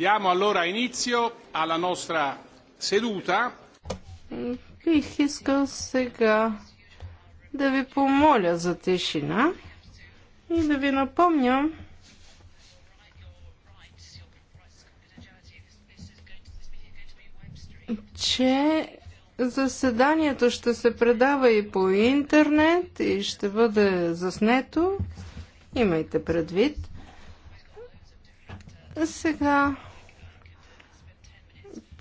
Diamo allora inizio alla nostra seduta. Бих искал сега да ви помоля за тишина и да ви напомня, че заседанието ще се предава и по интернет и ще бъде заснето. Имайте предвид. Сега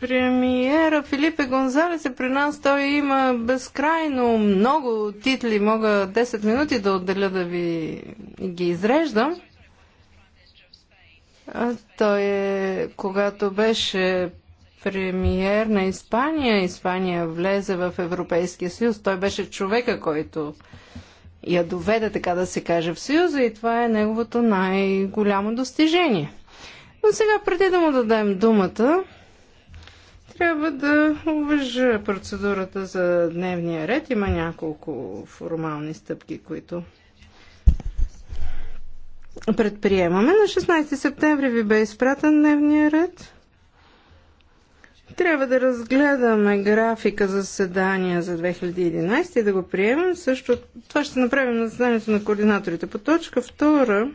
премиера Филипе Гонзалес е при нас. Той има безкрайно много титли. Мога 10 минути да отделя да ви ги изреждам. Той е, когато беше премиер на Испания, Испания влезе в Европейския съюз. Той беше човека, който я доведе, така да се каже, в съюза и това е неговото най-голямо достижение. Но сега, преди да му дадем думата, трябва да уважа процедурата за дневния ред. Има няколко формални стъпки, които предприемаме. На 16 септември ви бе изпратен дневния ред. Трябва да разгледаме графика за седания за 2011 и да го приемем. Също това ще направим на заседанието на координаторите. По точка втора.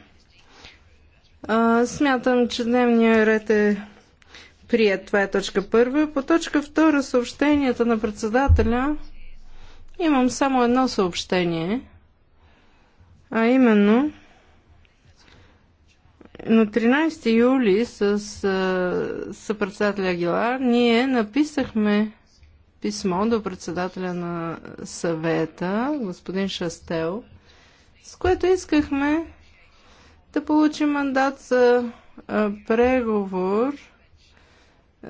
а, смятам, че дневния ред е прият. Това е точка първа. По точка втора съобщенията на председателя имам само едно съобщение, а именно на 13 юли с съпредседателя Гилар ние написахме писмо до председателя на съвета, господин Шастел, с което искахме да получим мандат за преговор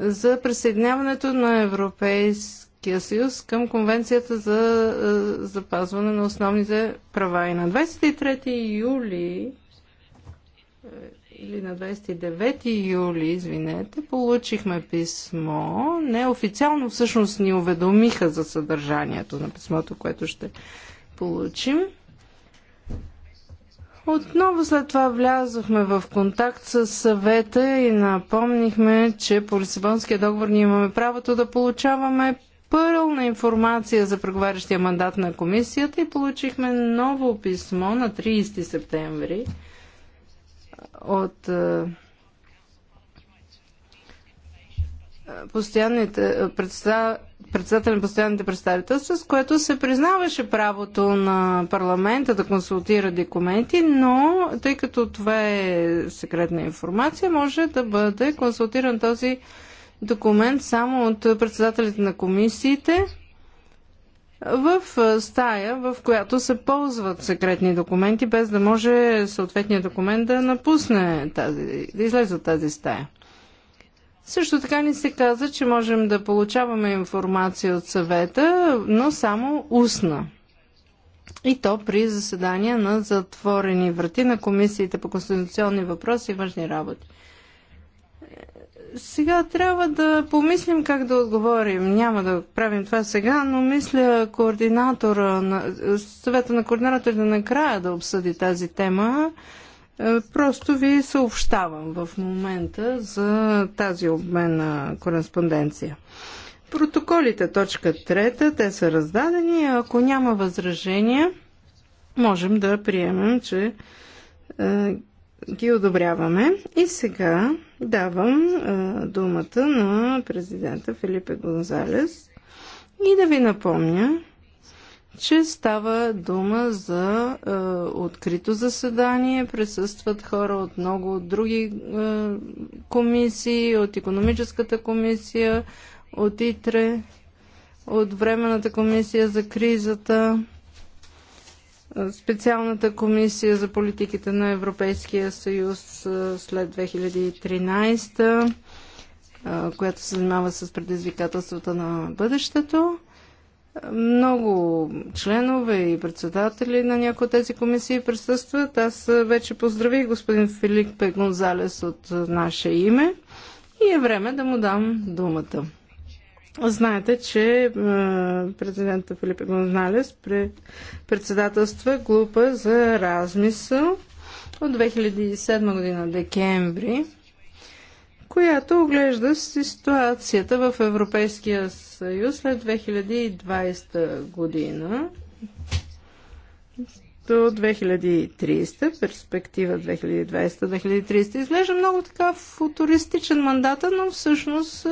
за присъединяването на Европейския съюз към Конвенцията за е, запазване на основните права. И на 23 юли е, или на 29 юли, извинете, получихме писмо. Неофициално всъщност ни уведомиха за съдържанието на писмото, което ще получим. Отново след това влязохме в контакт с съвета и напомнихме, че по Лисабонския договор ние имаме правото да получаваме пълна информация за преговарящия мандат на комисията и получихме ново писмо на 30 септември от е, постоянните представители председател на постоянните представителства, с което се признаваше правото на парламента да консултира документи, но тъй като това е секретна информация, може да бъде консултиран този документ само от председателите на комисиите в стая, в която се ползват секретни документи, без да може съответният документ да напусне тази, да излезе от тази стая. Също така ни се каза, че можем да получаваме информация от съвета, но само устна. И то при заседания на затворени врати на комисиите по конституционни въпроси и външни работи. Сега трябва да помислим как да отговорим. Няма да правим това сега, но мисля координатора на, съвета на координаторите накрая да обсъди тази тема. Е, просто ви съобщавам в момента за тази обмен на кореспонденция. Протоколите, точка трета, те са раздадени. Ако няма възражения, можем да приемем, че е, ги одобряваме. И сега давам е, думата на президента Филипе Гонзалес и да ви напомня, че става дума за е, открито заседание. Присъстват хора от много други е, комисии, от економическата комисия, от ИТРЕ, от Временната комисия за кризата, е, специалната комисия за политиките на Европейския съюз е, след 2013 е, която се занимава с предизвикателствата на бъдещето много членове и председатели на някои от тези комисии присъстват. Аз вече поздравих господин Филип Гонзалес от наше име и е време да му дам думата. Знаете, че е, президента Филип Гонзалес председателства група за размисъл от 2007 година декември която оглежда ситуацията в Европейския съюз след 2020 година до 2030, перспектива 2020-2030. Изглежда много така футуристичен мандата, но всъщност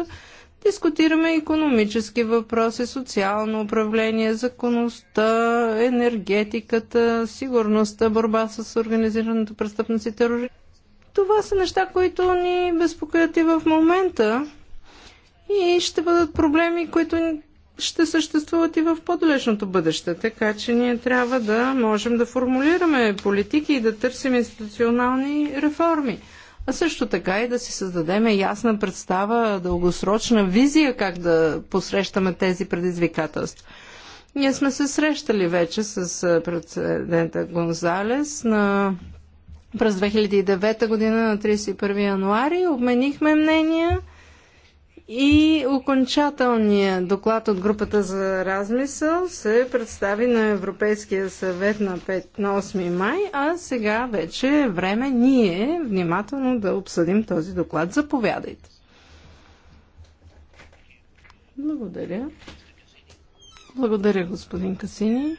дискутираме економически въпроси, социално управление, законността, енергетиката, сигурността, борба с организираната престъпност и тероризъм. Това са неща, които ни безпокоят и в момента. И ще бъдат проблеми, които ще съществуват и в по-далечното бъдеще. Така че ние трябва да можем да формулираме политики и да търсим институционални реформи. А също така и да си създадем ясна представа, дългосрочна визия как да посрещаме тези предизвикателства. Ние сме се срещали вече с президента Гонзалес на през 2009 година на 31 януари. Обменихме мнения и окончателният доклад от групата за размисъл се представи на Европейския съвет на, 5, на 8 май, а сега вече е време ние внимателно да обсъдим този доклад. Заповядайте. Благодаря. Благодаря, господин Касини.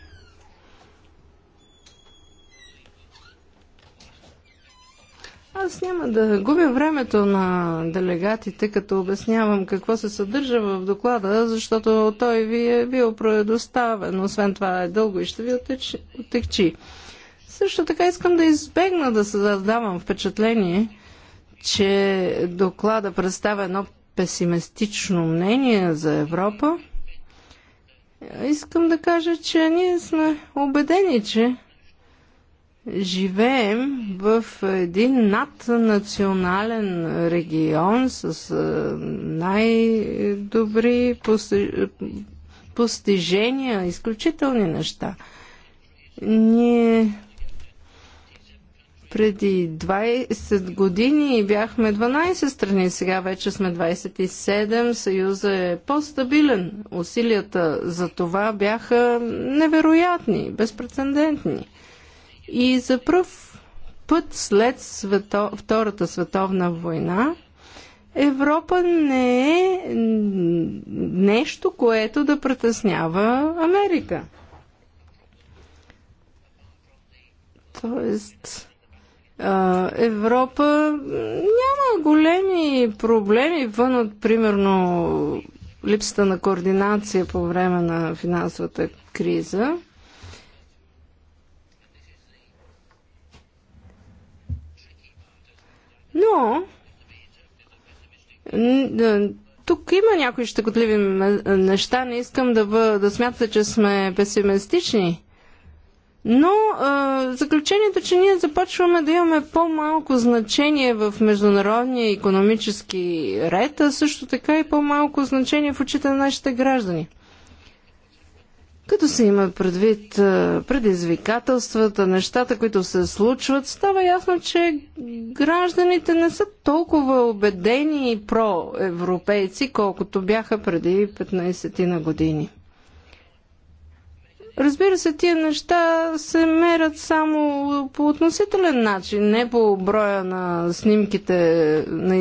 Аз няма да губя времето на делегатите, като обяснявам какво се съдържа в доклада, защото той ви е бил предоставен. Освен това е дълго и ще ви отекчи. Също така искам да избегна да създавам впечатление, че доклада представя едно песимистично мнение за Европа. Искам да кажа, че ние сме убедени, че живеем в един наднационален регион с най-добри постижения, изключителни неща. Ние преди 20 години бяхме 12 страни, сега вече сме 27. Съюза е по-стабилен. Усилията за това бяха невероятни, безпредседентни. И за пръв път след свето, Втората световна война Европа не е нещо, което да притеснява Америка. Тоест, Европа няма големи проблеми вън от, примерно, липсата на координация по време на финансовата криза. Но тук има някои щекотливи неща. Не искам да, бъ, да смятате, че сме песимистични. Но а, е, заключението, че ние започваме да имаме по-малко значение в международния економически ред, а също така и по-малко значение в очите на нашите граждани. Като се има предвид предизвикателствата, нещата, които се случват, става ясно, че гражданите не са толкова убедени и проевропейци, колкото бяха преди 15 ти на години. Разбира се, тия неща се мерят само по относителен начин, не по броя на снимките на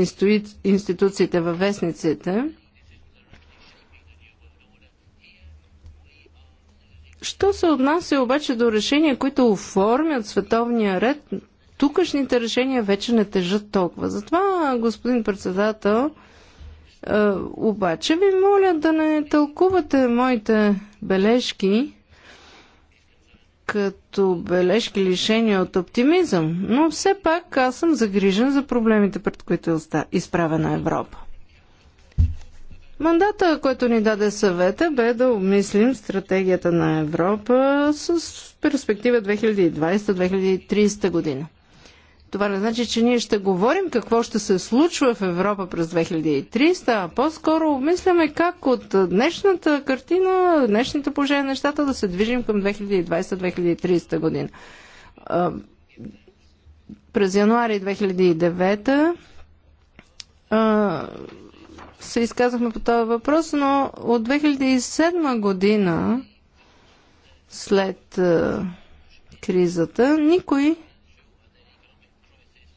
институциите във вестниците – Що се отнася обаче до решения, които оформят световния ред, тукашните решения вече не тежат толкова. Затова, господин председател, е, обаче ви моля да не тълкувате моите бележки като бележки лишения от оптимизъм, но все пак аз съм загрижен за проблемите, пред които е изправена Европа. Мандата, който ни даде съвета, бе да обмислим стратегията на Европа с перспектива 2020-2030 година. Това не значи, че ние ще говорим какво ще се случва в Европа през 2300, а по-скоро обмисляме как от днешната картина, днешните положение на нещата да се движим към 2020-2030 година. През януари 2009 се изказахме по този въпрос, но от 2007 година, след е, кризата, никой.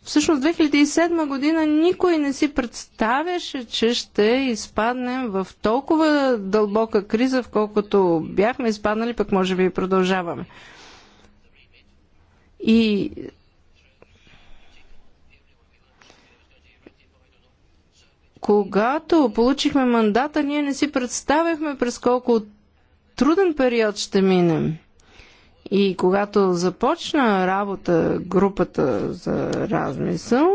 Всъщност 2007 година никой не си представяше, че ще изпаднем в толкова дълбока криза, в колкото бяхме изпаднали, пък може би и продължаваме. И Когато получихме мандата, ние не си представяхме през колко труден период ще минем. И когато започна работа групата за размисъл,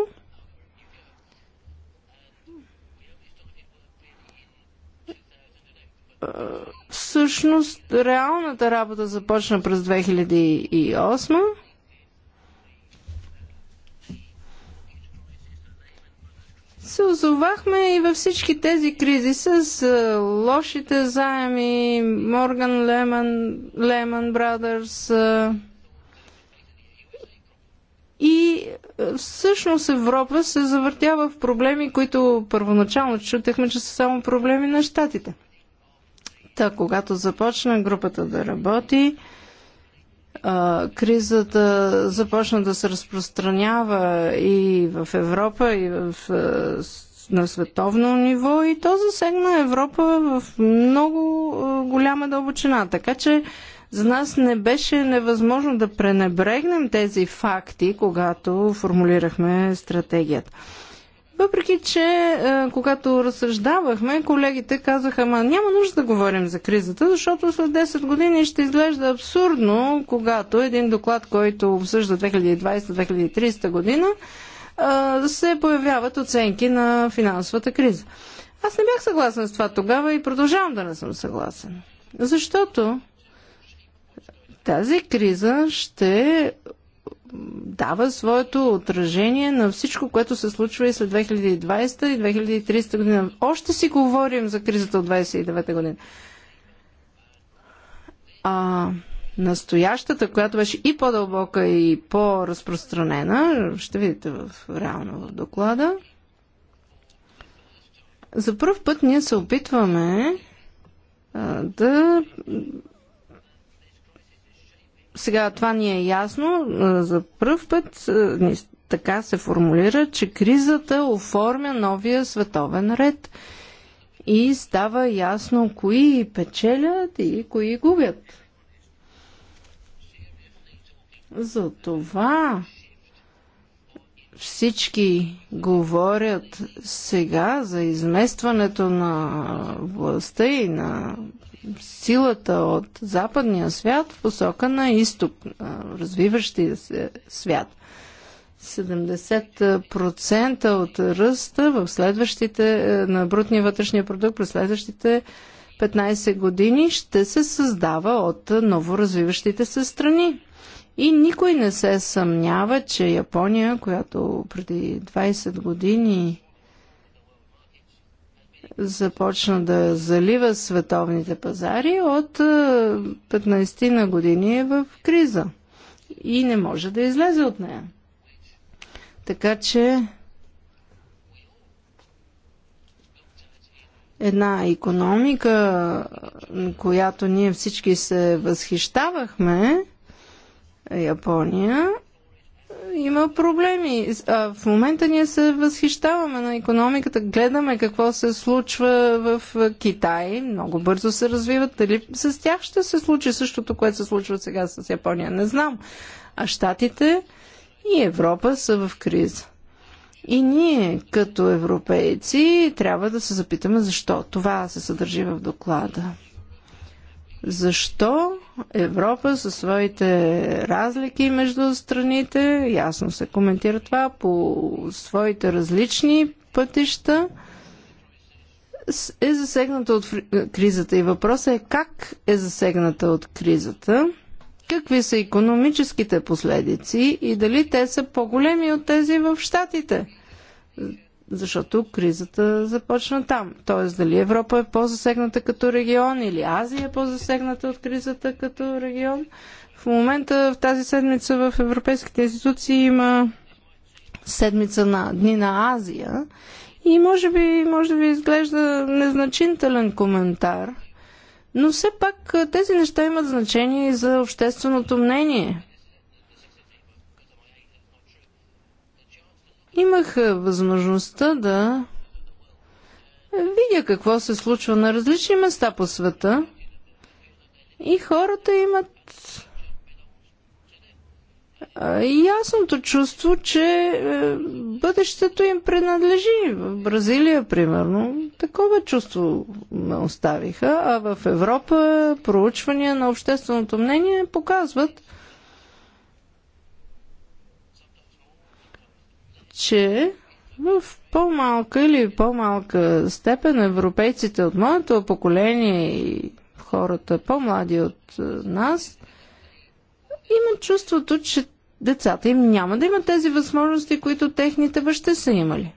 всъщност реалната работа започна през 2008 се озовахме и във всички тези кризи с лошите заеми, Морган Леман, Леман Брадърс и всъщност Европа се завъртява в проблеми, които първоначално чутехме, че са само проблеми на щатите. Та, когато започна групата да работи, кризата започна да се разпространява и в Европа, и в, на световно ниво, и то засегна Европа в много голяма дълбочина. Така че за нас не беше невъзможно да пренебрегнем тези факти, когато формулирахме стратегията. Въпреки, че е, когато разсъждавахме, колегите казаха, ама няма нужда да говорим за кризата, защото след 10 години ще изглежда абсурдно, когато един доклад, който обсъжда 2020-2030 година, е, се появяват оценки на финансовата криза. Аз не бях съгласен с това тогава и продължавам да не съм съгласен. Защото тази криза ще дава своето отражение на всичко, което се случва и след 2020 и 2030 година. Още си говорим за кризата от 29 година. А настоящата, която беше и по-дълбока и по-разпространена, ще видите в, реално в доклада, за първ път ние се опитваме а, да сега това ни е ясно. За първ път така се формулира, че кризата оформя новия световен ред и става ясно кои печелят и кои губят. Затова всички говорят сега за изместването на властта и на силата от западния свят в посока на изток, на развиващия се свят. 70% от ръста в следващите, е, на брутния вътрешния продукт през следващите 15 години ще се създава от новоразвиващите се страни. И никой не се съмнява, че Япония, която преди 20 години започна да залива световните пазари, от 15 е, на години е в криза и не може да излезе от нея. Така че една економика, която ние всички се възхищавахме, Япония, има проблеми. А в момента ние се възхищаваме на економиката, гледаме какво се случва в Китай, много бързо се развиват. Дали с тях ще се случи същото, което се случва сега с Япония? Не знам. А Штатите и Европа са в криза. И ние, като европейци, трябва да се запитаме защо. Това се съдържи в доклада защо Европа със своите разлики между страните, ясно се коментира това, по своите различни пътища, е засегната от кризата. И въпросът е как е засегната от кризата, какви са економическите последици и дали те са по-големи от тези в Штатите защото кризата започна там. Тоест, дали Европа е по-засегната като регион или Азия е по-засегната от кризата като регион. В момента в тази седмица в европейските институции има седмица на дни на Азия и може би, може би изглежда незначителен коментар, но все пак тези неща имат значение и за общественото мнение. имах възможността да видя какво се случва на различни места по света и хората имат ясното чувство, че е, бъдещето им принадлежи. В Бразилия, примерно, такова чувство ме оставиха, а в Европа проучвания на общественото мнение показват, че в по-малка или по-малка степен европейците от моето поколение и хората по-млади от е, нас имат чувството, че децата им няма да имат тези възможности, които техните бащи са имали.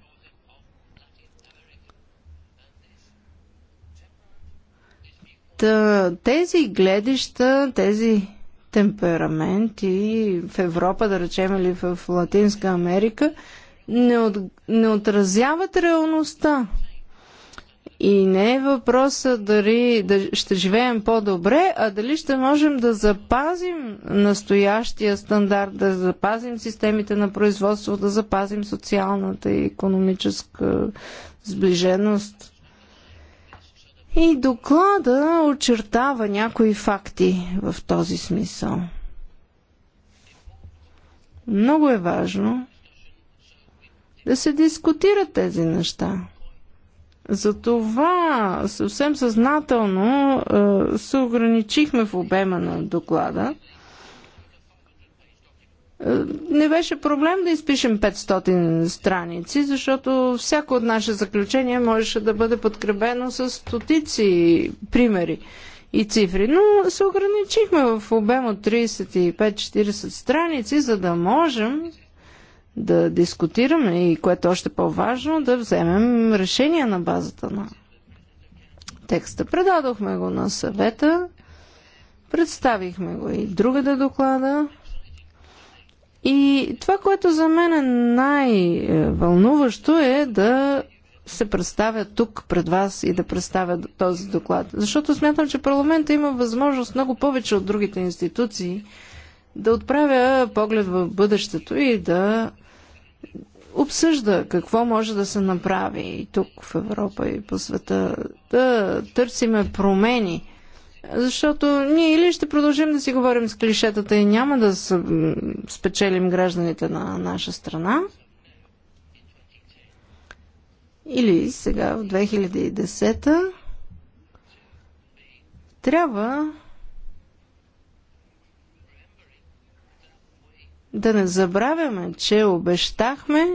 Та, тези гледища, тези темпераменти в Европа, да речем, или в Латинска Америка – не, от, не отразяват реалността. И не е въпроса дали да ще живеем по-добре, а дали ще можем да запазим настоящия стандарт, да запазим системите на производство, да запазим социалната и економическа сближеност. И доклада очертава някои факти в този смисъл. Много е важно да се дискутират тези неща. Затова съвсем съзнателно е, се ограничихме в обема на доклада. Е, не беше проблем да изпишем 500 страници, защото всяко от наше заключение можеше да бъде подкрепено с стотици примери и цифри, но се ограничихме в обем от 35-40 страници, за да можем да дискутираме и което е още по-важно, да вземем решение на базата на текста. Предадохме го на съвета, представихме го и другата доклада. И това, което за мен е най-вълнуващо е да се представя тук пред вас и да представя този доклад. Защото смятам, че парламента има възможност много повече от другите институции да отправя поглед в бъдещето и да обсъжда какво може да се направи и тук в Европа и по света. Да търсиме промени. Защото ние или ще продължим да си говорим с клишетата и няма да спечелим гражданите на наша страна, или сега в 2010 трябва Да не забравяме, че обещахме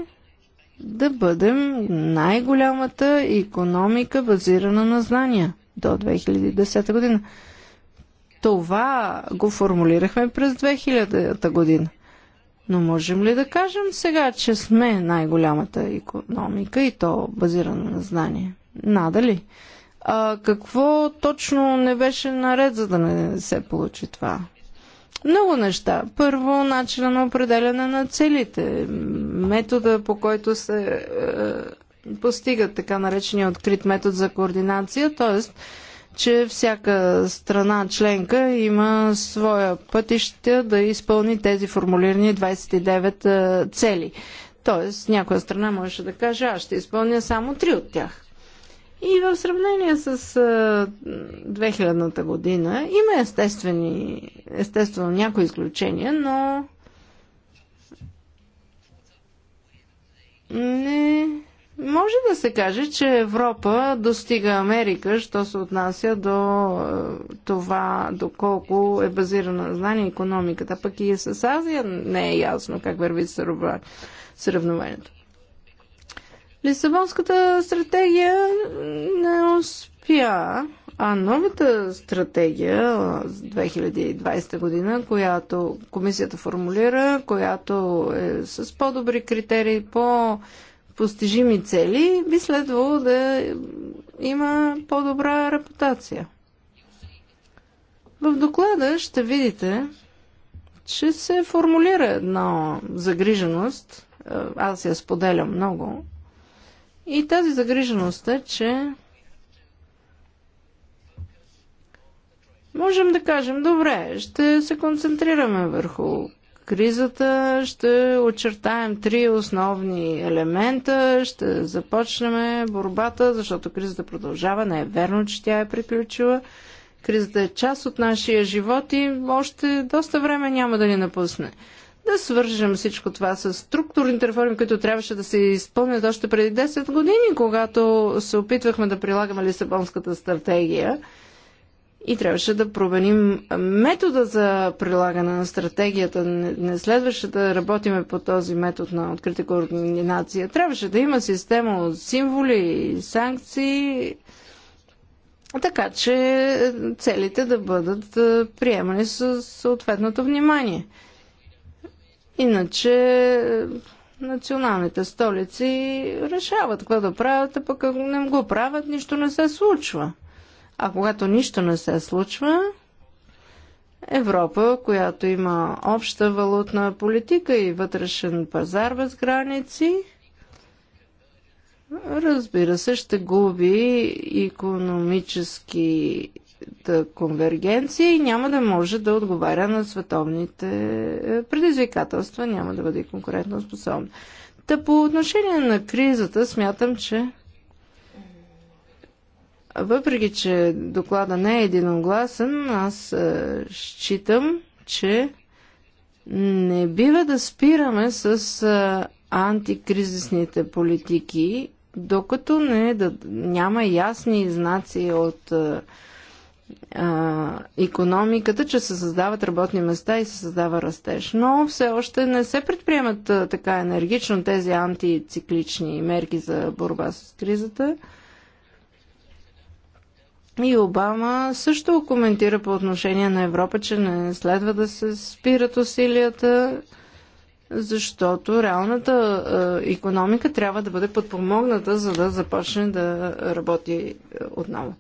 да бъдем най-голямата економика базирана на знания до 2010 година. Това го формулирахме през 2000 година. Но можем ли да кажем сега, че сме най-голямата економика и то базирана на знание? Надали. А какво точно не беше наред, за да не се получи това? Много неща. Първо, начина на определяне на целите, метода по който се е, постига така наречения открит метод за координация, т.е. че всяка страна членка има своя пътища да изпълни тези формулирани 29 е, цели. Тоест, някоя страна може да каже, аз ще изпълня само три от тях. И в сравнение с 2000-та година има естествени, естествено някои изключения, но не може да се каже, че Европа достига Америка, що се отнася до това, доколко е базирана знание и економиката. Пък и с Азия не е ясно как върви сравнението. Лисабонската стратегия не успя, а новата стратегия за 2020 година, която комисията формулира, която е с по-добри критерии, по постижими цели, би следвало да има по-добра репутация. В доклада ще видите, че се формулира една загриженост, аз я споделям много, и тази загриженост е, че можем да кажем, добре, ще се концентрираме върху кризата, ще очертаем три основни елемента, ще започнем борбата, защото кризата продължава, не е верно, че тя е приключила. Кризата е част от нашия живот и още доста време няма да ни напусне да свържем всичко това с структурните реформи, които трябваше да се изпълнят още преди 10 години, когато се опитвахме да прилагаме Лисабонската стратегия и трябваше да променим метода за прилагане на стратегията. Не следваше да работиме по този метод на открита координация. Трябваше да има система от символи и санкции, така че целите да бъдат е, приемани с съответното внимание. Иначе е, националните столици решават какво да правят, а пък ако не го правят, нищо не се случва. А когато нищо не се случва, Европа, която има обща валутна политика и вътрешен пазар без граници, разбира се, ще губи економически конвергенция и няма да може да отговаря на световните е, предизвикателства, няма да бъде конкурентно способна. Та по отношение на кризата смятам, че въпреки, че доклада не е единогласен, аз е, считам, че не бива да спираме с е, антикризисните политики, докато не, да, няма ясни знаци от а, економиката, че се създават работни места и се създава растеж. Но все още не се предприемат а, така енергично тези антициклични мерки за борба с кризата. И Обама също коментира по отношение на Европа, че не следва да се спират усилията, защото реалната а, економика трябва да бъде подпомогната, за да започне да работи отново.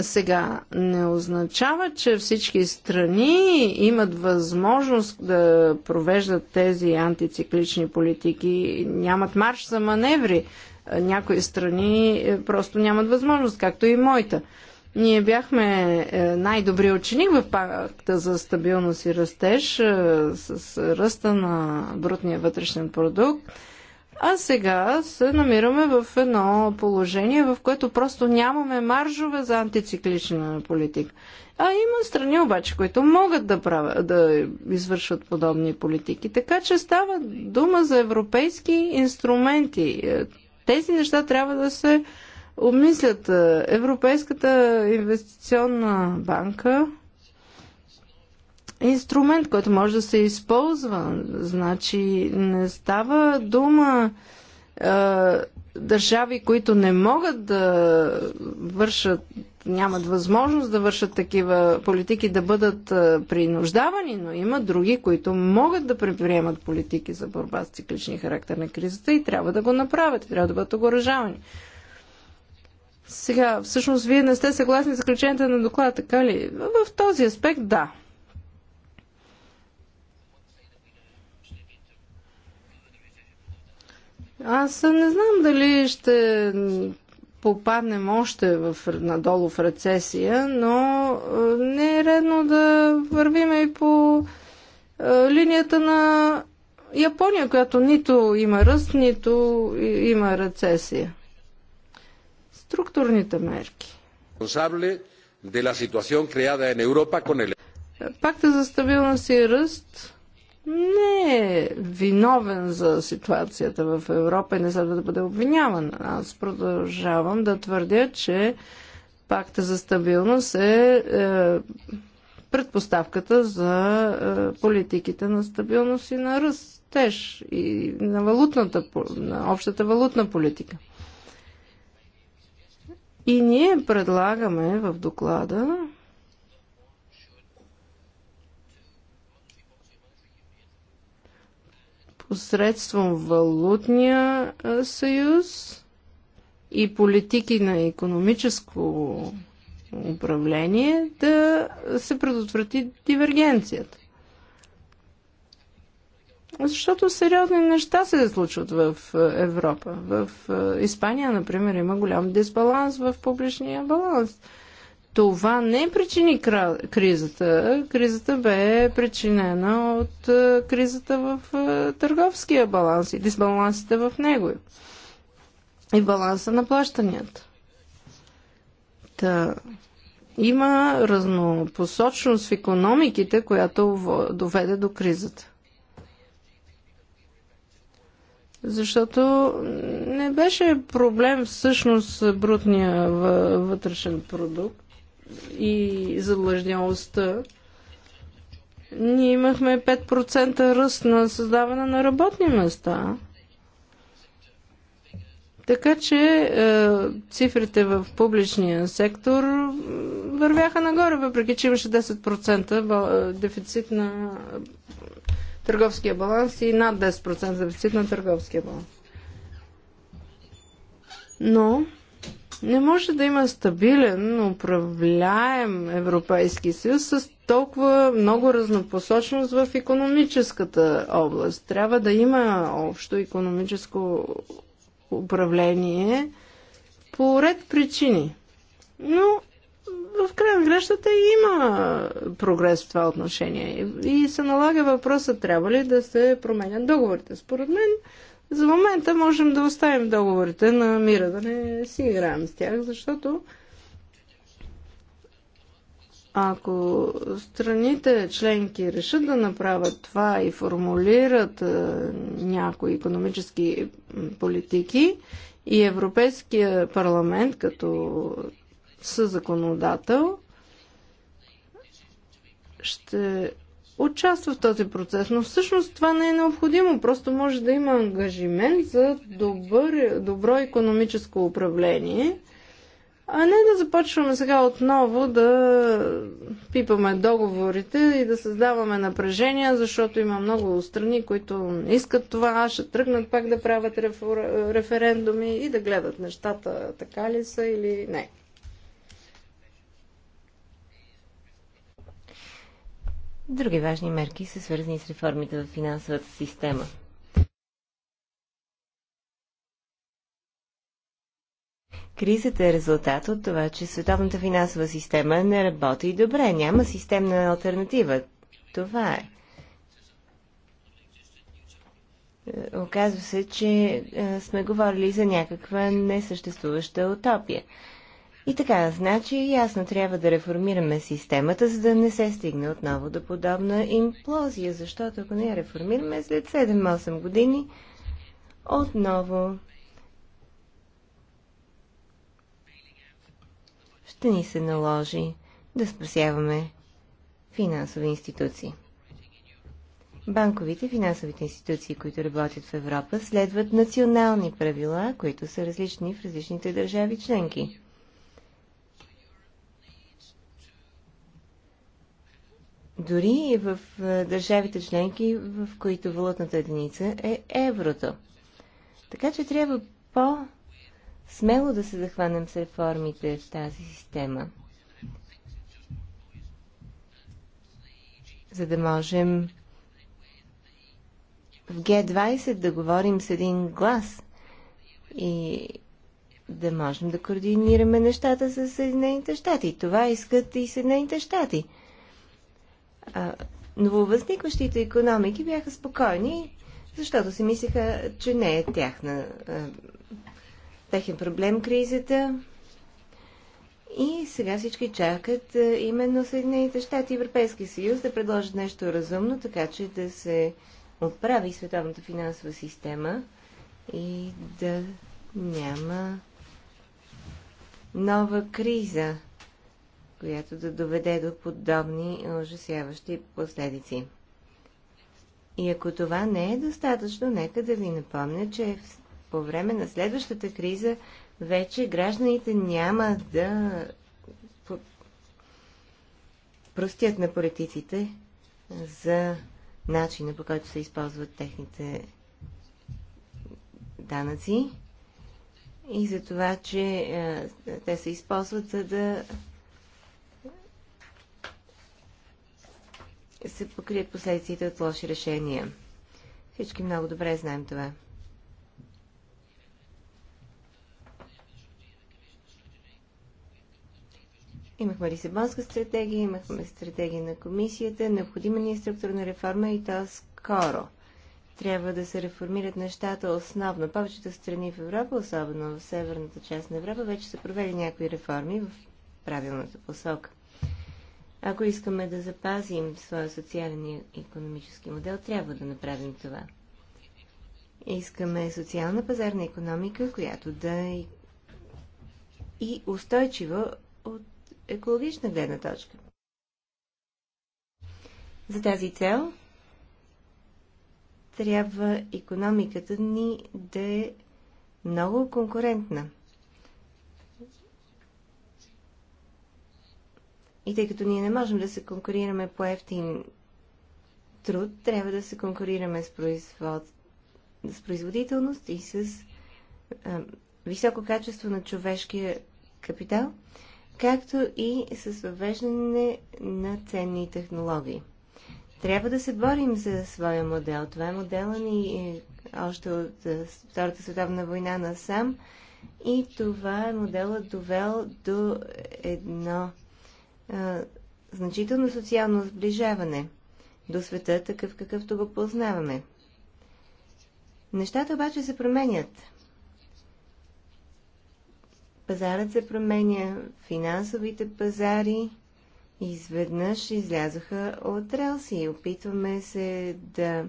Сега не означава, че всички страни имат възможност да провеждат тези антициклични политики, нямат марш за маневри. Някои страни е, просто нямат възможност, както и моята. Ние бяхме е, най-добри ученик в пакта за стабилност и растеж е, с ръста на брутния вътрешен продукт а сега се намираме в едно положение, в което просто нямаме маржове за антициклична политика. А има страни обаче, които могат да, правят, да извършват подобни политики. Така че става дума за европейски инструменти. Е, тези неща трябва да се обмислят. Е, Европейската инвестиционна банка инструмент, който може да се използва. Значи не става дума е, държави, които не могат да вършат, нямат възможност да вършат такива политики, да бъдат принуждавани, но има други, които могат да предприемат политики за борба с цикличния характер на кризата и трябва да го направят, трябва да бъдат огоръжавани. Сега, всъщност, вие не сте съгласни с заключенията на доклада, така ли? В този аспект, да. Аз не знам дали ще попаднем още в, надолу в рецесия, но е, не е редно да вървим и по е, линията на Япония, която нито има ръст, нито има рецесия. Структурните мерки. Пакта за стабилност и ръст не е виновен за ситуацията в Европа и не следва да бъде обвиняван. Аз продължавам да твърдя, че пакта за стабилност е, е предпоставката за е, политиките на стабилност и на растеж и на, валутната, на общата валутна политика. И ние предлагаме в доклада посредством валутния съюз и политики на економическо управление да се предотврати дивергенцията. Защото сериозни неща се случват в Европа. В Испания, например, има голям дисбаланс в публичния баланс. Това не причини кризата. Кризата бе причинена от е, кризата в е, търговския баланс и дисбалансите в него и баланса на плащанията. Та, има разнопосочност в економиките, която доведе до кризата. Защото не беше проблем всъщност брутния вътрешен продукт, и задлъжнялостта, ние имахме 5% ръст на създаване на работни места. Така че е, цифрите в публичния сектор вървяха нагоре, въпреки че имаше 10% е, дефицит на търговския баланс и над 10% дефицит на търговския баланс. Но не може да има стабилен, управляем Европейски съюз с толкова много разнопосочност в економическата област. Трябва да има общо економическо управление по ред причини. Но в края на грещата има прогрес в това отношение. И се налага въпроса, трябва ли да се променят договорите. Според мен, за момента можем да оставим договорите на мира, да не си играем с тях, защото ако страните членки решат да направят това и формулират е, някои економически политики и Европейския парламент като съзаконодател ще участва в този процес, но всъщност това не е необходимо. Просто може да има ангажимент за добър, добро економическо управление, а не да започваме сега отново да пипаме договорите и да създаваме напрежения, защото има много страни, които искат това, ще тръгнат пак да правят референдуми и да гледат нещата така ли са или не. Други важни мерки са свързани с реформите в финансовата система. Кризата е резултат от това, че световната финансова система не работи добре. Няма системна альтернатива. Това е. е оказва се, че е, сме говорили за някаква несъществуваща утопия. И така, значи ясно трябва да реформираме системата, за да не се стигне отново до подобна имплозия, защото ако не я реформираме, след 7-8 години отново ще ни се наложи да спасяваме финансови институции. Банковите финансовите институции, които работят в Европа, следват национални правила, които са различни в различните държави членки. дори и в държавите членки, в които валутната единица е еврото. Така че трябва по-смело да се захванем с реформите в тази система, за да можем в Г20 да говорим с един глас и да можем да координираме нещата с Съединените щати. Това искат и Съединените щати – нововъзникващите економики бяха спокойни, защото си мислеха, че не е тяхна, техен проблем кризата. И сега всички чакат именно Съединените щати и Европейския съюз да предложат нещо разумно, така че да се отправи световната финансова система и да няма нова криза която да доведе до подобни ужасяващи последици. И ако това не е достатъчно, нека да ви напомня, че по време на следващата криза вече гражданите няма да простят на политиците за начина по който се използват техните данъци и за това, че е, те се използват за да се покрият последиците от лоши решения. Всички много добре знаем това. Имахме Лисабонска стратегия, имахме стратегия на комисията, необходима ни е структурна реформа и то скоро. Трябва да се реформират нещата основно. Повечето страни в Европа, особено в северната част на Европа, вече са провели някои реформи в правилната посока. Ако искаме да запазим своя социален и економически модел, трябва да направим това. Искаме социална пазарна економика, която да е и устойчива от екологична гледна точка. За тази цел трябва економиката ни да е много конкурентна – И тъй като ние не можем да се конкурираме по ефтин труд, трябва да се конкурираме с, производ... с производителност и с а, високо качество на човешкия капитал, както и с въвеждане на ценни технологии. Трябва да се борим за своя модел. Това е модела ни е още от Втората световна война насам и това е моделът довел до едно а, значително социално сближаване до света, такъв какъвто го познаваме. Нещата обаче се променят. Пазарът се променя, финансовите пазари изведнъж излязоха от релси опитваме се да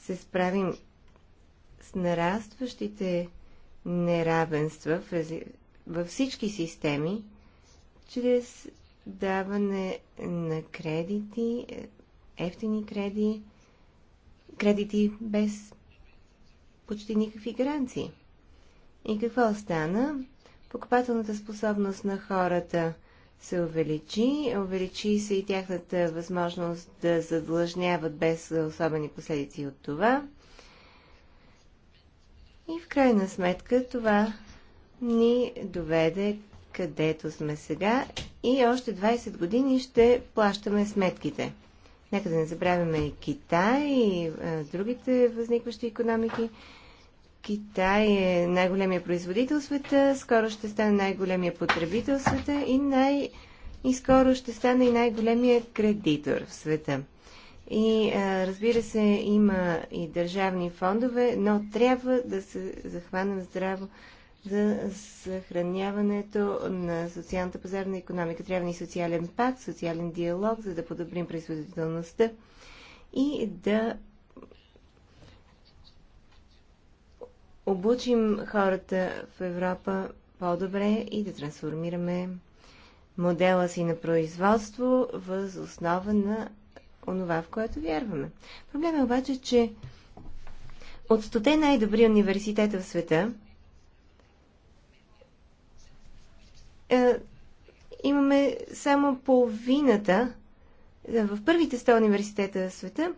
се справим с нарастващите неравенства във всички системи, чрез даване на кредити, ефтини кредити, кредити без почти никакви гаранции. И какво стана? Покупателната способност на хората се увеличи, увеличи се и тяхната възможност да задлъжняват без особени последици от това. И в крайна сметка това ни доведе където сме сега и още 20 години ще плащаме сметките. Нека да не забравяме и Китай и а, другите възникващи економики. Китай е най-големия производител в света, скоро ще стане най-големия потребител в света и, най- и скоро ще стане и най-големия кредитор в света. И а, разбира се, има и държавни фондове, но трябва да се захванем здраво за съхраняването на социалната пазарна економика. Трябва ни социален пакт, социален диалог, за да подобрим производителността и да обучим хората в Европа по-добре и да трансформираме модела си на производство въз основа на онова, в което вярваме. Проблемът е обаче, че от стоте най-добри университета в света – е, имаме само половината. Е, в първите 100 университета в света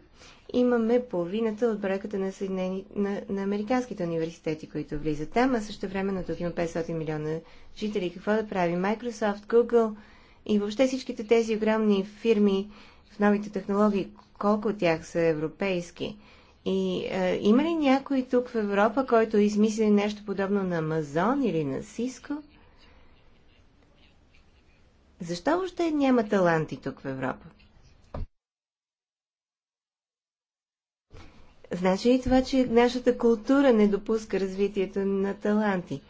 имаме половината от бройката на, съединени, на, на американските университети, които влизат там, а също на тук има 500 милиона жители. Какво да прави Microsoft, Google и въобще всичките тези огромни фирми в новите технологии, колко от тях са европейски? И е, има ли някой тук в Европа, който измисли нещо подобно на Амазон или на Cisco? Защо още няма таланти тук в Европа? Значи и това, че нашата култура не допуска развитието на таланти?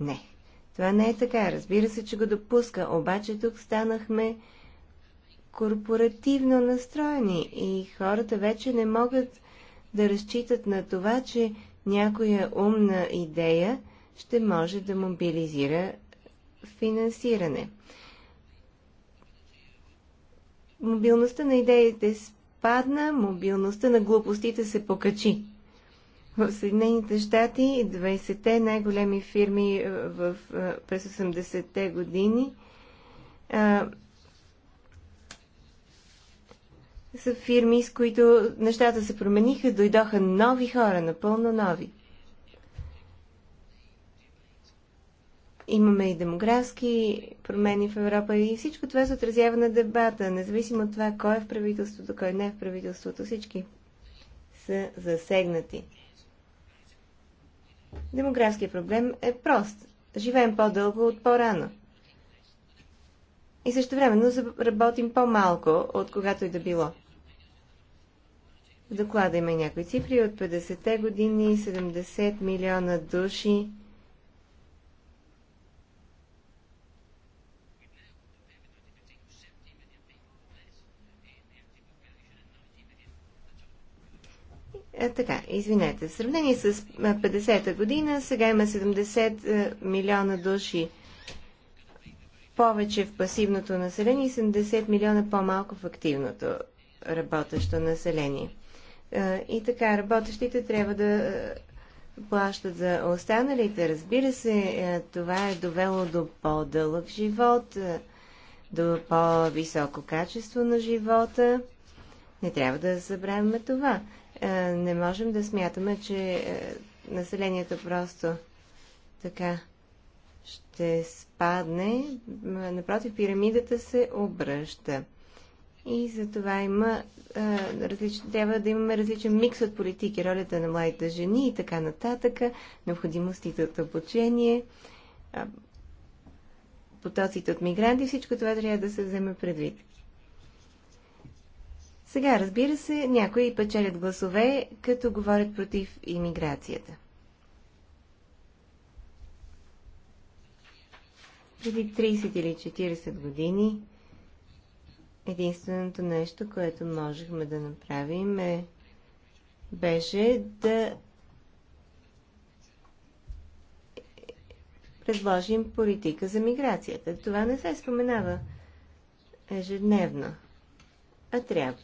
Не. Това не е така. Разбира се, че го допуска. Обаче тук станахме корпоративно настроени и хората вече не могат да разчитат на това, че някоя умна идея ще може да мобилизира финансиране. Мобилността на идеите спадна, мобилността на глупостите се покачи. В Съединените щати 20-те най-големи фирми е, в, е, през 80-те години а, са фирми, с които нещата се промениха, дойдоха нови хора, напълно нови. Имаме и демографски промени в Европа и всичко това се отразява на дебата, независимо от това кой е в правителството, кой не е в правителството. Всички са засегнати. Демографският проблем е прост. Живеем по-дълго от по-рано. И също времено работим по-малко, от когато и да било. В доклада има някои цифри. От 50-те години 70 милиона души Е, така, извинете. В сравнение с 50-та година, сега има 70 милиона души повече в пасивното население и 70 милиона по-малко в активното работещо население. И така, работещите трябва да плащат за останалите. Разбира се, това е довело до по-дълъг живот, до по-високо качество на живота. Не трябва да забравяме това. Е, не можем да смятаме, че е, населението просто така ще спадне. Напротив, пирамидата се обръща. И за това има, е, различ... трябва да имаме различен микс от политики, ролята на младите жени и така нататък, необходимостите от обучение, потоците от мигранти, всичко това трябва да се вземе предвид. Сега, разбира се, някои печелят гласове, като говорят против имиграцията. Преди 30 или 40 години единственото нещо, което можехме да направим е, беше да предложим политика за миграцията. Това не се споменава ежедневно, а трябва.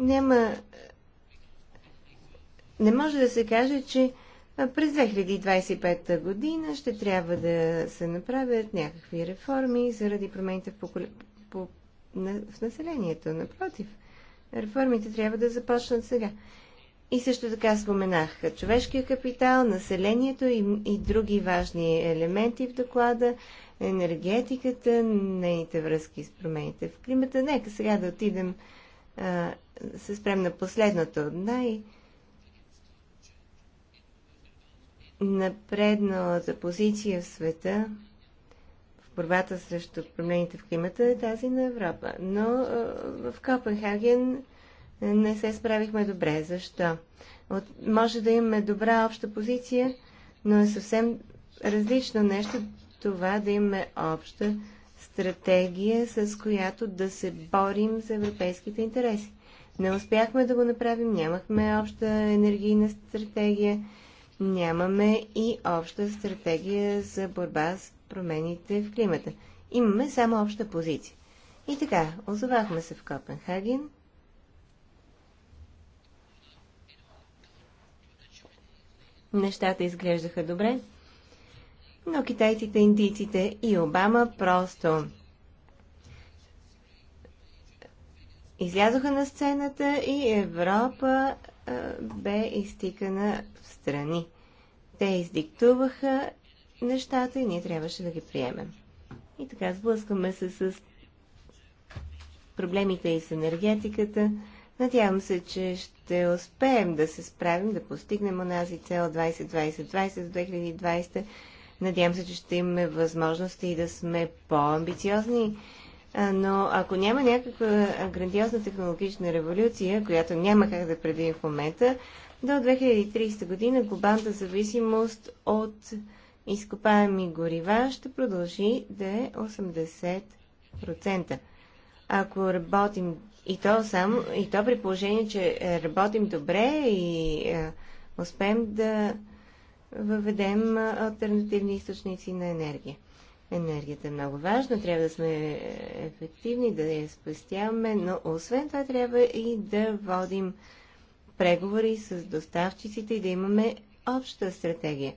няма. Не може да се каже, че през 2025 година ще трябва да се направят някакви реформи заради промените в, покол... по... в населението. Напротив, реформите трябва да започнат сега. И също така споменах човешкия капитал, населението и, и други важни елементи в доклада, енергетиката, нейните връзки с промените в климата. Нека сега да отидем а, се спрем на последното. Най- напредналата позиция в света в борбата срещу промените в климата е тази на Европа. Но а, в Копенхаген не се справихме добре. Защо? От, може да имаме добра обща позиция, но е съвсем различно нещо това да имаме обща стратегия, с която да се борим за европейските интереси. Не успяхме да го направим, нямахме обща енергийна стратегия, нямаме и обща стратегия за борба с промените в климата. Имаме само обща позиция. И така, озовахме се в Копенхаген. Нещата изглеждаха добре но китайците, индийците и Обама просто излязоха на сцената и Европа а, бе изтикана в страни. Те издиктуваха нещата и ние трябваше да ги приемем. И така сблъскваме се с проблемите и с енергетиката. Надявам се, че ще успеем да се справим, да постигнем онази цел 2020-2020 2020, Надявам се, че ще имаме възможности и да сме по-амбициозни. Но ако няма някаква грандиозна технологична революция, която няма как да предвидим в момента, до 2030 година глобалната зависимост от изкопаеми горива ще продължи да е 80%. Ако работим и то само, и то при положение, че работим добре и успеем да въведем альтернативни източници на енергия. Енергията е много важна, трябва да сме ефективни, да я спестяваме, но освен това трябва и да водим преговори с доставчиците и да имаме обща стратегия.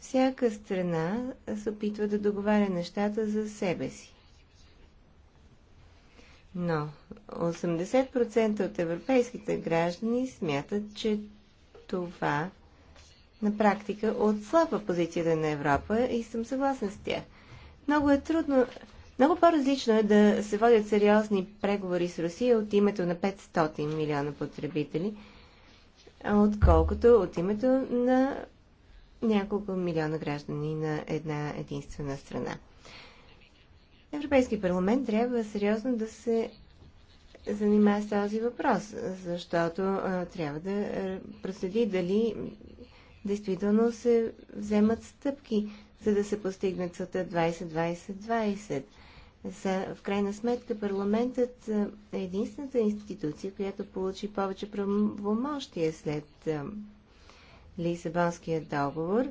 Всяка страна се опитва да договаря нещата за себе си. Но 80% от европейските граждани смятат, че това на практика слаба позицията на Европа и съм съгласна с тях. Много е трудно, много по-различно е да се водят сериозни преговори с Русия от името на 500 милиона потребители, отколкото от името на няколко милиона граждани на една единствена страна. Европейски парламент трябва сериозно да се занимава с този въпрос, защото а, трябва да проследи дали действително се вземат стъпки, за да се постигне целта 20-20-20. В крайна сметка парламентът е единствената институция, която получи повече правомощия след Лисабонския договор,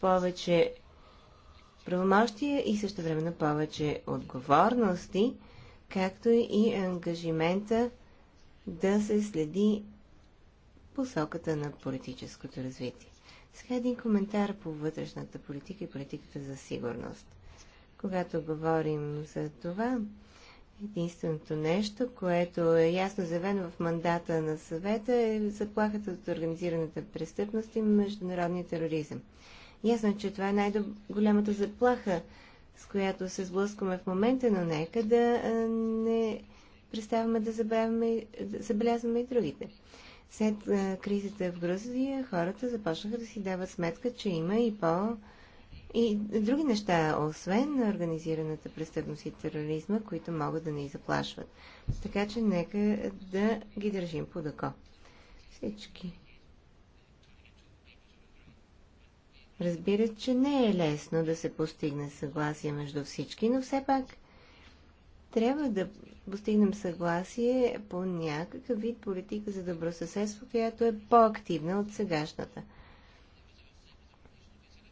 повече правомощия и също времено повече отговорности, както и ангажимента да се следи посоката на политическото развитие. Сега един коментар по вътрешната политика и политиката за сигурност. Когато говорим за това, единственото нещо, което е ясно заведено в мандата на съвета е заплахата от организираната престъпност и международния тероризъм. Ясно е, че това е най-голямата заплаха, с която се сблъскваме в момента, но нека да не представяме да, забравяме, да забелязваме и другите. След кризата в Грузия хората започнаха да си дават сметка, че има и по- и други неща, освен на организираната престъпност и тероризма, които могат да ни заплашват. Така че нека да ги държим под око. Всички. Разбира, че не е лесно да се постигне съгласие между всички, но все пак трябва да постигнем съгласие по някакъв вид политика за добросъседство, която е по-активна от сегашната.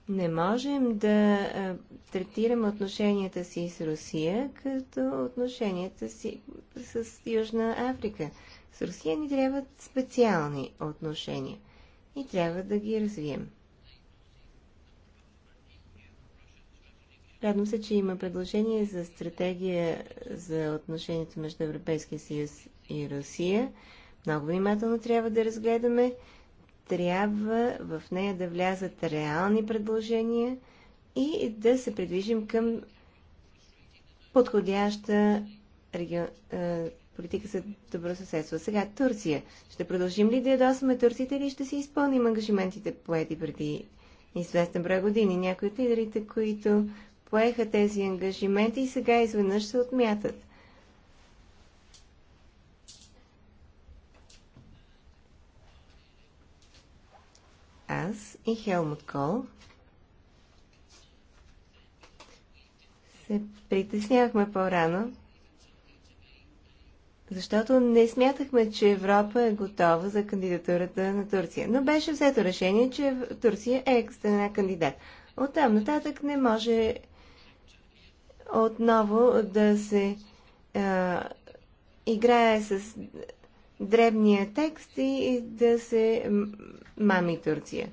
Не можем да а, третираме отношенията си с Русия като отношенията си с Южна Африка. С Русия ни трябват специални отношения и трябва да ги развием. Радвам се, че има предложение за стратегия за отношението между Европейския съюз и Русия. Много внимателно трябва да разгледаме. Трябва в нея да влязат реални предложения и да се придвижим към подходяща регион, политика за добро съседство. Сега Турция. Ще продължим ли да ядосваме турците или ще си изпълним ангажиментите поети преди известен брой години? Някои от лидерите, които поеха тези ангажименти и сега изведнъж се отмятат. Аз и Хелмут Кол се притеснявахме по-рано, защото не смятахме, че Европа е готова за кандидатурата на Турция. Но беше взето решение, че Турция е страна кандидат. Оттам нататък не може отново да се а, играе с дребния текст и да се мами Турция.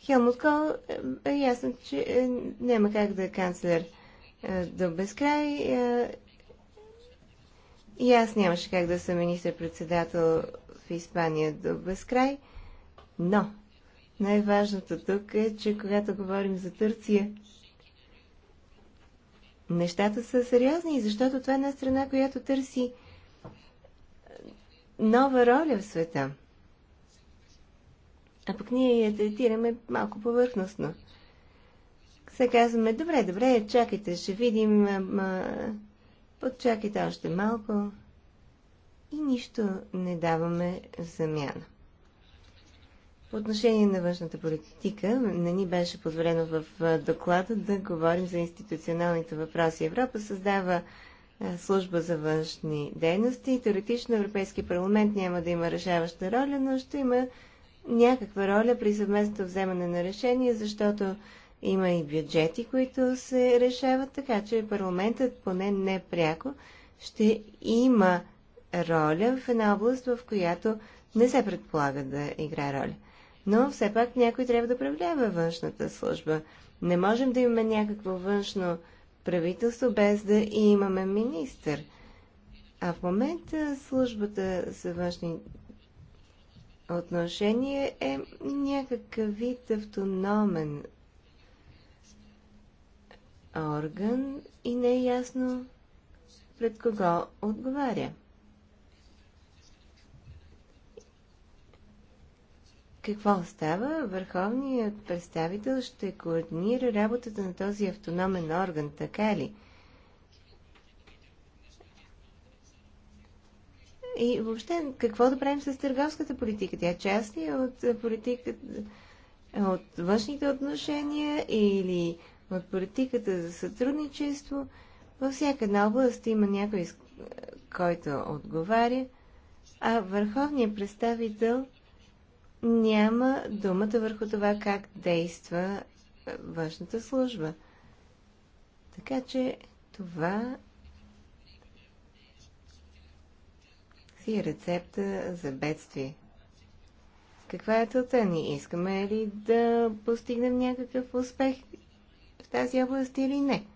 Хелмут Кол е, е ясно, че е, няма как да е канцлер е, до безкрай. И аз нямаше как да съм министър-председател в Испания до безкрай. Но най-важното тук е, че когато говорим за Турция, нещата са сериозни, защото това е една страна, която търси нова роля в света. А пък ние я третираме малко повърхностно. Сега казваме, добре, добре, чакайте, ще видим, ма... подчакайте още малко. И нищо не даваме в замяна. По отношение на външната политика, не ни беше позволено в доклада да говорим за институционалните въпроси. Европа създава служба за външни дейности. Теоретично Европейски парламент няма да има решаваща роля, но ще има някаква роля при съвместното вземане на решение, защото има и бюджети, които се решават, така че парламентът поне непряко ще има роля в една област, в която не се предполага да играе роля но все пак някой трябва да управлява външната служба. Не можем да имаме някакво външно правителство без да имаме министър. А в момента службата за външни отношения е някакъв вид автономен орган и не е ясно пред кого отговаря. какво става? Върховният представител ще координира работата на този автономен орган, така ли? И въобще, какво да правим с търговската политика? Тя част ли е от политиката, от външните отношения или от политиката за сътрудничество? Във всяка една област има някой, който отговаря, а върховният представител – няма думата върху това как действа е, външната служба. Така че това си е рецепта за бедствие. Каква е целта ни? Искаме ли да постигнем някакъв успех в тази област или не?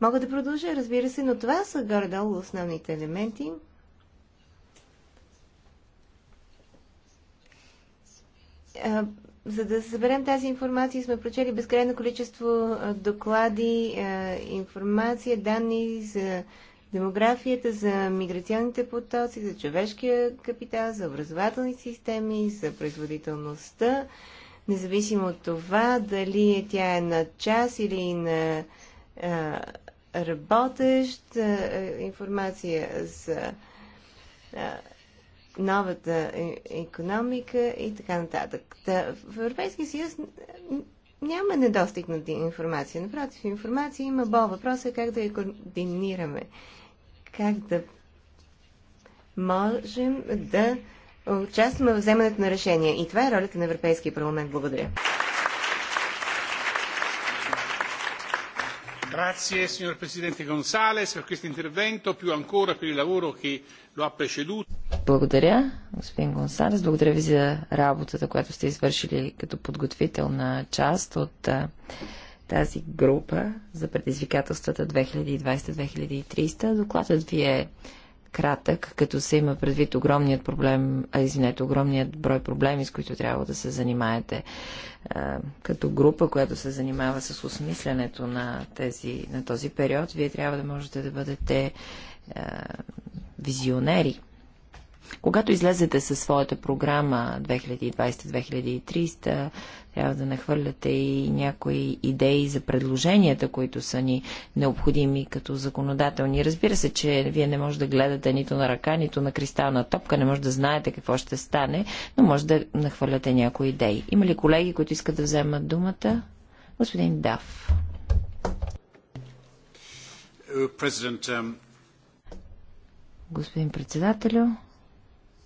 Мога да продължа, разбира се, но това са горе-долу основните елементи – за да съберем тази информация, сме прочели безкрайно количество доклади, информация, данни за демографията, за миграционните потоци, за човешкия капитал, за образователни системи, за производителността, независимо от това дали е тя е на час или на работещ, информация за новата е, економика и така нататък. Та, в Европейския съюз няма недостиг на информация. Напротив, информация има бол. Въпросът е как да я координираме. Как да можем да участваме в вземането на решения. И това е ролята на Европейския парламент. Благодаря. Grazie signor Presidente Gonzales per questo intervento, più ancora per il lavoro che lo ha preceduto. Благодаря, господин Гонсалес. Благодаря ви за работата, която сте извършили като подготвителна част от тази група за предизвикателствата 2020-2030. Докладът ви е кратък, като се има предвид огромният проблем, а извинете, огромният брой проблеми, с които трябва да се занимаете като група, която се занимава с осмислянето на, тези, на този период, вие трябва да можете да бъдете визионери. Когато излезете със своята програма 2020-2030, трябва да нахвърляте и някои идеи за предложенията, които са ни необходими като законодателни. Разбира се, че вие не може да гледате нито на ръка, нито на кристална топка, не може да знаете какво ще стане, но може да нахвърляте някои идеи. Има ли колеги, които искат да вземат думата? Господин Дав. Господин председателю,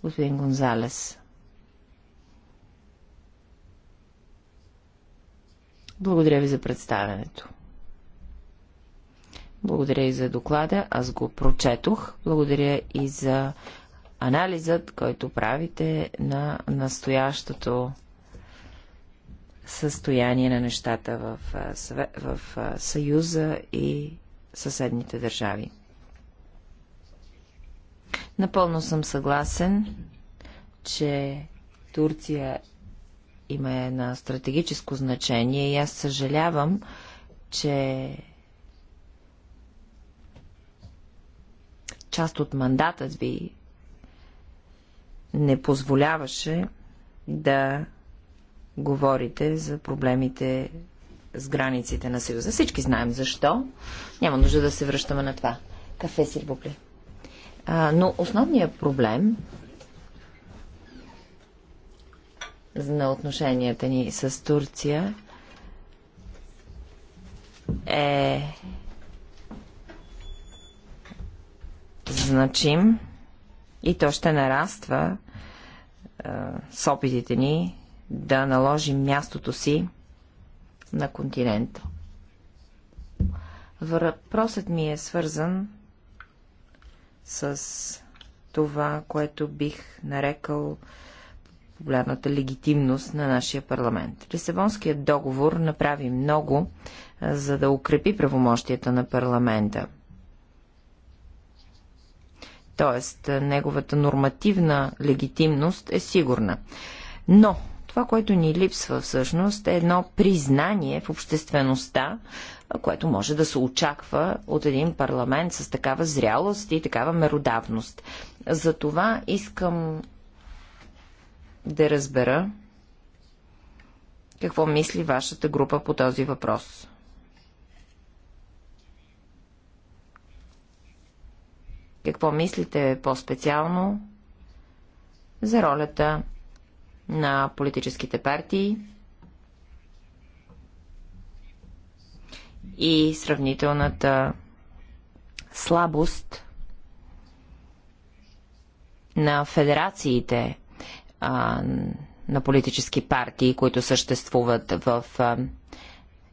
господин Гонзалес. Благодаря ви за представянето. Благодаря и за доклада. Аз го прочетох. Благодаря и за анализът, който правите на настоящото състояние на нещата в, в Съюза и съседните държави. Напълно съм съгласен, че Турция има на стратегическо значение и аз съжалявам, че част от мандатът ви не позволяваше да говорите за проблемите с границите на Съюза. Всички знаем защо. Няма нужда да се връщаме на това. Кафе, сирбопле. Но основният проблем на отношенията ни с Турция е значим и то ще нараства е, с опитите ни да наложим мястото си на континента. Въпросът ми е свързан с това, което бих нарекал голямата легитимност на нашия парламент. Лисабонският договор направи много, за да укрепи правомощията на парламента. Тоест, неговата нормативна легитимност е сигурна. Но това, което ни липсва всъщност е едно признание в обществеността, което може да се очаква от един парламент с такава зрялост и такава меродавност. За това искам да разбера какво мисли вашата група по този въпрос. Какво мислите по-специално за ролята на политическите партии и сравнителната слабост на федерациите а, на политически партии, които съществуват в а,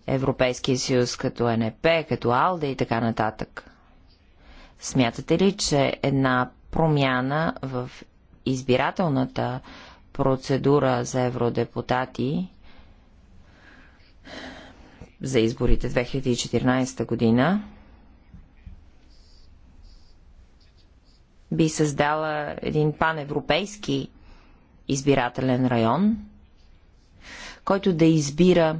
Европейския съюз, като НП, като АЛДЕ и така нататък. Смятате ли, че една промяна в избирателната процедура за евродепутати за изборите 2014 година би създала един паневропейски избирателен район, който да избира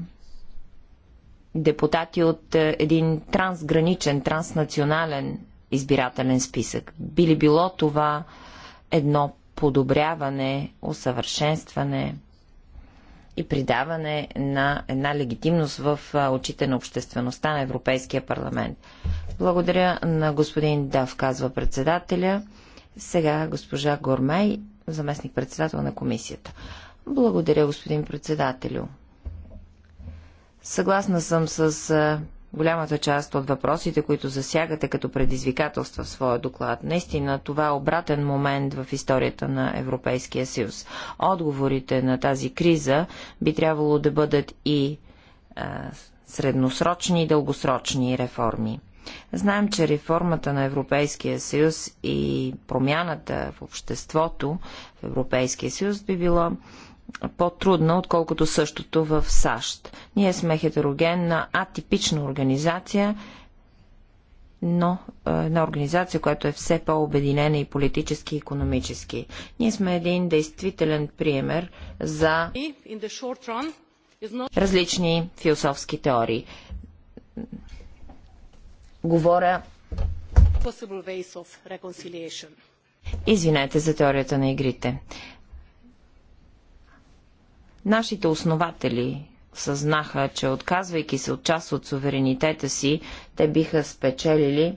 депутати от е, един трансграничен, транснационален избирателен списък. Би ли било това едно подобряване, усъвършенстване и придаване на една легитимност в е, очите на обществеността на Европейския парламент? Благодаря на господин Дав, казва председателя. Сега госпожа Гормей заместник-председател на комисията. Благодаря, господин председателю. Съгласна съм с голямата част от въпросите, които засягате като предизвикателства в своя доклад. Наистина това е обратен момент в историята на Европейския съюз. Отговорите на тази криза би трябвало да бъдат и средносрочни и дългосрочни реформи. Знаем, че реформата на Европейския съюз и промяната в обществото в Европейския съюз би било по-трудна, отколкото същото в САЩ. Ние сме хетерогенна, атипична организация, но е, една организация, която е все по-обединена и политически, и економически. Ние сме един действителен пример за различни философски теории. Говоря... Извинете за теорията на игрите. Нашите основатели съзнаха, че отказвайки се от част от суверенитета си, те биха спечелили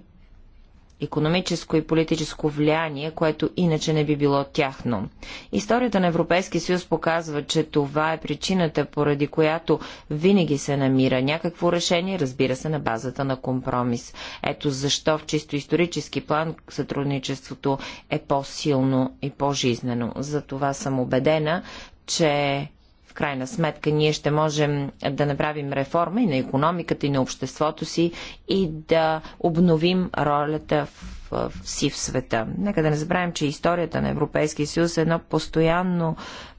економическо и политическо влияние, което иначе не би било тяхно. Историята на Европейския съюз показва, че това е причината, поради която винаги се намира някакво решение, разбира се, на базата на компромис. Ето защо в чисто исторически план сътрудничеството е по-силно и по-жизнено. За това съм убедена, че крайна сметка ние ще можем да направим реформа и на економиката, и на обществото си и да обновим ролята в си в света. Нека да не забравим, че историята на Европейския съюз е едно постоянно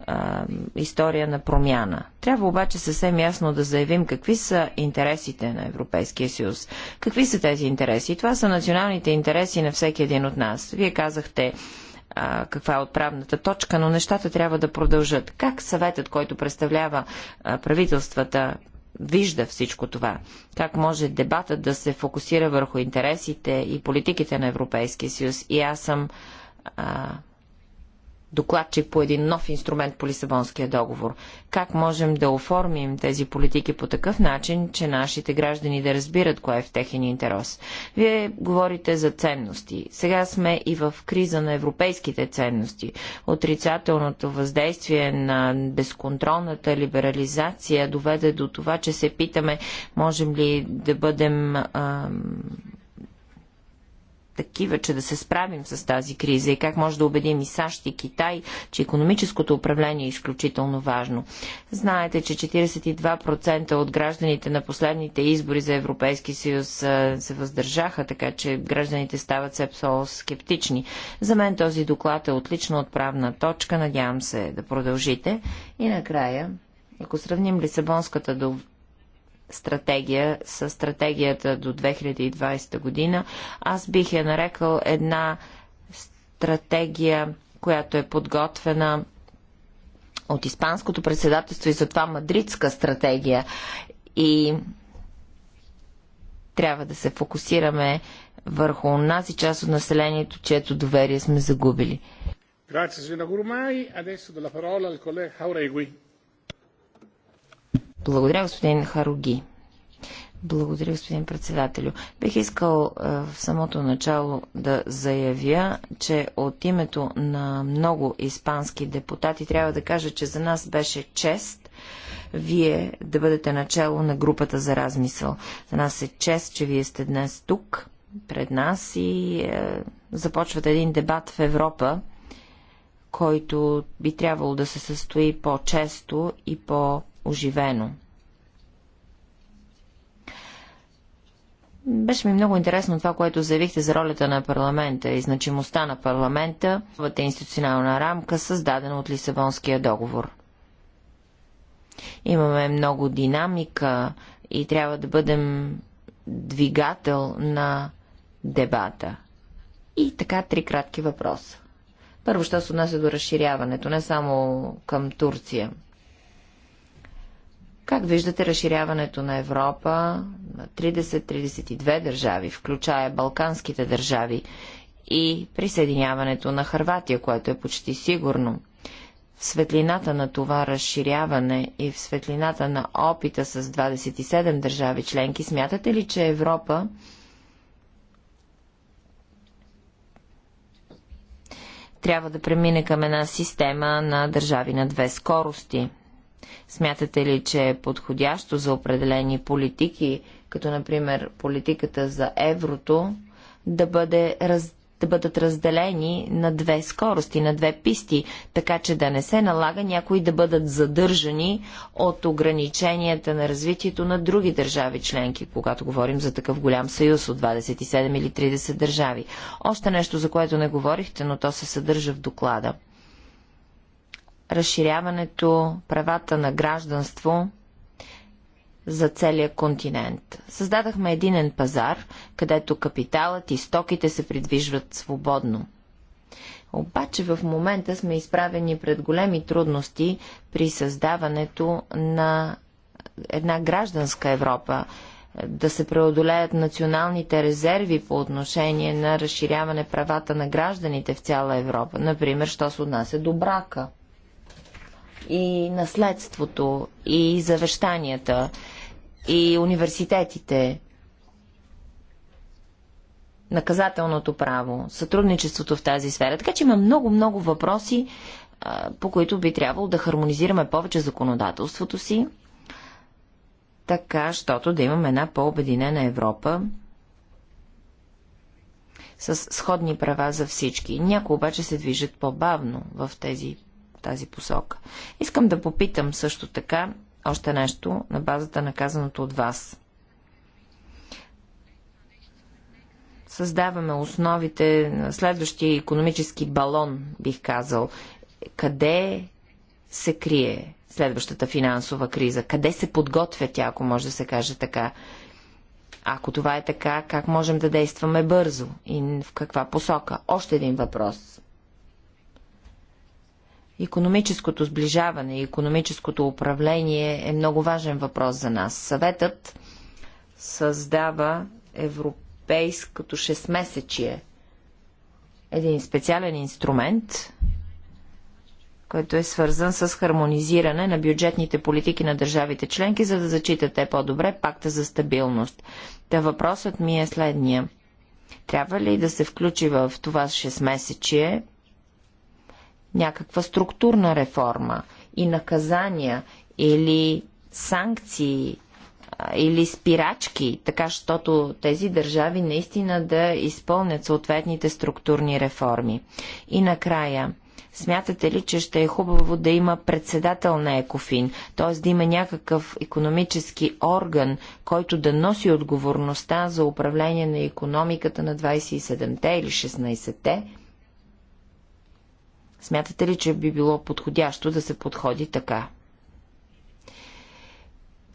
а, история на промяна. Трябва обаче съвсем ясно да заявим какви са интересите на Европейския съюз. Какви са тези интереси? Това са националните интереси на всеки един от нас. Вие казахте а, каква е отправната точка, но нещата трябва да продължат. Как съветът, който представлява а, правителствата, вижда всичко това? Как може дебатът да се фокусира върху интересите и политиките на Европейския съюз? И аз съм а, докладчик по един нов инструмент по Лисабонския договор. Как можем да оформим тези политики по такъв начин, че нашите граждани да разбират кое е в техен интерес? Вие говорите за ценности. Сега сме и в криза на европейските ценности. Отрицателното въздействие на безконтролната либерализация доведе до това, че се питаме, можем ли да бъдем ам, такива, че да се справим с тази криза и как може да убедим и САЩ и Китай, че економическото управление е изключително важно. Знаете, че 42% от гражданите на последните избори за Европейски съюз се въздържаха, така че гражданите стават все скептични. За мен този доклад е отлично отправна точка. Надявам се да продължите. И накрая, ако сравним Лисабонската стратегия с стратегията до 2020 година. Аз бих я нарекал една стратегия, която е подготвена от Испанското председателство и затова Мадридска стратегия. И трябва да се фокусираме върху онази част от населението, чието доверие сме загубили. Grazie, signora Gurmai. Adesso do la parola al collega Jauregui. Благодаря, господин Харуги. Благодаря, господин председателю. Бих искал е, в самото начало да заявя, че от името на много испански депутати трябва да кажа, че за нас беше чест вие да бъдете начало на групата за размисъл. За нас е чест, че вие сте днес тук, пред нас и е, започвате един дебат в Европа, който би трябвало да се състои по-често и по- оживено. Беше ми много интересно това, което заявихте за ролята на парламента и значимостта на парламента, новата институционална рамка, създадена от Лисабонския договор. Имаме много динамика и трябва да бъдем двигател на дебата. И така три кратки въпроса. Първо, що се отнася до разширяването, не само към Турция – как виждате разширяването на Европа на 30-32 държави, включая балканските държави и присъединяването на Харватия, което е почти сигурно? В светлината на това разширяване и в светлината на опита с 27 държави членки, смятате ли, че Европа трябва да премине към една система на държави на две скорости – Смятате ли, че е подходящо за определени политики, като например политиката за еврото, да, бъде раз... да бъдат разделени на две скорости, на две писти, така че да не се налага някои да бъдат задържани от ограниченията на развитието на други държави членки, когато говорим за такъв голям съюз от 27 или 30 държави. Още нещо, за което не говорихте, но то се съдържа в доклада – разширяването, правата на гражданство за целия континент. Създадахме единен пазар, където капиталът и стоките се придвижват свободно. Обаче в момента сме изправени пред големи трудности при създаването на една гражданска Европа, да се преодолеят националните резерви по отношение на разширяване правата на гражданите в цяла Европа, например, що се отнася до брака и наследството, и завещанията, и университетите, наказателното право, сътрудничеството в тази сфера. Така че има много-много въпроси, по които би трябвало да хармонизираме повече законодателството си, така, щото да имаме една по-обединена Европа с сходни права за всички. Някои обаче се движат по-бавно в тези тази посока. Искам да попитам също така още нещо на базата на казаното от вас. Създаваме основите на следващия економически балон, бих казал. Къде се крие следващата финансова криза? Къде се подготвя тя, ако може да се каже така? Ако това е така, как можем да действаме бързо и в каква посока? Още един въпрос. Економическото сближаване и економическото управление е много важен въпрос за нас. Съветът създава европейското шестмесечие. Един специален инструмент, който е свързан с хармонизиране на бюджетните политики на държавите членки, за да зачитате по-добре пакта за стабилност. Та въпросът ми е следния. Трябва ли да се включи в това 6-месечие някаква структурна реформа и наказания или санкции или спирачки, така щото тези държави наистина да изпълнят съответните структурни реформи. И накрая, смятате ли, че ще е хубаво да има председател на Екофин, т.е. да има някакъв економически орган, който да носи отговорността за управление на економиката на 27-те или 16-те Смятате ли, че би било подходящо да се подходи така?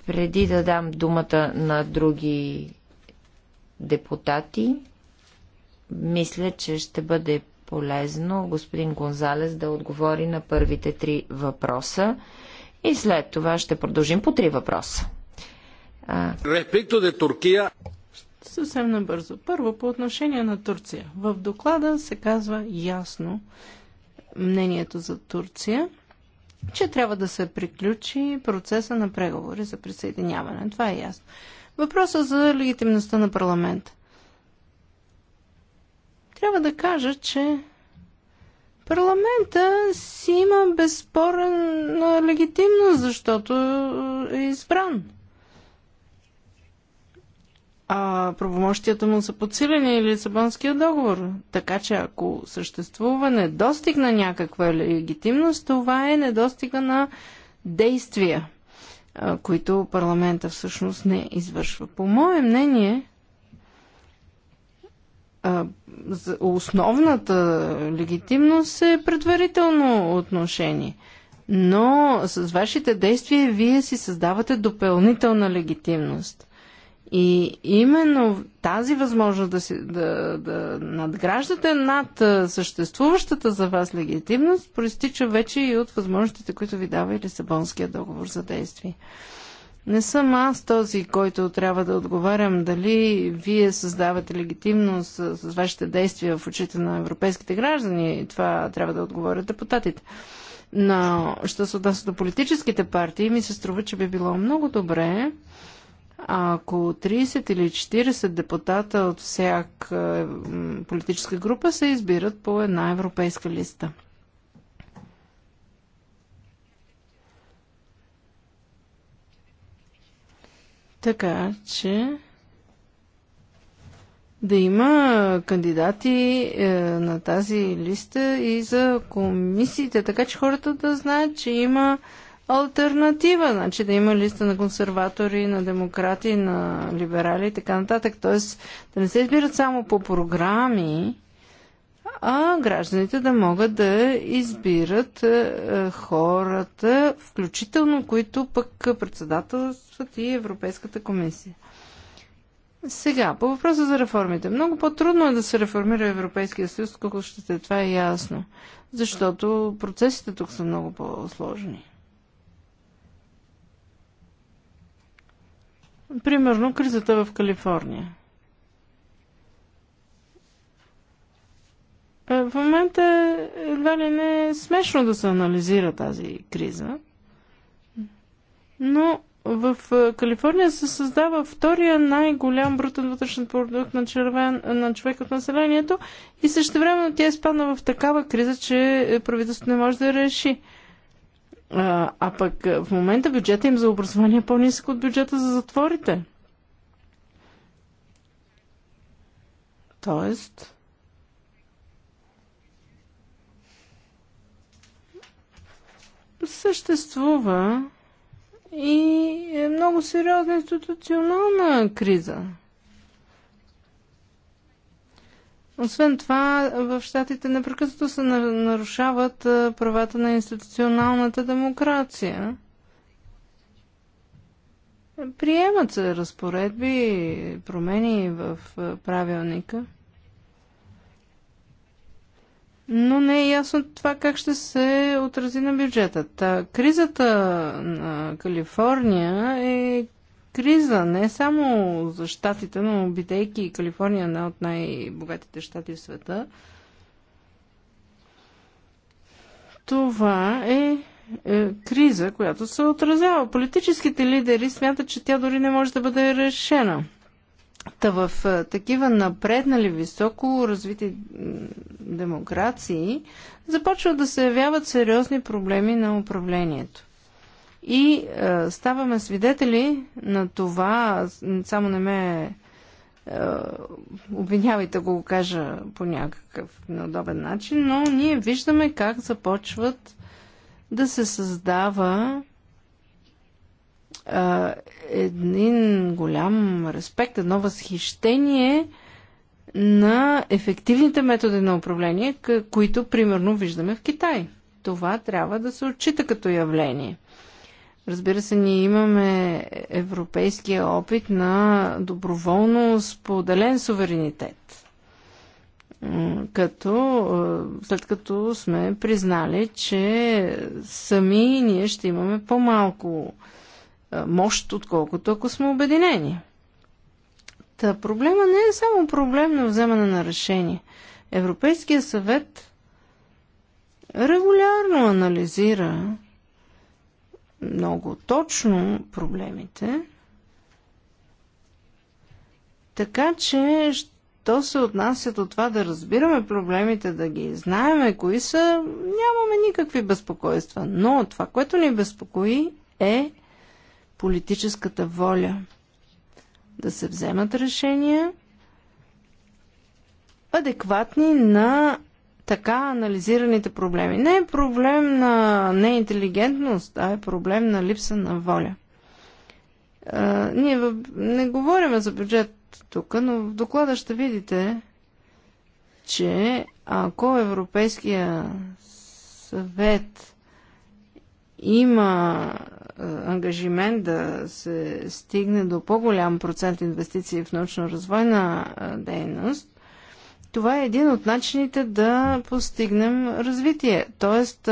Преди да дам думата на други депутати, мисля, че ще бъде полезно господин Гонзалес да отговори на първите три въпроса и след това ще продължим по три въпроса. Респекто де Туркия. Съвсем набързо. Първо, по отношение на Турция. В доклада се казва ясно, мнението за Турция, че трябва да се приключи процеса на преговори за присъединяване. Това е ясно. Въпроса за легитимността на парламента. Трябва да кажа, че парламента си има безспорна легитимност, защото е избран а правомощията му са подсилени и Лисабонския договор. Така че ако съществува недостиг на някаква легитимност, това е недостига на действия, които парламента всъщност не извършва. По мое мнение, основната легитимност е предварително отношение. Но с вашите действия вие си създавате допълнителна легитимност – и именно тази възможност да, си, да, да надграждате над съществуващата за вас легитимност проистича вече и от възможностите, които ви дава и Лисабонския договор за действие. Не съм аз този, който трябва да отговарям дали вие създавате легитимност с, с вашите действия в очите на европейските граждани. Това трябва да отговорят депутатите. Но, що се отнася до политическите партии, ми се струва, че би било много добре ако 30 или 40 депутата от всяка политическа група се избират по една европейска листа. Така че да има кандидати е, на тази листа и за комисиите, така че хората да знаят, че има альтернатива, значи да има листа на консерватори, на демократи, на либерали и така нататък. Тоест да не се избират само по програми, а гражданите да могат да избират е, е, хората, включително които пък председателстват и Европейската комисия. Сега, по въпроса за реформите. Много по-трудно е да се реформира Европейския съюз, колко ще това е ясно. Защото процесите тук са много по-сложни. Примерно кризата в Калифорния. Е, в момента едва ли не е смешно да се анализира тази криза, но в е, Калифорния се създава втория най-голям брутен вътрешен продукт на, червен, на човек от населението и също времено тя изпадна е в такава криза, че правителството не може да реши. А пък е, в момента бюджета им за образование е по-нисък от бюджета за затворите. Тоест. Съществува и е много сериозна институционална криза. Освен това, в щатите непрекъснато се нарушават правата на институционалната демокрация. Приемат се разпоредби, промени в правилника. Но не е ясно това как ще се отрази на бюджета. Та, кризата на Калифорния е криза, не само за щатите, но бидейки Калифорния една от най-богатите щати в света, това е, е криза, която се отразява. Политическите лидери смятат, че тя дори не може да бъде решена. Та в е, такива напреднали, високо развити демокрации започват да се явяват сериозни проблеми на управлението. И а, е, ставаме свидетели на това, само не ме е, обвинявайте го кажа по някакъв неудобен начин, но ние виждаме как започват да се създава а, е, един голям респект, едно възхищение на ефективните методи на управление, които примерно виждаме в Китай. Това трябва да се отчита като явление – Разбира се, ние имаме европейския опит на доброволно споделен суверенитет. Като, след като сме признали, че сами ние ще имаме по-малко мощ, отколкото ако сме обединени. Та проблема не е само проблем на вземане на решение. Европейския съвет регулярно анализира много точно проблемите. Така че, то се отнася до това да разбираме проблемите, да ги знаеме кои са, нямаме никакви безпокойства. Но това, което ни безпокои е политическата воля. Да се вземат решения адекватни на така анализираните проблеми. Не е проблем на неинтелигентност, а е проблем на липса на воля. А, ние не говорим за бюджет тук, но в доклада ще видите, че ако Европейския съвет има ангажимент да се стигне до по-голям процент инвестиции в научно-развойна дейност, това е един от начините да постигнем развитие. Тоест,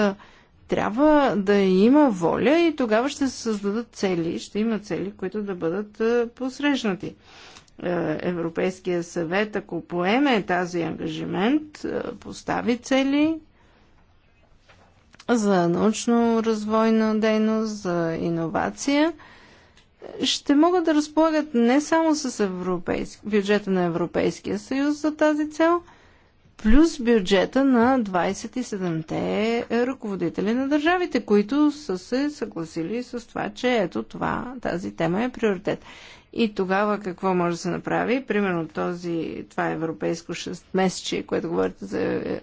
трябва да има воля и тогава ще се създадат цели, ще има цели, които да бъдат посрещнати. Европейския съвет, ако поеме тази ангажимент, постави цели за научно-развойна дейност, за иновация – ще могат да разполагат не само с европейски, бюджета на Европейския съюз за тази цел, плюс бюджета на 27-те ръководители на държавите, които са се съгласили с това, че ето това, тази тема е приоритет. И тогава какво може да се направи? Примерно този, това европейско шестмесечие, което говорите за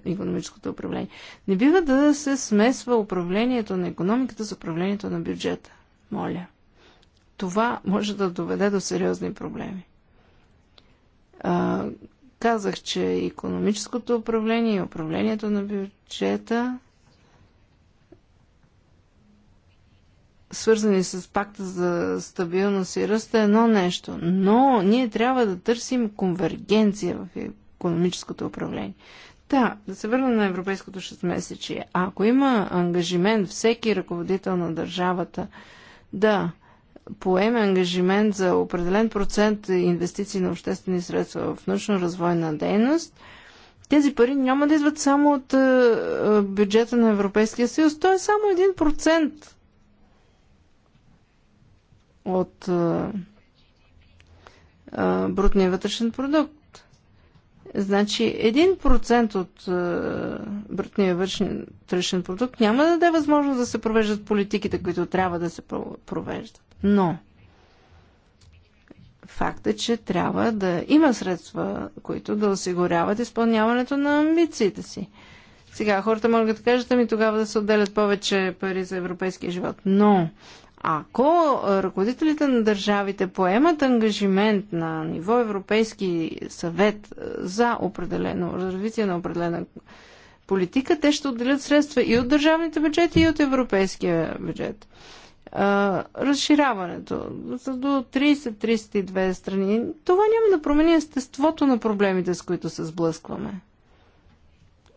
економическото управление. Не бива да се смесва управлението на економиката с управлението на бюджета. Моля това може да доведе до сериозни проблеми. А, казах, че економическото управление и управлението на бюджета свързани с пакта за стабилност и ръст е едно нещо, но ние трябва да търсим конвергенция в економическото управление. Да, да се върна на европейското 6-месечие. Ако има ангажимент всеки ръководител на държавата да поеме ангажимент за определен процент инвестиции на обществени средства в научно-развойна дейност, тези пари няма да идват само от е, е, бюджета на Европейския съюз. Той е само 1% от е, брутния вътрешен продукт. Значи 1% от е, брутния вътрешен продукт няма да даде възможност да се провеждат политиките, които трябва да се провеждат но факт е, че трябва да има средства, които да осигуряват изпълняването на амбициите си. Сега хората могат да кажат, ами тогава да се отделят повече пари за европейския живот. Но ако ръководителите на държавите поемат ангажимент на ниво Европейски съвет е, за определено развитие на определена политика, те ще отделят средства и от държавните бюджети, и от европейския бюджет разширяването до 30-32 страни, това няма да промени естеството на проблемите, с които се сблъскваме.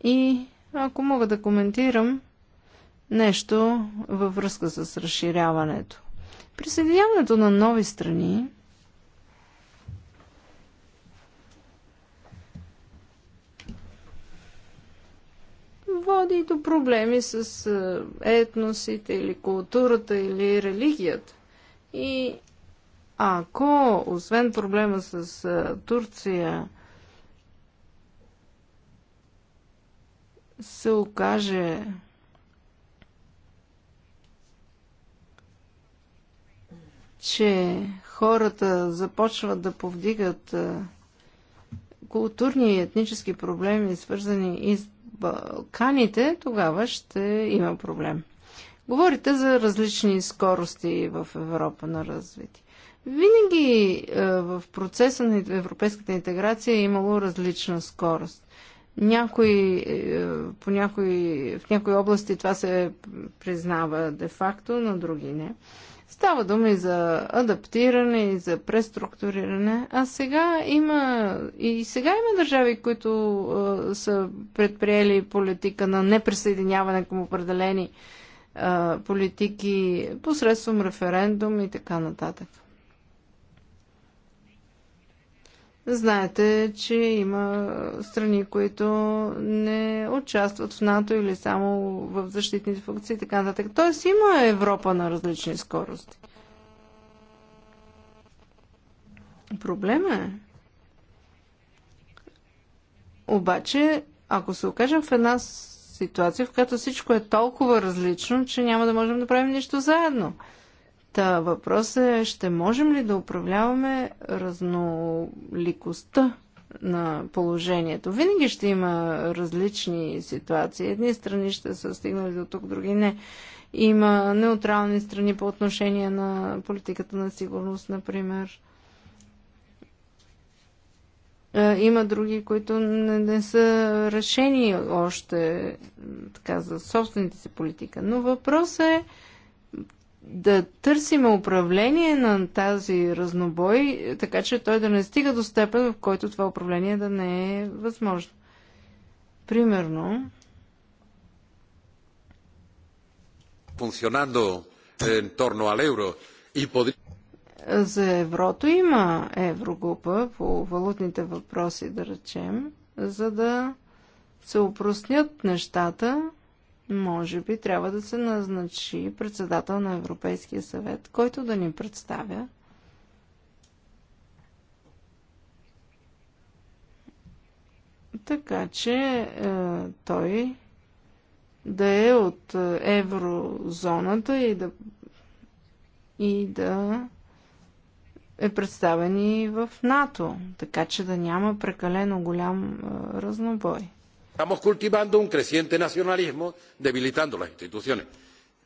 И ако мога да коментирам нещо във връзка с разширяването. Присъединяването на нови страни води до проблеми с е, етносите или културата или религията. И ако, освен проблема с е, Турция, се окаже че хората започват да повдигат е, културни и етнически проблеми, свързани и с Балканите, тогава ще има проблем. Говорите за различни скорости в Европа на развитие. Винаги е, в процеса на европейската интеграция е имало различна скорост. Някои, е, по някои, в някои области това се признава де-факто, на други не. Става дума и за адаптиране, и за преструктуриране. А сега има и сега има държави, които а, са предприели политика на неприсъединяване към определени а, политики посредством референдум и така нататък. Знаете, че има страни, които не участват в НАТО или само в защитните функции и така нататък. Тоест има Европа на различни скорости. Проблема е. Обаче, ако се окажем в една ситуация, в която всичко е толкова различно, че няма да можем да правим нищо заедно – Та въпросът е, ще можем ли да управляваме разноликостта на положението. Винаги ще има различни ситуации. Едни страни ще са стигнали до тук, други не. Има неутрални страни по отношение на политиката на сигурност, например. Е, има други, които не, не са решени още така, за собствените си политика. Но въпросът е да търсим управление на тази разнобой, така че той да не стига до степен, в който това управление да не е възможно. Примерно. Е, и За еврото има еврогрупа по валутните въпроси, да речем, за да се упростнят нещата може би трябва да се назначи председател на Европейския съвет, който да ни представя така че е, той да е от еврозоната и да, и да е представен и в НАТО, така че да няма прекалено голям е, разнобой estamos cultivando un creciente nacionalismo debilitando las instituciones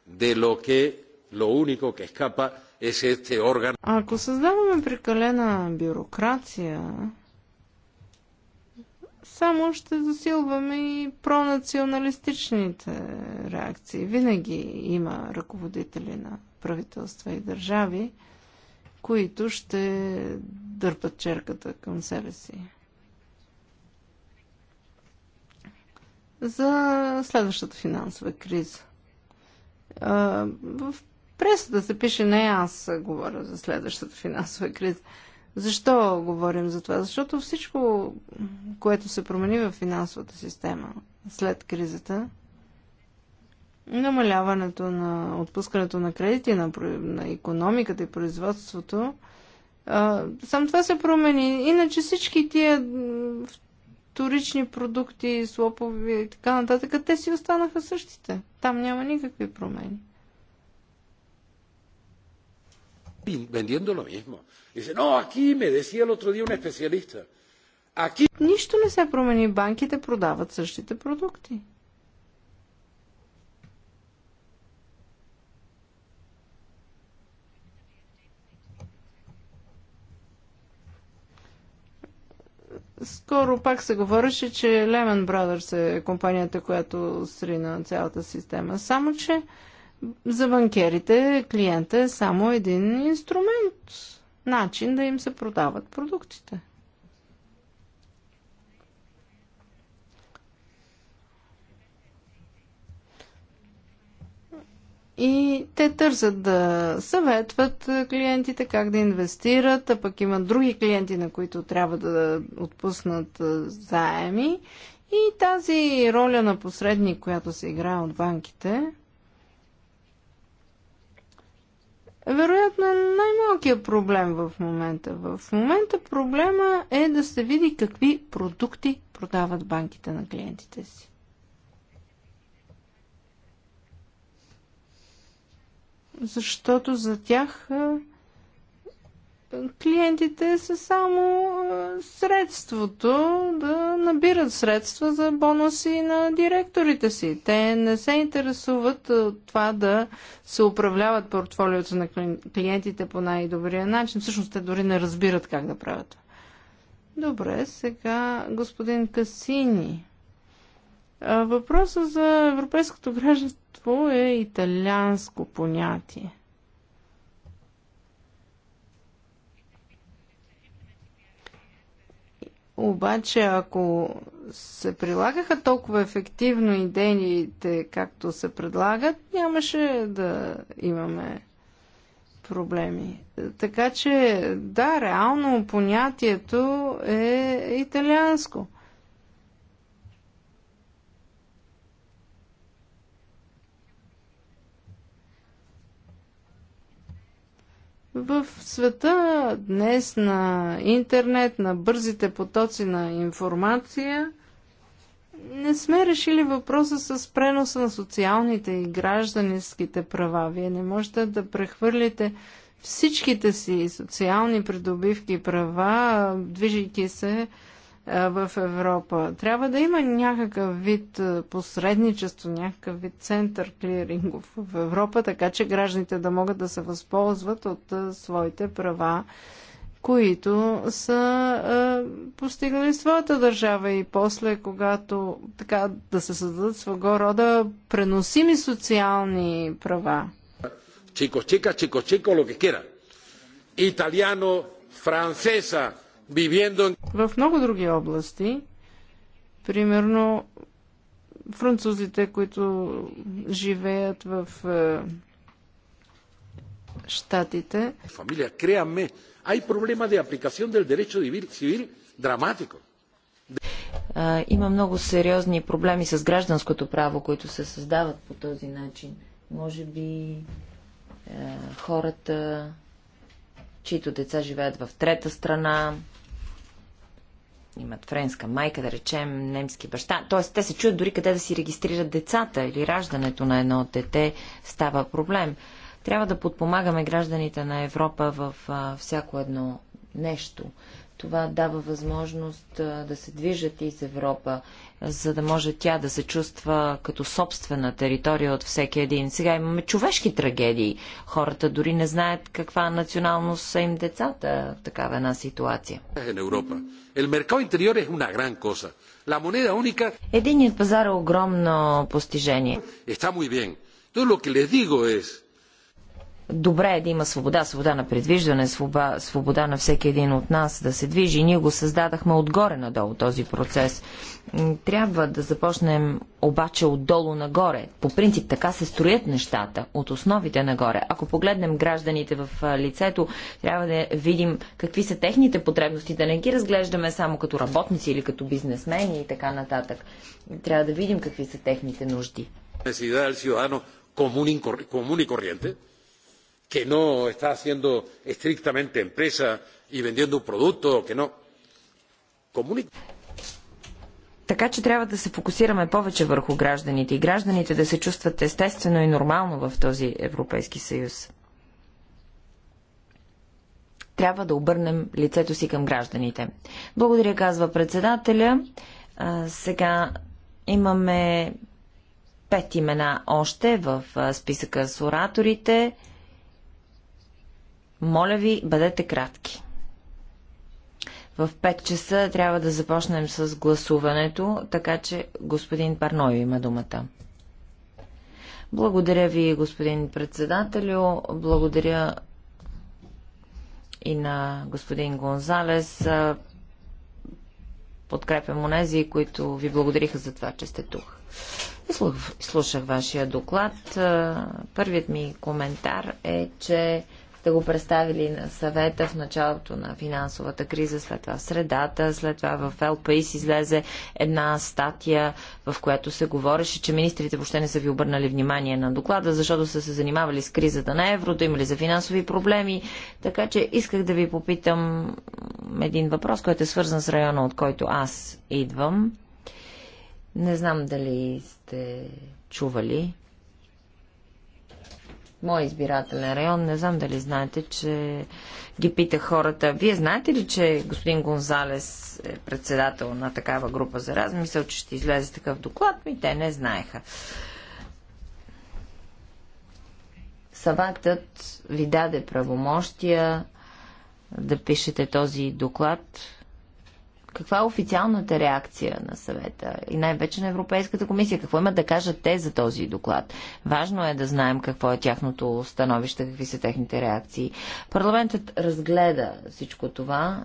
de lo que lo único que escapa es este órgano. Ако създаваме прекалена бюрокрация, само ще засилваме и пронационалистичните реакции. Винаги има ръководители на правителства и държави, които ще дърпат черката към себе си. за следващата финансова криза. В пресата се пише, не аз говоря за следващата финансова криза. Защо говорим за това? Защото всичко, което се промени в финансовата система след кризата, намаляването на отпускането на кредити, на, на економиката и производството, а, сам това се промени. Иначе всички тия вторични продукти, слопови, и така нататък, те си останаха същите. Там няма никакви промени. Vendiendo lo mismo. Dice, no, aquí me decía el otro día un especialista. Aquí... Нищо не се промени. Банките продават същите продукти. Скоро пак се говореше, че Lehman Brothers е компанията, която срина цялата система. Само, че за банкерите клиента е само един инструмент, начин да им се продават продуктите. и те търсят да съветват клиентите как да инвестират, а пък имат други клиенти, на които трябва да отпуснат заеми. И тази роля на посредник, която се играе от банките, вероятно е най-малкият проблем в момента. В момента проблема е да се види какви продукти продават банките на клиентите си. защото за тях клиентите са само средството да набират средства за бонуси на директорите си. Те не се интересуват от това да се управляват портфолиото на клиентите по най-добрия начин. Всъщност те дори не разбират как да правят. Добре, сега господин Касини. Въпросът за европейското гражданство е италианско понятие. Обаче, ако се прилагаха толкова ефективно идеите, както се предлагат, нямаше да имаме проблеми. Така че, да, реално понятието е италианско – В света днес на интернет, на бързите потоци на информация, не сме решили въпроса с преноса на социалните и гражданските права. Вие не можете да прехвърлите всичките си социални придобивки и права, движейки се в Европа. Трябва да има някакъв вид посредничество, някакъв вид център клирингов в Европа, така че гражданите да могат да се възползват от своите права, които са постигнали своята държава и после, когато така да се създадат своего рода преносими социални права. Чико, чика, чико, чико, lo Италиано, францеса, viviendo... В много други области, примерно французите, които живеят в Штатите. Е, Familia, créanme, hay problema de aplicación del derecho civil dramático. Има много сериозни проблеми с гражданското право, които се създават по този начин. Може би е, хората чието деца живеят в трета страна, имат френска майка, да речем, немски баща. Т.е. те се чуят дори къде да си регистрират децата или раждането на едно дете става проблем. Трябва да подпомагаме гражданите на Европа в а, всяко едно нещо. Това дава възможност да се движат из Европа, за да може тя да се чувства като собствена територия от всеки един. Сега имаме човешки трагедии. Хората дори не знаят каква националност са им децата в такава една ситуация. Е, Единият пазар е огромно постижение. Está muy bien. Todo lo que les digo es добре е да има свобода, свобода на предвиждане, свобода, свобода на всеки един от нас да се движи. Ние го създадахме отгоре надолу този процес. Трябва да започнем обаче отдолу нагоре. По принцип така се строят нещата, от основите нагоре. Ако погледнем гражданите в лицето, трябва да видим какви са техните потребности, да не ги разглеждаме само като работници или като бизнесмени и така нататък. Трябва да видим какви са техните нужди. común y corriente que no está haciendo estrictamente empresa и vendiendo un producto o que no. Comunica. Така че трябва да се фокусираме повече върху гражданите и гражданите да се чувстват естествено и нормално в този Европейски съюз. Трябва да обърнем лицето си към гражданите. Благодаря, казва председателя. А, сега имаме пет имена още в списъка с ораторите. Моля ви, бъдете кратки. В 5 часа трябва да започнем с гласуването, така че господин Парнови има думата. Благодаря ви, господин председателю. Благодаря и на господин Гонзалес. Подкрепям онези, които ви благодариха за това, че сте тук. Слушах вашия доклад. Първият ми коментар е, че сте го представили на съвета в началото на финансовата криза, след това в средата, след това в Елпейс излезе една статия, в която се говореше, че министрите въобще не са ви обърнали внимание на доклада, защото са се занимавали с кризата на еврото, имали за финансови проблеми. Така че исках да ви попитам един въпрос, който е свързан с района, от който аз идвам. Не знам дали сте чували Мой избирателен район. Не знам дали знаете, че ги пита хората. Вие знаете ли, че господин Гонзалес е председател на такава група за размисъл, че ще излезе такъв доклад? Ми те не знаеха. Саватът ви даде правомощия да пишете този доклад каква е официалната реакция на съвета и най-вече на Европейската комисия? Какво имат да кажат те за този доклад? Важно е да знаем какво е тяхното становище, какви са техните реакции. Парламентът разгледа всичко това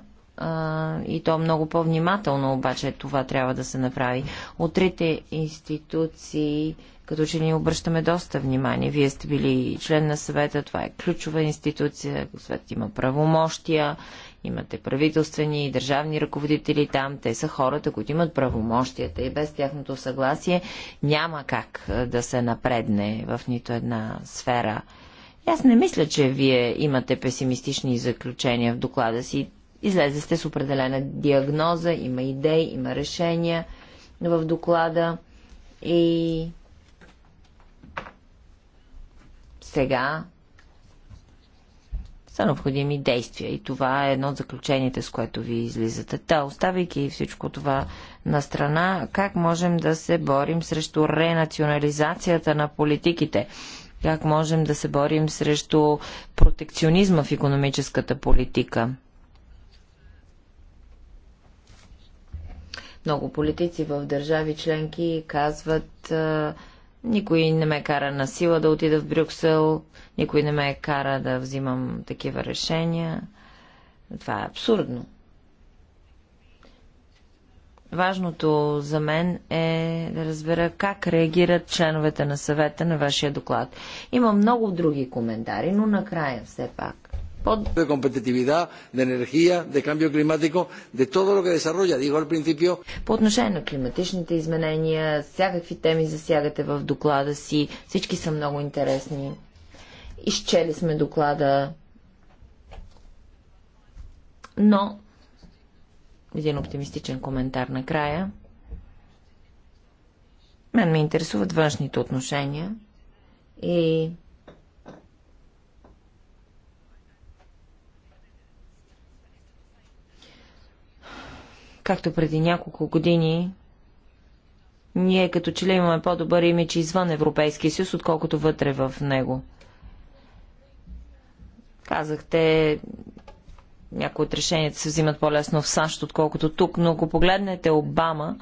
и то много по-внимателно, обаче това трябва да се направи. От трите институции, като че ни обръщаме доста внимание. Вие сте били член на съвета, това е ключова институция, съвет има правомощия Имате правителствени и държавни ръководители там. Те са хората, които имат правомощията и без тяхното съгласие няма как да се напредне в нито една сфера. И аз не мисля, че вие имате песимистични заключения в доклада си. Излезе сте с определена диагноза, има идеи, има решения в доклада и сега са необходими действия. И това е едно от заключенията, с което ви излизате. Та, оставяйки всичко това на страна, как можем да се борим срещу ренационализацията на политиките? Как можем да се борим срещу протекционизма в економическата политика? Много политици в държави членки казват никой не ме кара на сила да отида в Брюксел, никой не ме кара да взимам такива решения. Това е абсурдно. Важното за мен е да разбера как реагират членовете на съвета на вашия доклад. Има много други коментари, но накрая все пак de competitividad, de енергия, de cambio climático, de todo lo que desarrolla. Digo al principio. По отношение на климатичните изменения, всякакви теми засягате в доклада си. Всички са много интересни. Изчели сме доклада. Но един оптимистичен коментар накрая. Мен ме интересуват външните отношения и Както преди няколко години, ние като че ли имаме по-добър имидж извън Европейския съюз, отколкото вътре в него. Казахте, някои от решенията се взимат по-лесно в САЩ, отколкото тук, но ако погледнете Обама,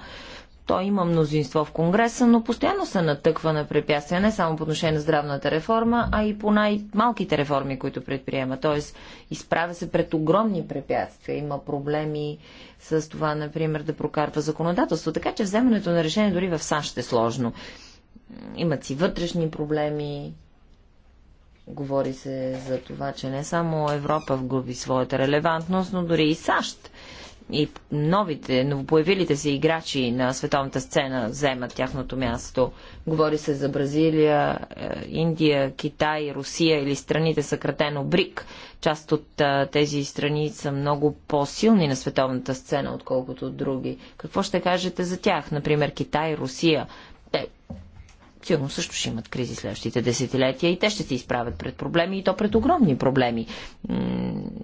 той има мнозинство в Конгреса, но постоянно се натъква на препятствия, не само по отношение на здравната реформа, а и по най-малките реформи, които предприема. Тоест, изправя се пред огромни препятствия. Има проблеми с това, например, да прокарва законодателство. Така че вземането на решение дори в САЩ е сложно. Имат си вътрешни проблеми, Говори се за това, че не само Европа вгуби своята релевантност, но дори и САЩ и новите, новопоявилите се играчи на световната сцена вземат тяхното място. Говори се за Бразилия, е, Индия, Китай, Русия или страните съкратено БРИК. Част от е, тези страни са много по-силни на световната сцена, отколкото други. Какво ще кажете за тях? Например, Китай, Русия. Те сигурно също ще имат кризи следващите десетилетия и те ще се изправят пред проблеми и то пред огромни проблеми.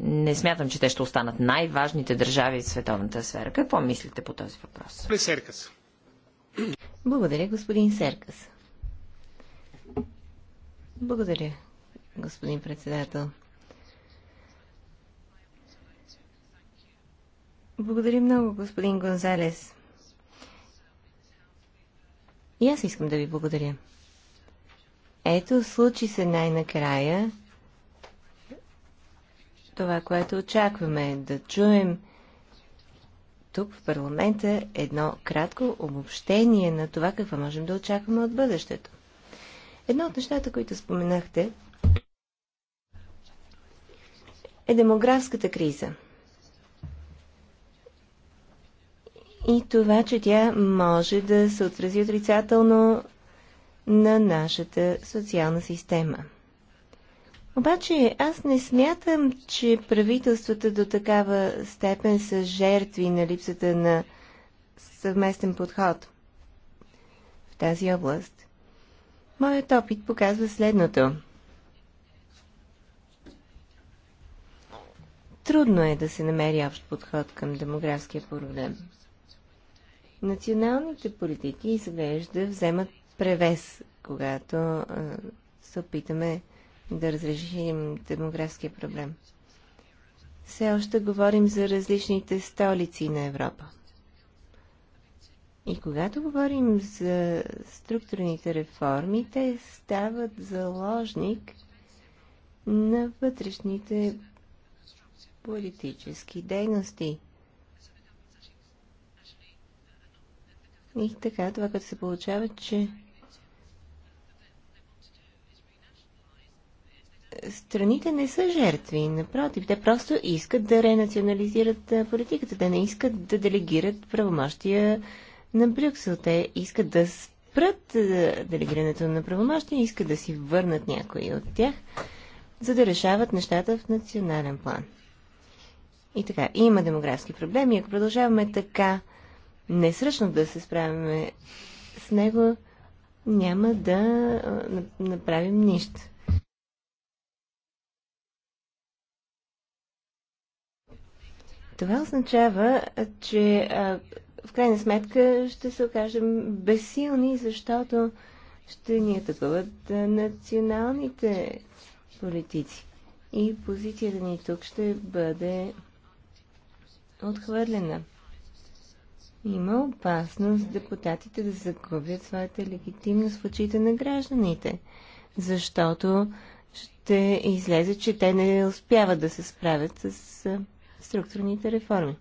Не смятам, че те ще останат най-важните държави в световната сфера. Какво мислите по този въпрос? Серкас. Благодаря, господин Серкас. Благодаря, господин председател. Благодаря много, господин Гонзалес. И аз искам да ви благодаря. Ето, случи се най-накрая това, което очакваме да чуем тук в парламента едно кратко обобщение на това, какво можем да очакваме от бъдещето. Едно от нещата, които споменахте, е демографската криза – и това, че тя може да се отрази отрицателно на нашата социална система. Обаче аз не смятам, че правителствата до такава степен са жертви на липсата на съвместен подход в тази област. Моят опит показва следното. Трудно е да се намери общ подход към демографския проблем. Националните политики, изглежда, вземат превес, когато а, се опитаме да разрешим демографския проблем. Все още говорим за различните столици на Европа. И когато говорим за структурните реформи, те стават заложник на вътрешните политически дейности – И така, това като се получава, че страните не са жертви. Напротив, те просто искат да ренационализират политиката. Те не искат да делегират правомощия на Брюксел. Те искат да спрат делегирането на правомощия, искат да си върнат някои от тях, за да решават нещата в национален план. И така, има демографски проблеми. Ако продължаваме така не несръчно да се справяме с него, няма да направим нищо. Това означава, че в крайна сметка ще се окажем безсилни, защото ще ни атакуват националните политици. И позицията ни тук ще бъде отхвърлена има опасност депутатите да загубят своята легитимност в очите на гражданите, защото ще излезе, че те не успяват да се справят с структурните реформи.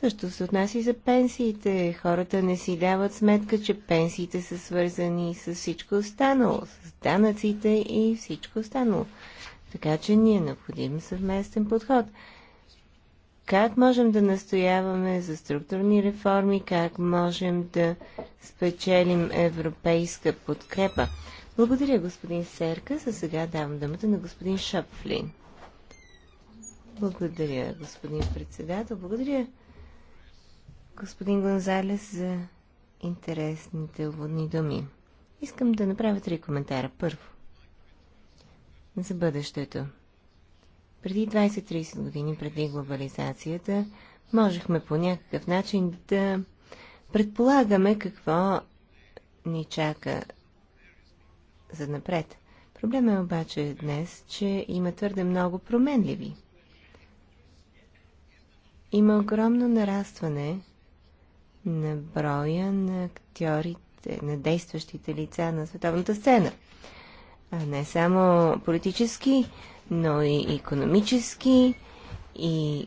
Също се отнася и за пенсиите. Хората не си дават сметка, че пенсиите са свързани с всичко останало, с данъците и всичко останало. Така че ни е необходим съвместен подход как можем да настояваме за структурни реформи, как можем да спечелим европейска подкрепа. Благодаря, господин Серка. За сега давам думата на господин Шапфлин. Благодаря, господин председател. Благодаря, господин Гонзалес, за интересните уводни думи. Искам да направя три коментара. Първо, за бъдещето. Преди 20-30 години, преди глобализацията, можехме по някакъв начин да предполагаме какво ни чака за напред. Проблема е обаче днес, че има твърде много променливи. Има огромно нарастване на броя на актьорите, на действащите лица на световната сцена. А не само политически но и економически, и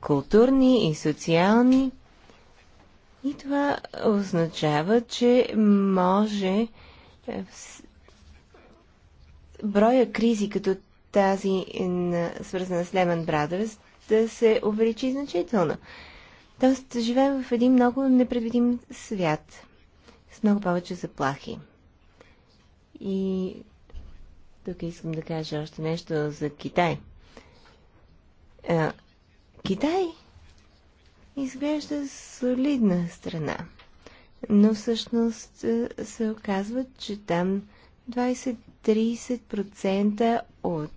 културни, и социални. И това означава, че може броя кризи като тази, свързана с Леман Брадърс, да се увеличи значително. Тоест, живеем в един много непредвидим свят с много повече заплахи. И тук искам да кажа още нещо за Китай. А, Китай изглежда солидна страна, но всъщност се оказва, че там 20-30% от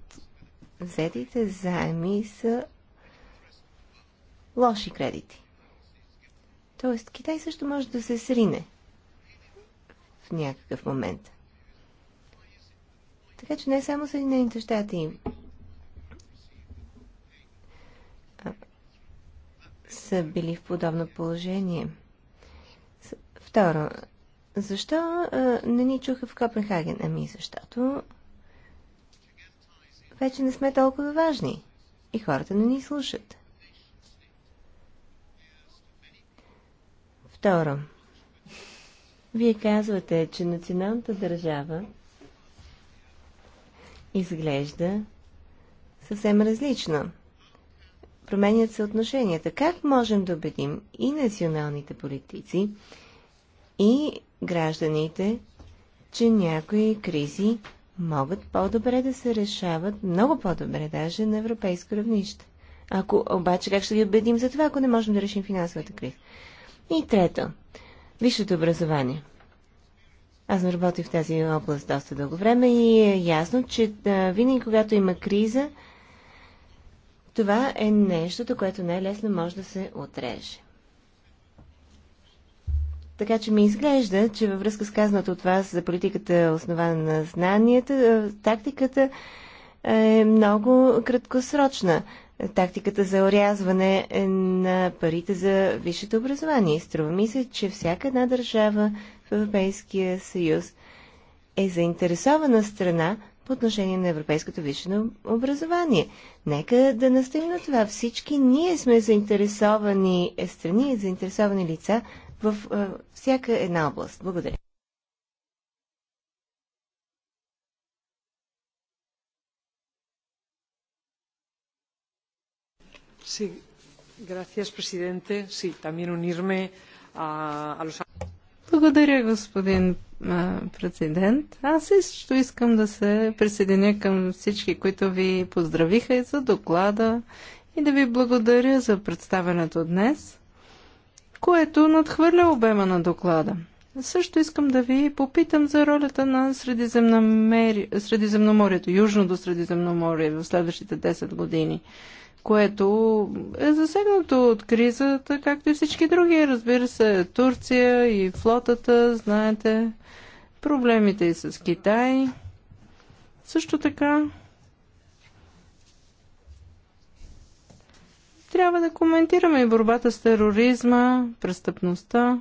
взетите заеми са лоши кредити. Тоест, Китай също може да се срине в някакъв момент. Така че не само Съединените щати са били в подобно положение. Второ, защо не ни чуха в Копенхаген? Ами защото вече не сме толкова важни и хората не ни слушат. Второ, вие казвате, че националната държава изглежда съвсем различно. Променят се отношенията. Как можем да убедим и националните политици, и гражданите, че някои кризи могат по-добре да се решават, много по-добре даже на европейско равнище. Ако обаче как ще ги убедим за това, ако не можем да решим финансовата криза? И трето, висшето образование – аз съм работил в тази област доста дълго време и е ясно, че винаги когато има криза, това е нещото, което най-лесно е може да се отреже. Така че ми изглежда, че във връзка с казаното от вас за политиката основана на знанията, тактиката е много краткосрочна тактиката за орязване на парите за висшето образование. Струва ми се, че всяка една държава в Европейския съюз е заинтересована страна по отношение на европейското висше образование. Нека да настъпим на това. Всички ние сме заинтересовани страни, заинтересовани лица в всяка една област. Благодаря. Благодаря, господин президент. Аз също искам да се присъединя към всички, които ви поздравиха и за доклада и да ви благодаря за представенето днес, което надхвърля обема на доклада. Също искам да ви попитам за ролята на Средиземноморието, Южното Средиземноморие в следващите 10 години което е засегнато от кризата, както и всички други. Разбира се, Турция и флотата, знаете, проблемите и с Китай. Също така, трябва да коментираме и борбата с тероризма, престъпността.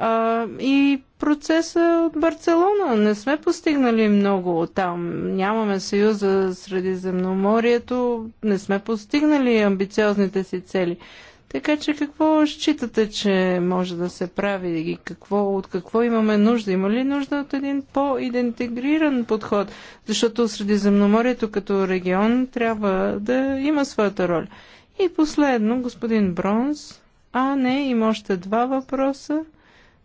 А, и процеса от Барселона. Не сме постигнали много там. Нямаме съюза Средиземноморието. Не сме постигнали амбициозните си цели. Така че какво считате, че може да се прави и какво, от какво имаме нужда? Има ли нужда от един по-идентегриран подход? Защото Средиземноморието като регион трябва да има своята роля. И последно, господин Бронс. А, не, има още два въпроса.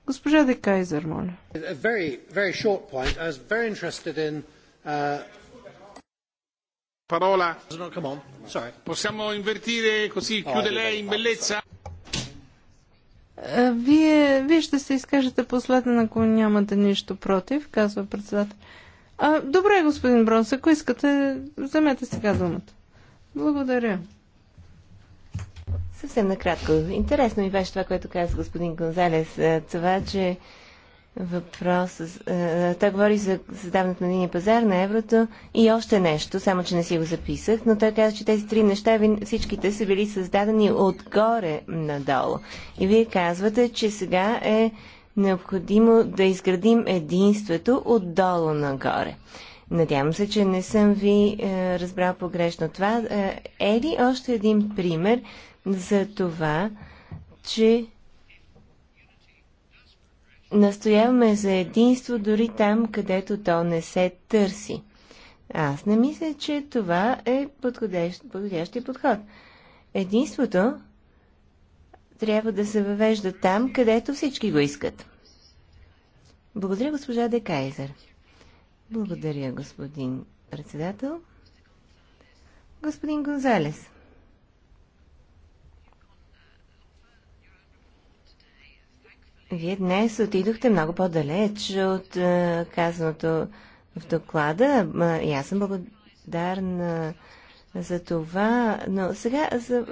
Госпожа Де Кайзер, моля. Very, very short point. I was very interested uh, Parola. Possiamo invertire così, oh, chiude lei in bellezza? Е, вие, вие ще се изкажете последно, ако нямате нищо против, казва председател. А, добре, господин Бронс, ако искате, вземете сега думата. Благодаря. Съвсем накратко. Интересно ми беше това, което каза господин Гонзалес. Това, че въпрос... Той говори за създаването на един пазар на еврото и още нещо, само че не си го записах, но той каза, че тези три неща всичките са били създадени отгоре надолу. И вие казвате, че сега е необходимо да изградим единството отдолу нагоре. Надявам се, че не съм ви е, разбрал погрешно това. Е, е ли още един пример за това, че настояваме за единство дори там, където то не се търси. Аз не мисля, че това е подходящ, подходящия подход. Единството трябва да се въвежда там, където всички го искат. Благодаря, госпожа Декайзер. Благодаря, господин председател. Господин Гонзалес. Вие днес отидохте много по-далеч от е, казаното в доклада. Е, и аз съм благодарна за това. Но сега, за, е,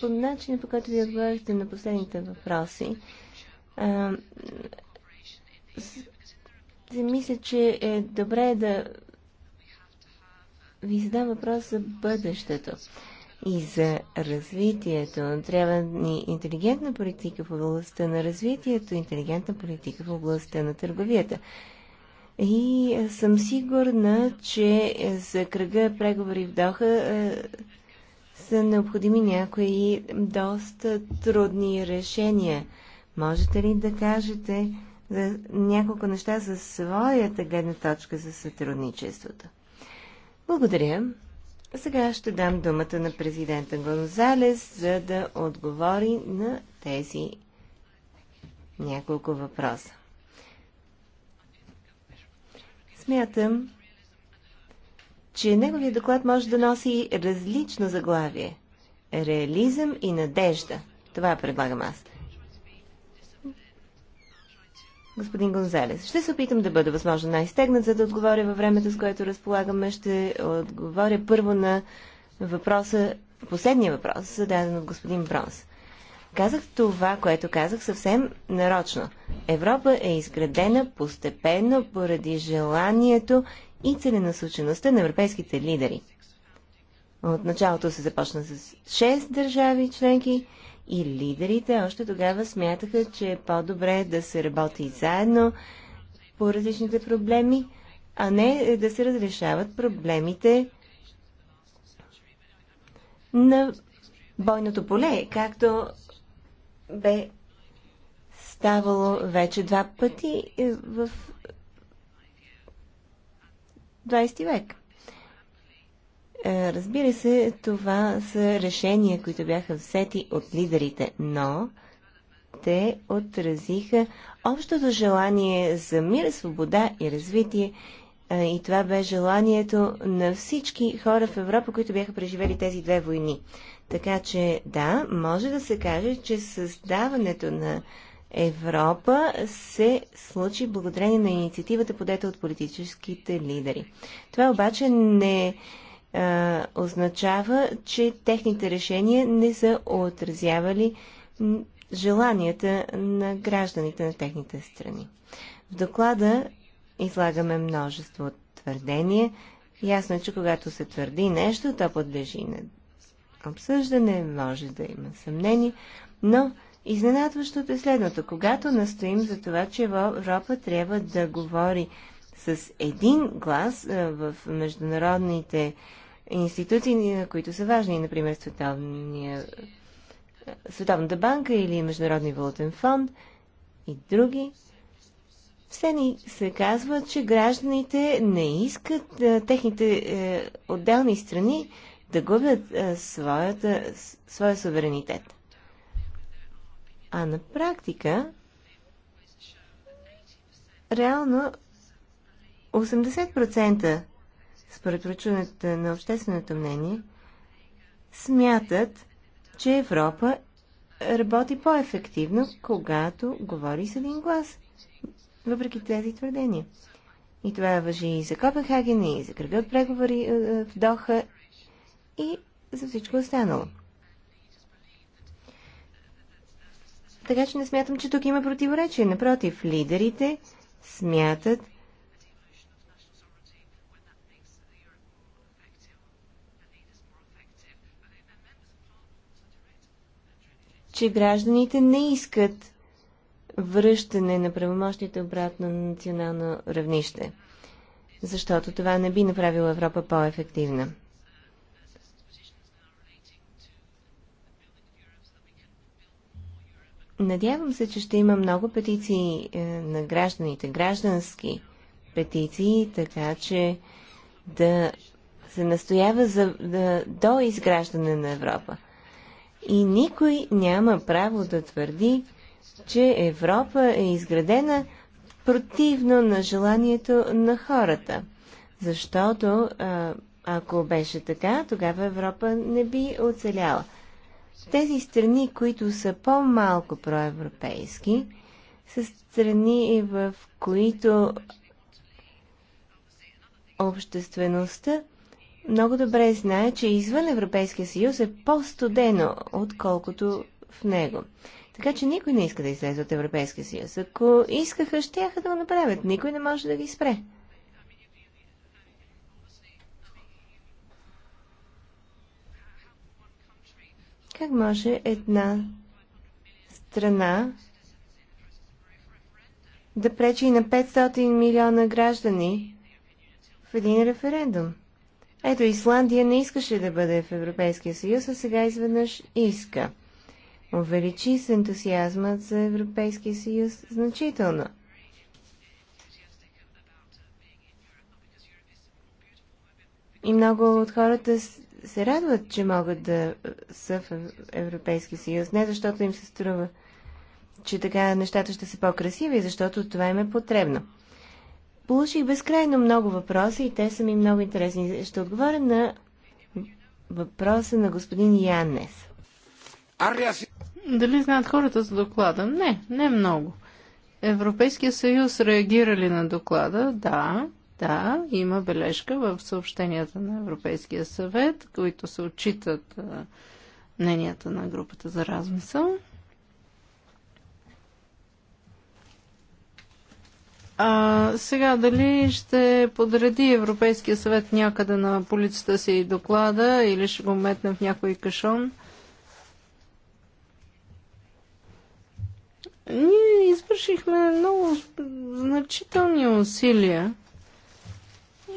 по начина по който ви отговорихте на последните въпроси, а, мисля, че е добре да ви задам въпрос за бъдещето и за развитието. Трябва ни интелигентна политика в областта на развитието, интелигентна политика в областта на търговията. И съм сигурна, че за кръга преговори в Доха са необходими някои доста трудни решения. Можете ли да кажете за няколко неща за своята гледна точка за сътрудничеството? Благодаря. Сега ще дам думата на президента Гонзалес, за да отговори на тези няколко въпроса. Смятам, че неговият доклад може да носи различно заглавие – реализъм и надежда. Това предлагам аз. господин Гонзалес. Ще се опитам да бъда възможно най-стегнат, за да отговоря във времето, с което разполагаме. Ще отговоря първо на въпроса, последния въпрос, зададен от господин Бронс. Казах това, което казах съвсем нарочно. Европа е изградена постепенно поради желанието и целенасочеността на европейските лидери. От началото се започна с 6 държави членки, и лидерите още тогава смятаха, че е по-добре да се работи заедно по различните проблеми, а не да се разрешават проблемите на бойното поле, както бе ставало вече два пъти в 20 век. Е, разбира се, това са решения, които бяха взети от лидерите, но те отразиха общото желание за мир, свобода и развитие. Е, и това бе желанието на всички хора в Европа, които бяха преживели тези две войни. Така че, да, може да се каже, че създаването на Европа се случи благодарение на инициативата, подета от политическите лидери. Това обаче не е а, означава, че техните решения не са отразявали желанията на гражданите на техните страни. В доклада излагаме множество твърдения. Ясно е, че когато се твърди нещо, то подлежи на обсъждане, може да има съмнение, но изненадващото е следното. Когато настоим за това, че Европа трябва да говори с един глас в международните институции, които са важни, например Световния, Световната банка или Международния валутен фонд и други. Все ни се казва, че гражданите не искат а, е, техните е, отделни страни да губят а, е, своята, своя суверенитет. А на практика, реално 80% според ручването на общественото мнение, смятат, че Европа работи по-ефективно, когато говори с един глас, въпреки тези твърдения. И това въжи и за Копенхаген, и за кръга от преговори е, е, в Доха, и за всичко останало. Така че не смятам, че тук има противоречие. Напротив, лидерите смятат, че гражданите не искат връщане на правомощите обратно на национално равнище, защото това не би направило Европа по-ефективна. Надявам се, че ще има много петиции е, на гражданите, граждански петиции, така че да се настоява за, да, до изграждане на Европа. И никой няма право да твърди, че Европа е изградена противно на желанието на хората. Защото ако беше така, тогава Европа не би оцеляла. Тези страни, които са по-малко проевропейски, са страни, в които обществеността много добре знае, че извън Европейския съюз е по-студено, отколкото в него. Така че никой не иска да излезе от Европейския съюз. Ако искаха, ще да го направят. Никой не може да ги спре. Как може една страна да пречи на 500 милиона граждани в един референдум? Ето, Исландия не искаше да бъде в Европейския съюз, а сега изведнъж иска. Увеличи се ентусиазмът за Европейския съюз значително. И много от хората се радват, че могат да са в Европейския съюз. Не защото им се струва, че така нещата ще са по-красиви, защото това им е потребно. Получих безкрайно много въпроси и те са ми много интересни. Ще отговоря на въпроса на господин Янес. Дали знаят хората за доклада? Не, не много. Европейския съюз реагирали на доклада? Да, да, има бележка в съобщенията на Европейския съвет, които се отчитат мненията на групата за размисъл. А, сега, дали ще подреди Европейския съвет някъде на полицията си и доклада или ще го метне в някой кашон? Ние извършихме много значителни усилия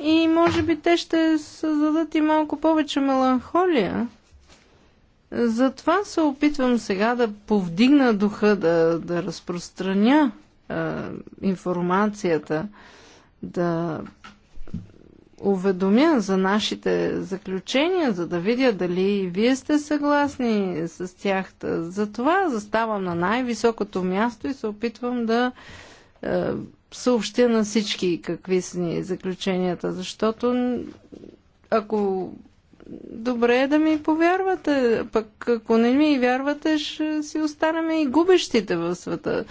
и може би те ще създадат и малко повече меланхолия. Затова се опитвам сега да повдигна духа, да, да разпространя е, информацията, да уведомя за нашите заключения, за да видя дали вие сте съгласни с тях. Затова заставам на най-високото място и се опитвам да е, съобщя на всички какви са ни заключенията, защото ако добре е да ми повярвате, пък ако не ми вярвате, ще си останаме и губещите в света.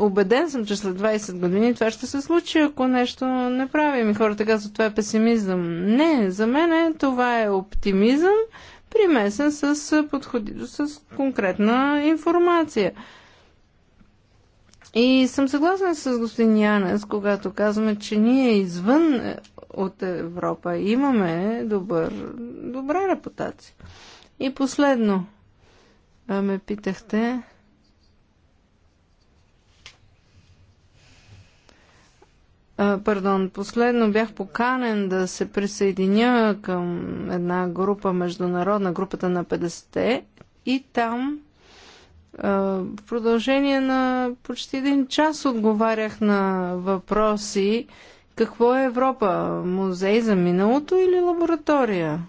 Обеден съм, че след 20 години това ще се случи, ако нещо не правим. И хората казват, това е песимизъм. Не, за мен е, това е оптимизъм, примесен с, подходи, с конкретна информация. И съм съгласна с господин Янес, когато казваме, че ние извън е, от Европа имаме добър, добра репутация. И последно, ме питахте, Пардон, последно бях поканен да се присъединя към една група международна, групата на 50-те и там в продължение на почти един час отговарях на въпроси какво е Европа? Музей за миналото или лаборатория?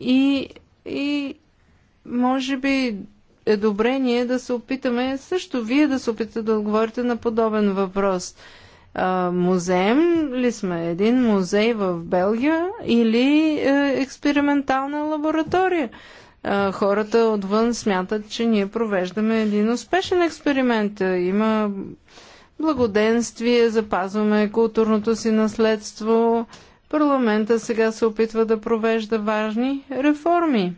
И, и може би е добре ние да се опитаме, също вие да се опитате да отговорите на подобен въпрос. А, музеем ли сме? Един музей в Белгия или е, експериментална лаборатория? А, хората отвън смятат, че ние провеждаме един успешен експеримент. Има благоденствие, запазваме културното си наследство. Парламента сега се опитва да провежда важни реформи.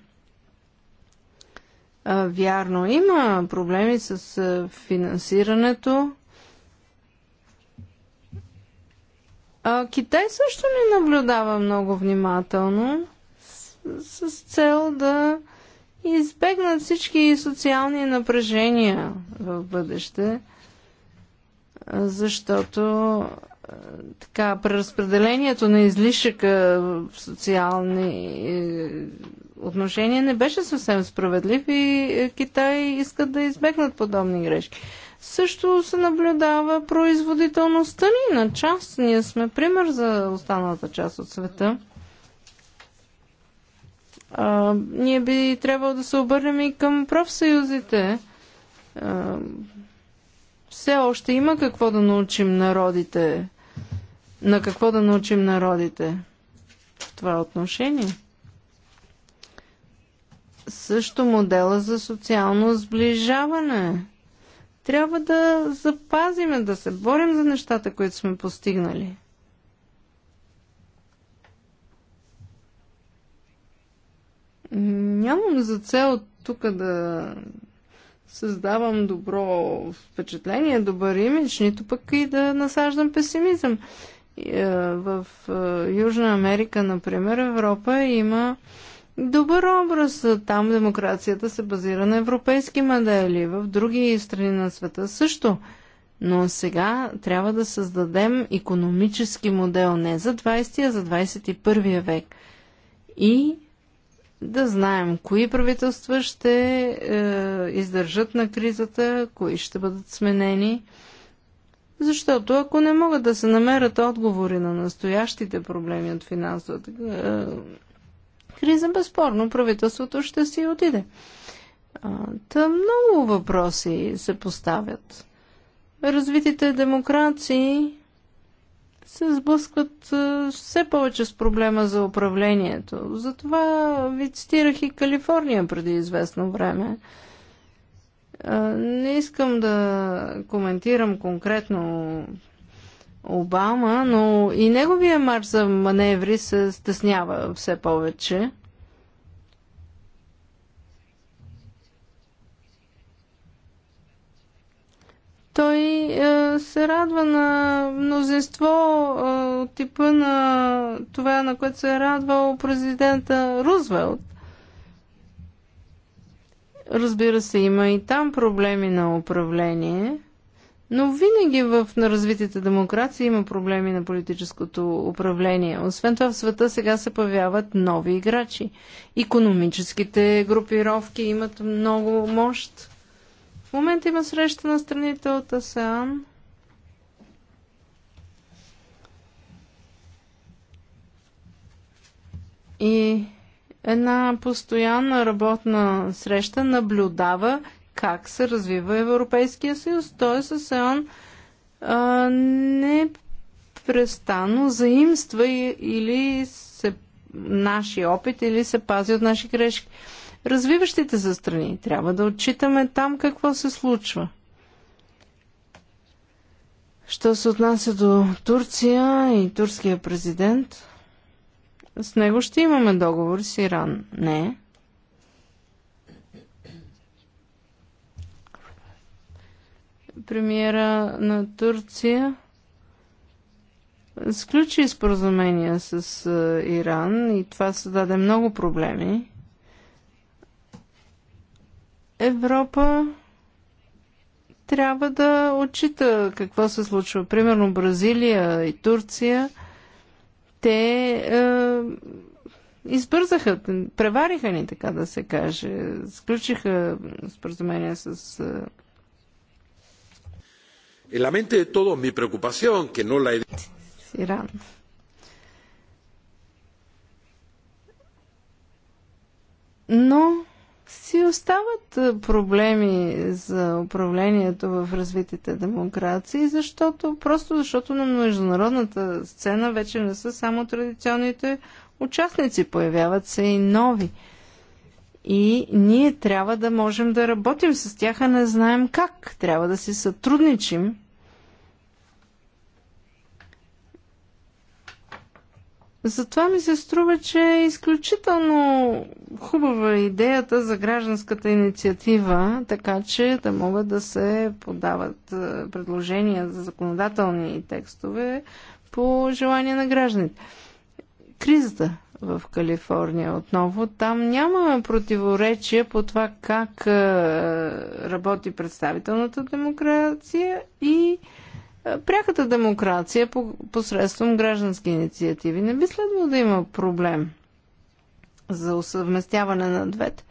Вярно, има проблеми с финансирането. Китай също ни наблюдава много внимателно с, с цел да избегнат всички социални напрежения в бъдеще, защото така, преразпределението на излишъка в социални отношение не беше съвсем справедлив и е, Китай искат да избегнат подобни грешки. Също се наблюдава производителността ни на част. Ние сме пример за останалата част от света. А, ние би трябвало да се обърнем и към профсъюзите. А, все още има какво да научим народите. На какво да научим народите в това отношение? Също модела за социално сближаване. Трябва да запазиме, да се борим за нещата, които сме постигнали. Нямам за цел тук да създавам добро впечатление, добър имидж, нито пък и да насаждам песимизъм. Е, в е, Южна Америка, например, Европа има добър образ. Там демокрацията се базира на европейски модели, в други страни на света също. Но сега трябва да създадем економически модел не за 20-я, за 21 век. И да знаем кои правителства ще е, издържат на кризата, кои ще бъдат сменени. Защото ако не могат да се намерят отговори на настоящите проблеми от финансовата е, криза, безспорно правителството ще си отиде. Та много въпроси се поставят. Развитите демокрации се сблъскват все повече с проблема за управлението. Затова ви цитирах и Калифорния преди известно време. Не искам да коментирам конкретно Обама, но и неговия марш за маневри се стеснява все повече. Той е, се радва на мнозинство е, от е, типа на това, на което се е радвал президента Рузвелт. Разбира се, има и там проблеми на управление. Но винаги в на развитите демокрации има проблеми на политическото управление. Освен това в света сега се появяват нови играчи. Економическите групировки имат много мощ. В момента има среща на страните от АСЕАН. И една постоянна работна среща наблюдава как се развива Европейския съюз. Той е с непрестанно заимства или се, наши опит, или се пази от наши грешки. Развиващите се страни трябва да отчитаме там какво се случва. Що се отнася до Турция и турския президент, с него ще имаме договор с Иран. Не. премиера на Турция сключи споразумения с Иран и това създаде много проблеми. Европа трябва да отчита какво се случва. Примерно Бразилия и Турция, те е, избързаха, превариха ни, така да се каже. Сключиха споразумение с en la mente de todos mi preocupación, que no la he. Но си остават е, проблеми за управлението в развитите демокрации, защото просто защото на международната сцена вече не са само традиционните участници, появяват се и нови. И ние трябва да можем да работим с тях, а не знаем как. Трябва да си сътрудничим Затова ми се струва, че е изключително хубава идеята за гражданската инициатива, така че да могат да се подават е, предложения за законодателни текстове по желание на гражданите. Кризата в Калифорния отново, там няма противоречие по това как е, работи представителната демокрация и е, пряката демокрация посредством граждански инициативи. Не би следвало да има проблем за усъвместяване на двете.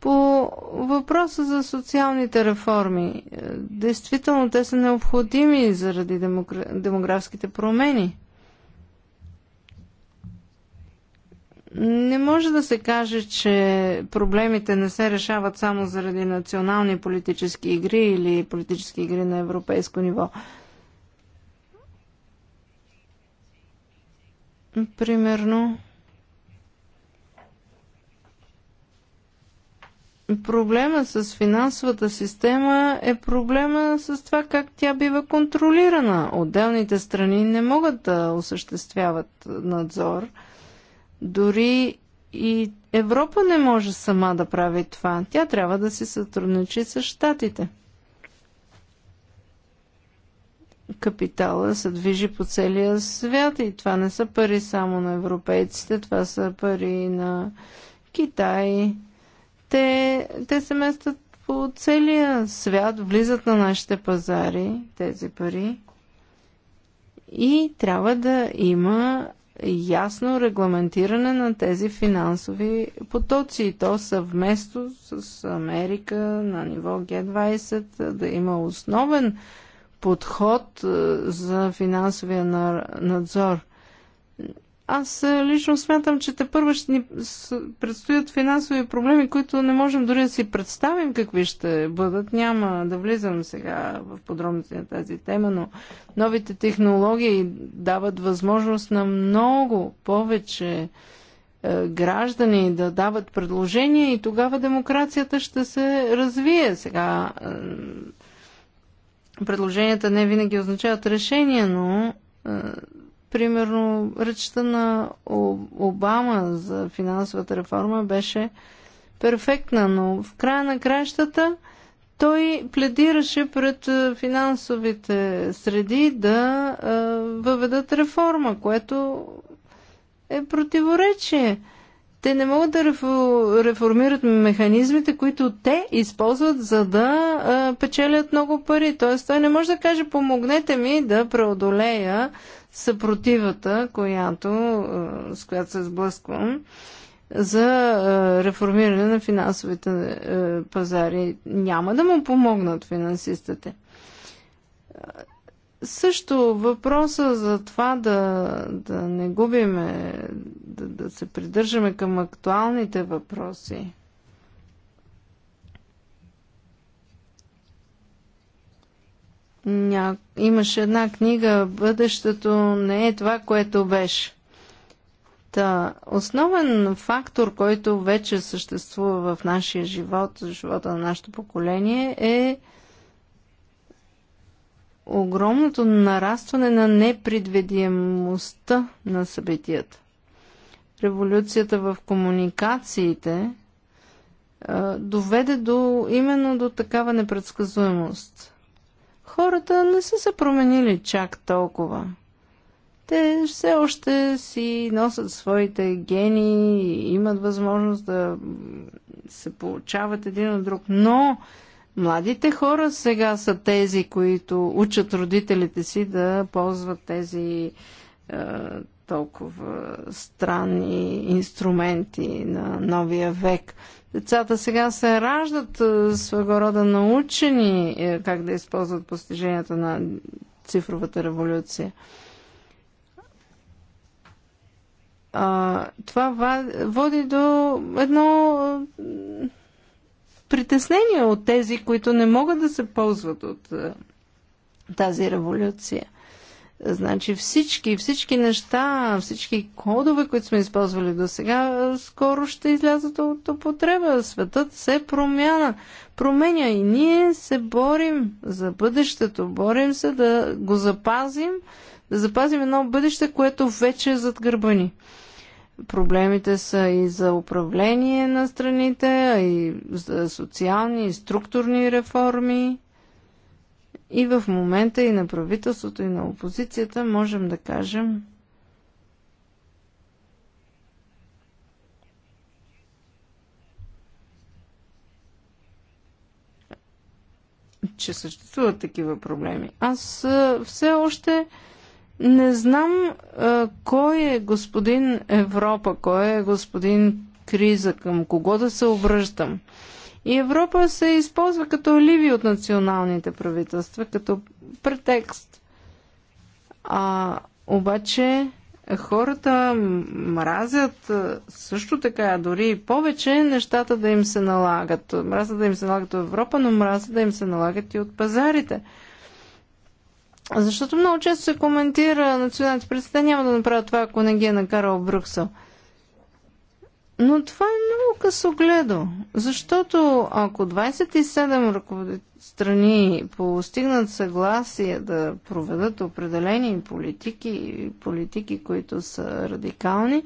По въпроса за социалните реформи, е, действително те са необходими заради демографските промени. Не може да се каже, че проблемите не се решават само заради национални политически игри или политически игри на европейско ниво. Примерно, проблема с финансовата система е проблема с това как тя бива контролирана. Отделните страни не могат да осъществяват надзор. Дори и Европа не може сама да прави това. Тя трябва да си сътрудничи с щатите. капитала се движи по целия свят и това не са пари само на европейците, това са пари на Китай. Те, те се местят по целия свят, влизат на нашите пазари тези пари и трябва да има ясно регламентиране на тези финансови потоци и то съвместно с Америка на ниво Г20 да има основен подход е, за финансовия надзор. Аз е, лично смятам, че те първо ще ни предстоят финансови проблеми, които не можем дори да си представим какви ще бъдат. Няма да влизам сега в подробности на тази тема, но новите технологии дават възможност на много повече е, граждани да дават предложения и тогава демокрацията ще се развие. Сега предложенията не винаги означават решение, но е, примерно речта на Обама за финансовата реформа беше перфектна, но в края на кращата той пледираше пред е, финансовите среди да е, въведат реформа, което е противоречие. Е, те не могат да реформират механизмите, които те използват, за да а, печелят много пари. Т.е. той не може да каже, помогнете ми да преодолея съпротивата, която, а, с която се сблъсквам за а, реформиране на финансовите пазари. Няма да му помогнат финансистите. Също въпроса за това да, да не губиме, да, да се придържаме към актуалните въпроси. Ня... Имаше една книга Бъдещето не е това, което беше. Та, основен фактор, който вече съществува в нашия живот, в живота на нашето поколение, е огромното нарастване на непредвидимостта на събитията. Революцията в комуникациите доведе до, именно до такава непредсказуемост. Хората не са се променили чак толкова. Те все още си носят своите гени, и имат възможност да се получават един от друг, но Младите хора сега са тези, които учат родителите си да ползват тези е, толкова странни инструменти на новия век. Децата сега се раждат е, своего рода научени е, как да използват постиженията на цифровата революция. А, това води до едно е, притеснения от тези, които не могат да се ползват от е, тази революция. Значи всички, всички неща, всички кодове, които сме използвали до сега, е, скоро ще излязат от употреба. Светът се промяна, променя и ние се борим за бъдещето. Борим се да го запазим, да запазим едно бъдеще, което вече е зад гърба ни. Проблемите са и за управление на страните, и за социални и структурни реформи. И в момента и на правителството, и на опозицията можем да кажем, че съществуват такива проблеми. Аз все още не знам а, кой е господин Европа, кой е господин криза, към кого да се обръщам. И Европа се използва като ливи от националните правителства, като претекст. А, обаче хората мразят също така, дори и повече нещата да им се налагат. Мразят да им се налагат от Европа, но мразят да им се налагат и от пазарите. Защото много често се коментира националните представители няма да направят това, ако не ги е накарал Брюксел. Но това е много късо гледо. защото ако 27 ръководители страни постигнат съгласие да проведат определени политики, политики, които са радикални,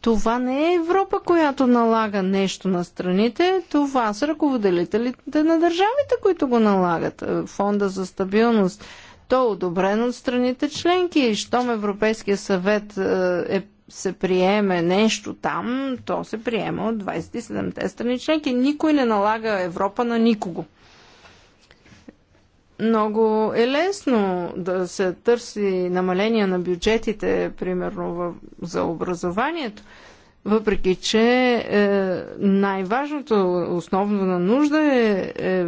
това не е Европа, която налага нещо на страните, това са ръководителите на държавите, които го налагат. Фонда за стабилност – то е одобрено от страните членки и щом Европейския съвет е, е, се приеме нещо там, то се приема от 27-те страни членки. Никой не налага Европа на никого. Много е лесно да се търси намаление на бюджетите, примерно в, за образованието. Въпреки, че е, най-важното, на нужда е, е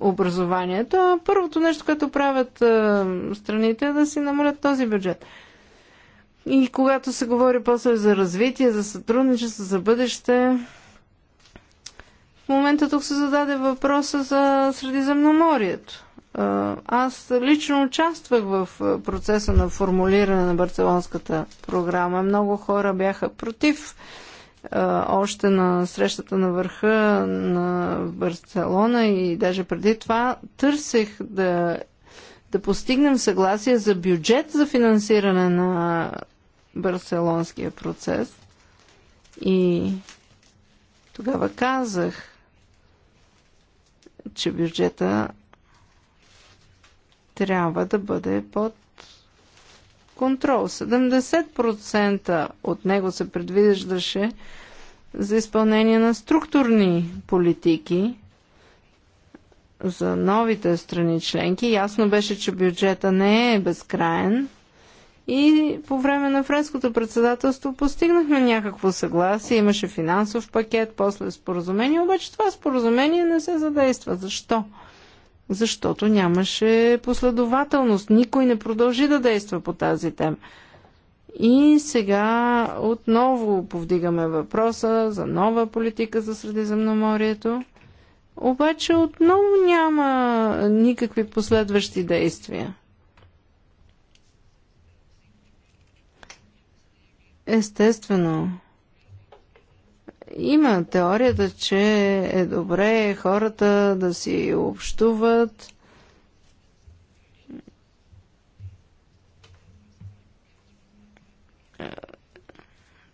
образованието. Първото нещо, което правят а, е, страните е да си намалят този бюджет. И когато се говори после за развитие, за сътрудничество, за бъдеще, в момента тук се зададе въпроса за Средиземноморието. Е, аз лично участвах в е, процеса на формулиране на Барселонската програма. Много хора бяха против още на срещата на върха на Барселона и даже преди това търсех да, да постигнем съгласие за бюджет за финансиране на барселонския процес. И тогава казах, че бюджета трябва да бъде под контрол. 70% от него се предвиждаше за изпълнение на структурни политики за новите страни членки. Ясно беше, че бюджета не е безкраен. И по време на френското председателство постигнахме някакво съгласие, имаше финансов пакет, после споразумение, обаче това споразумение не се задейства. Защо? защото нямаше последователност. Никой не продължи да действа по тази тема. И сега отново повдигаме въпроса за нова политика за Средиземноморието. Обаче отново няма никакви последващи действия. Естествено, има теорията, че е добре хората да си общуват.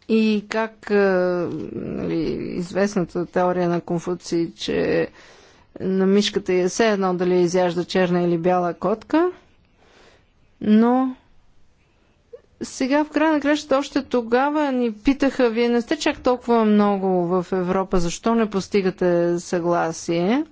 И как е, нали, известната теория на Конфуци, че на мишката е все едно дали изяжда черна или бяла котка, но сега в края на кращата още тогава ни питаха, вие не сте чак толкова много в Европа, защо не постигате съгласие?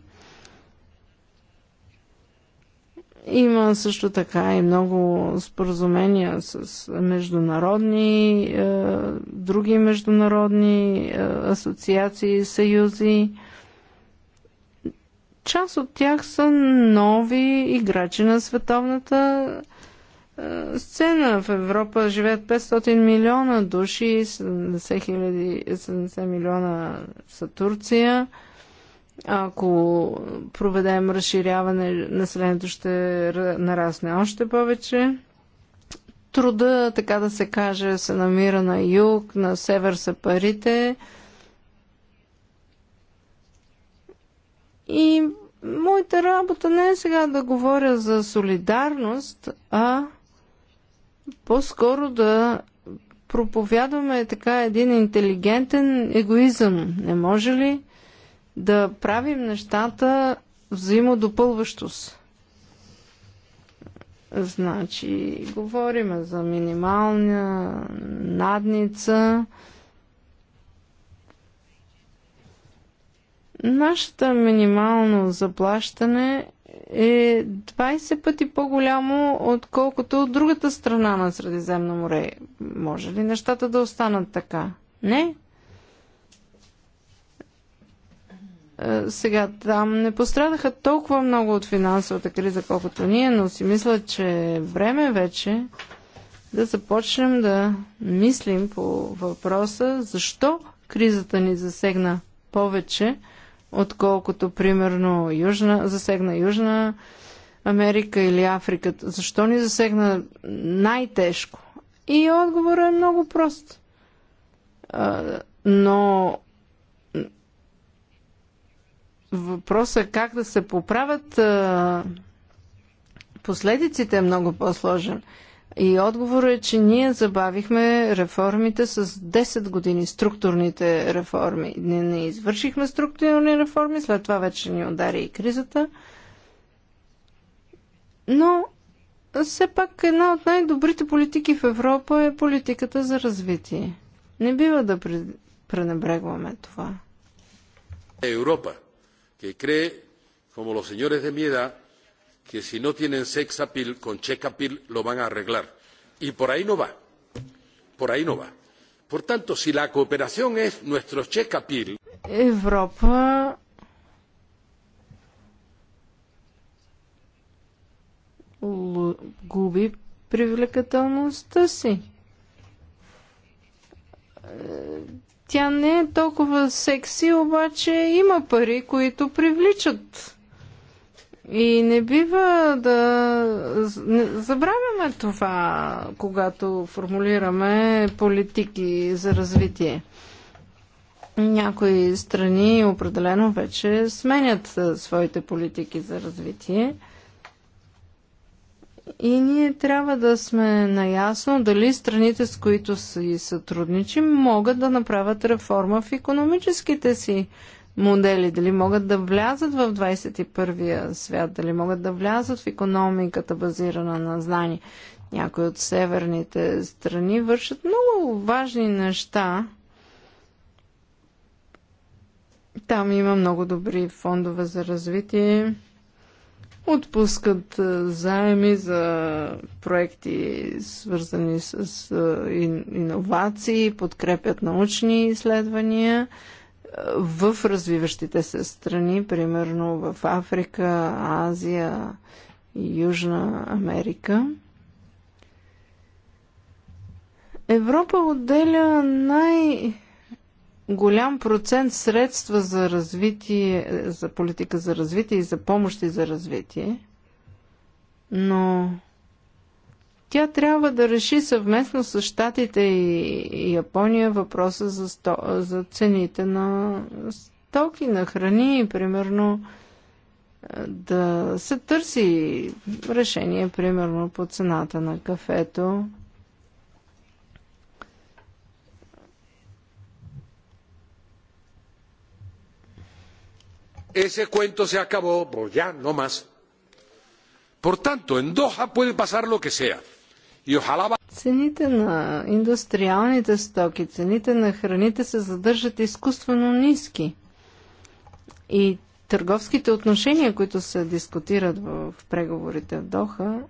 Има също така и много споразумения с международни, е, други международни е, асоциации, съюзи. Част от тях са нови играчи на световната е, сцена. В Европа живеят 500 милиона души, 70, 70 милиона са Турция. Ако проведем разширяване, населението ще нарасне още повече. Труда, така да се каже, се намира на юг, на север са парите. И моята работа не е сега да говоря за солидарност, а по-скоро да проповядваме така един интелигентен егоизъм. Не може ли да правим нещата взаимодопълващо се? Значи, говорим за минимална надница. Нашата минимално заплащане е 20 пъти по-голямо, отколкото от другата страна на Средиземно море. Може ли нещата да останат така? Не. Е, сега, там не пострадаха толкова много от финансовата криза, колкото ние, но си мисля, че е време вече да започнем да мислим по въпроса защо кризата ни засегна повече отколкото, примерно, Южна, засегна Южна Америка или Африка. Защо ни засегна най-тежко? И отговорът е много прост. Но въпросът е как да се поправят последиците е много по-сложен. И отговорът е, че ние забавихме реформите с 10 години, структурните реформи. Ние не извършихме структурни реформи, след това вече ни удари и кризата. Но все пак една от най-добрите политики в Европа е политиката за развитие. Не бива да пренебрегваме това. Европа, que cree, como los señores de mi edad, que si no tienen sex appeal con check appeal lo van a arreglar. Y por ahí no va. Por ahí no va. Por tanto, si la cooperación es nuestro check appeal. Europa. губи привлекателността си. Тя не е толкова секси, обаче има пари, които привличат и не бива да забравяме това, когато формулираме политики за развитие. Някои страни определено вече сменят своите политики за развитие. И ние трябва да сме наясно дали страните, с които си сътрудничим, могат да направят реформа в економическите си модели, дали могат да влязат в 21-я свят, дали могат да влязат в економиката базирана на знания. Някои от северните страни вършат много важни неща. Там има много добри фондове за развитие. Отпускат е, заеми за проекти, свързани с е, иновации, подкрепят научни изследвания в развиващите се страни, примерно в Африка, Азия и Южна Америка. Европа отделя най- голям процент средства за развитие, за политика за развитие и за помощи за развитие, но тя трябва да реши съвместно с Штатите и Япония въпроса за, сто... за цените на стоки, на храни, примерно да се търси решение, примерно по цената на кафето. Ese cuento se acabó, pues ya no más. Por tanto, en Doha puede pasar lo que sea Цените на индустриалните стоки, цените на храните се задържат изкуствено ниски. И търговските отношения, които се дискутират в преговорите в Доха,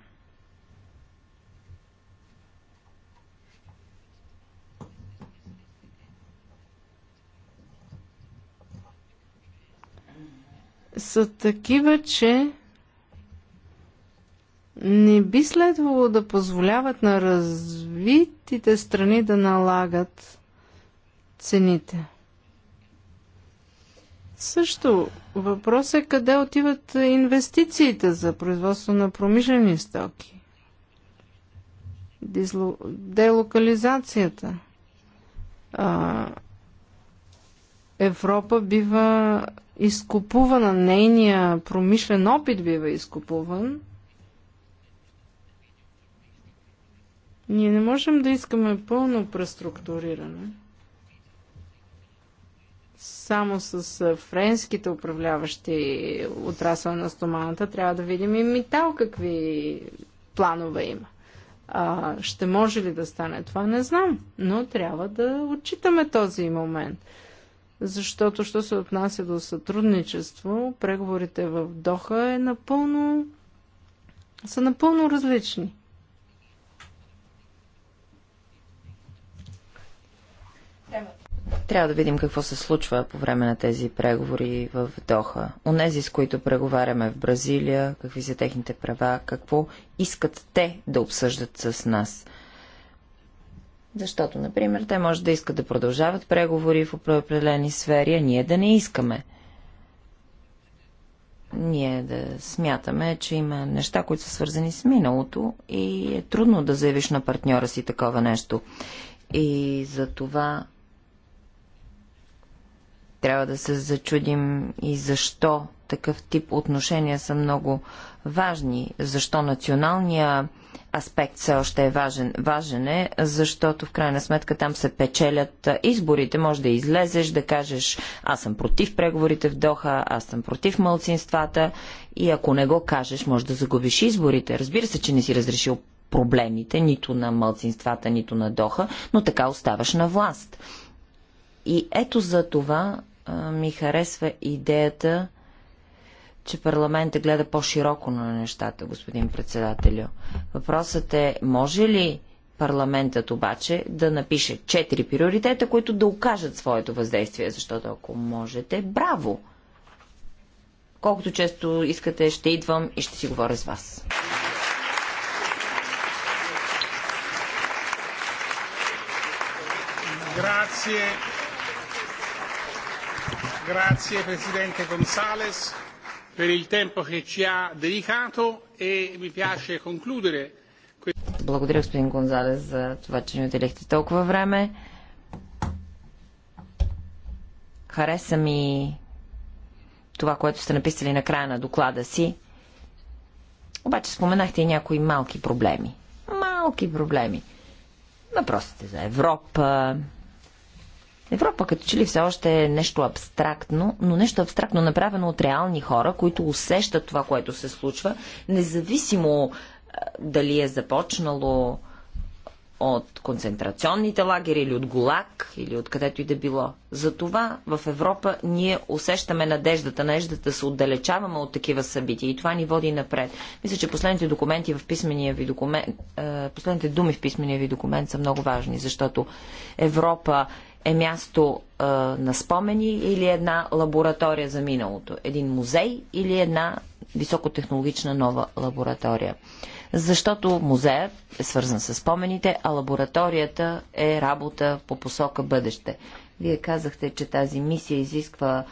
са такива, че не би следвало да позволяват на развитите страни да налагат цените. Също въпрос е къде отиват инвестициите за производство на промишлени стоки. Дизло... Делокализацията. А... Европа бива изкупувана, нейния промишлен опит бива изкупуван Ние не можем да искаме пълно преструктуриране. Само с френските управляващи отрасъл на стоманата трябва да видим и метал какви планове има. А, ще може ли да стане това, не знам, но трябва да отчитаме този момент. Защото, що се отнася до сътрудничество, преговорите в Доха е напълно, са напълно различни. Трябва да видим какво се случва по време на тези преговори в Доха. Онези, с които преговаряме в Бразилия, какви са техните права, какво искат те да обсъждат с нас. Защото, например, те може да искат да продължават преговори в определени сфери, а ние да не искаме. Ние да смятаме, че има неща, които са свързани с миналото и е трудно да заявиш на партньора си такова нещо. И за това трябва да се зачудим и защо такъв тип отношения са много важни, защо националния аспект все още е важен. Важен е, защото в крайна сметка там се печелят изборите. Може да излезеш, да кажеш аз съм против преговорите в Доха, аз съм против мълцинствата и ако не го кажеш, може да загубиш изборите. Разбира се, че не си разрешил проблемите, нито на мълцинствата, нито на Доха, но така оставаш на власт. И ето за това ми харесва идеята, че парламентът гледа по-широко на нещата, господин председателю. Въпросът е, може ли парламентът обаче да напише четири приоритета, които да окажат своето въздействие, защото ако можете, браво! Колкото често искате, ще идвам и ще си говоря с вас. Grazie. Grazie Presidente Gonzales per il tempo che ci ha dedicato e mi piace concludere. Благодаря, господин Гонзалес, за това, че ни отделихте толкова време. Хареса ми това, което сте написали на края на доклада си. Обаче споменахте и някои малки проблеми. Малки проблеми. Въпросите за Европа, Европа като че ли все още е нещо абстрактно, но нещо абстрактно направено от реални хора, които усещат това, което се случва, независимо дали е започнало от концентрационните лагери или от ГУЛАГ или от където и да било. Затова в Европа ние усещаме надеждата, надеждата да се отдалечаваме от такива събития и това ни води напред. Мисля, че последните документи в писмения ви документ, последните думи в писмения ви документ са много важни, защото Европа е място а, на спомени или една лаборатория за миналото? Един музей или една високотехнологична нова лаборатория? Защото музеят е свързан с спомените, а лабораторията е работа по посока бъдеще. Вие казахте, че тази мисия изисква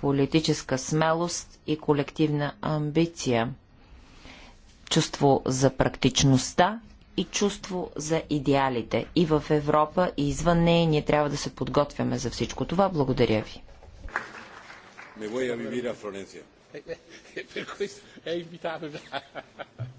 политическа смелост и колективна амбиция, чувство за практичността и чувство за идеалите. И в Европа, и извън нея ние трябва да се подготвяме за всичко това. Благодаря ви. Me voy a vivir a Florencia.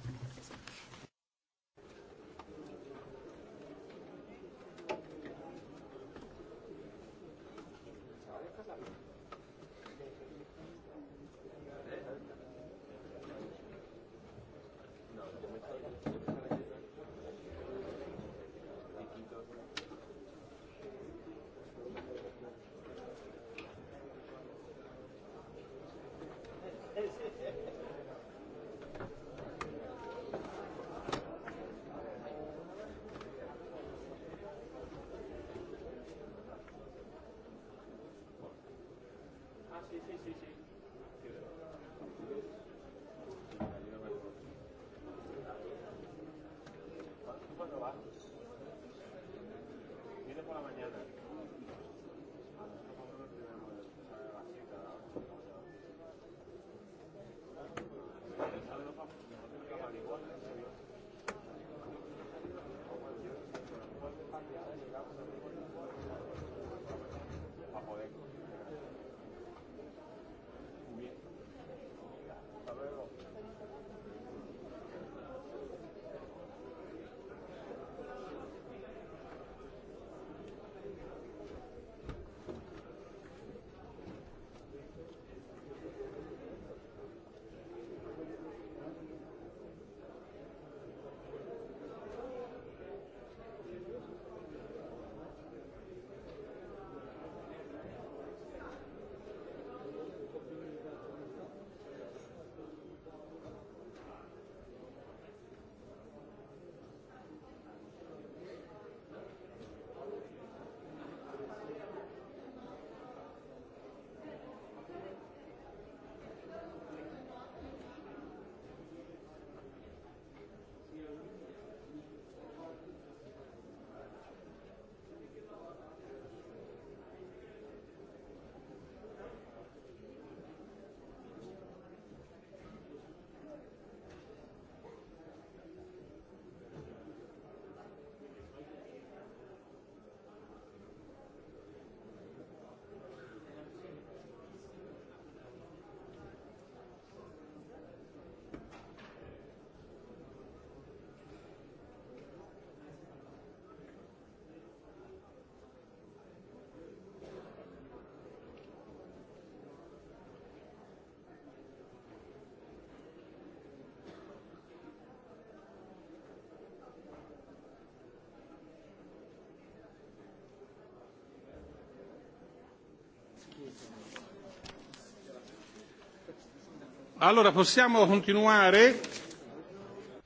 Allora possiamo continuare.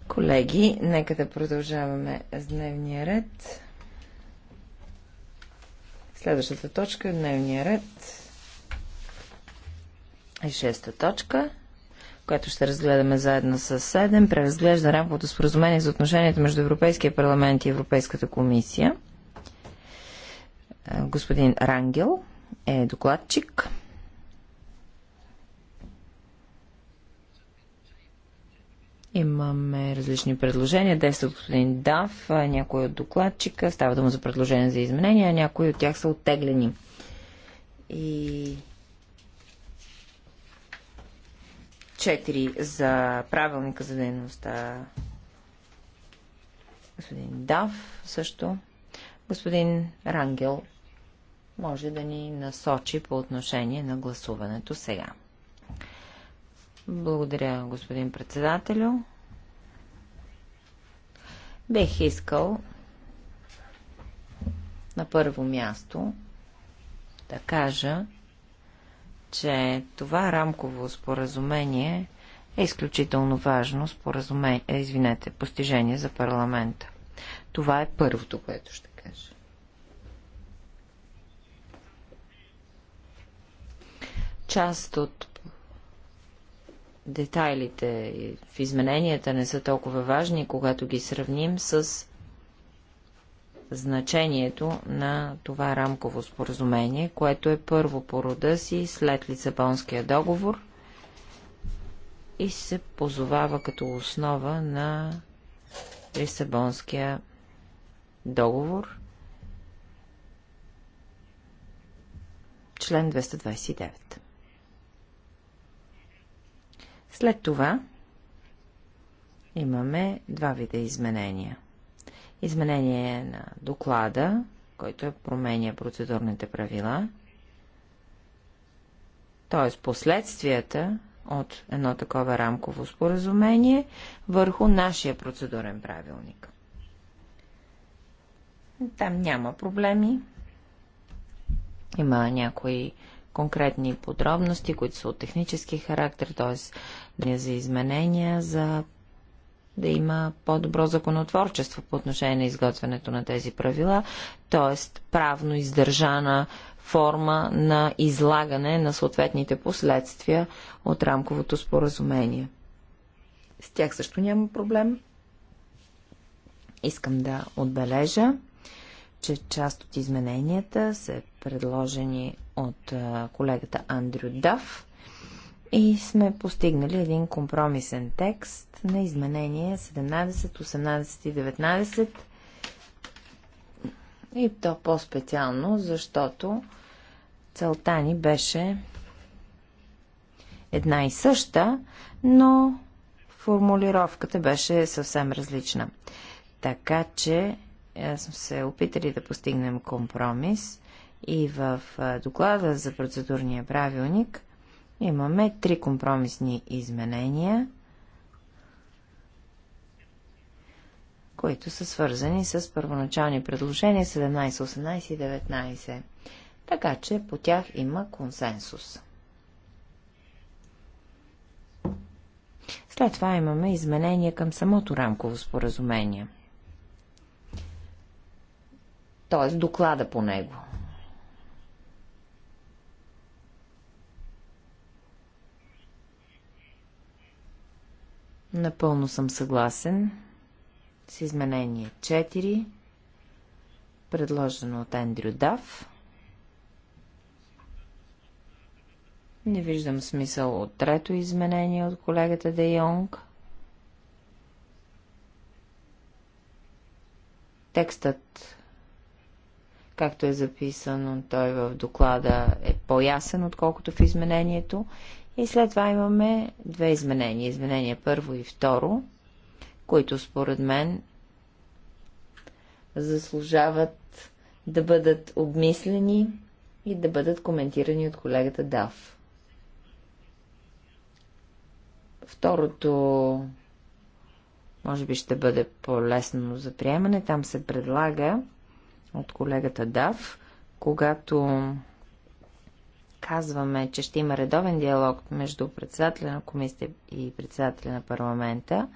Колеги, нека да продължаваме с дневния ред. Следващата точка е дневния ред. И шеста точка, която ще разгледаме заедно с 7, преразглежда рамковото споразумение за отношенията между Европейския парламент и Европейската комисия. Господин Рангел е докладчик. Имаме различни предложения. Действа от господин Дав, някой от докладчика. Става дума за предложения за изменения, някои от тях са оттеглени. И четири за правилника за дейността. Господин Дав също. Господин Рангел може да ни насочи по отношение на гласуването сега. Благодаря, господин председателю. Бех искал на първо място да кажа, че това рамково споразумение е изключително важно споразумение, извинете, постижение за парламента. Това е първото, което ще кажа. Част от детайлите в измененията не са толкова важни, когато ги сравним с значението на това рамково споразумение, което е първо по рода си след Лисабонския договор и се позовава като основа на Лисабонския договор, член 229. След това имаме два вида изменения. Изменение на доклада, който е променя процедурните правила, т.е. последствията от едно такова рамково споразумение върху нашия процедурен правилник. Там няма проблеми. Има някои конкретни подробности, които са от технически характер, т.е. Е за изменения, за да има по-добро законотворчество по отношение на изготвянето на тези правила, т.е. правно издържана форма на излагане на съответните последствия от рамковото споразумение. С тях също няма проблем. Искам да отбележа, че част от измененията са предложени от колегата Андрю Дав и сме постигнали един компромисен текст на изменение 17, 18 и 19 и то по-специално, защото целта ни беше една и съща, но формулировката беше съвсем различна. Така че сме се опитали да постигнем компромис и в доклада за процедурния правилник имаме три компромисни изменения, които са свързани с първоначални предложения 17, 18 и 19. Така че по тях има консенсус. След това имаме изменения към самото рамково споразумение – т.е. доклада по него. Напълно съм съгласен с изменение 4, предложено от Ендрю Дав. Не виждам смисъл от трето изменение от колегата Де Йонг. Текстът както е записано той в доклада, е по-ясен, отколкото в изменението. И след това имаме две изменения. Изменения първо и второ, които според мен заслужават да бъдат обмислени и да бъдат коментирани от колегата Дав. Второто може би ще бъде по-лесно за приемане. Там се предлага от колегата Дав, когато казваме, че ще има редовен диалог между председателя на комисията и председателя на парламента,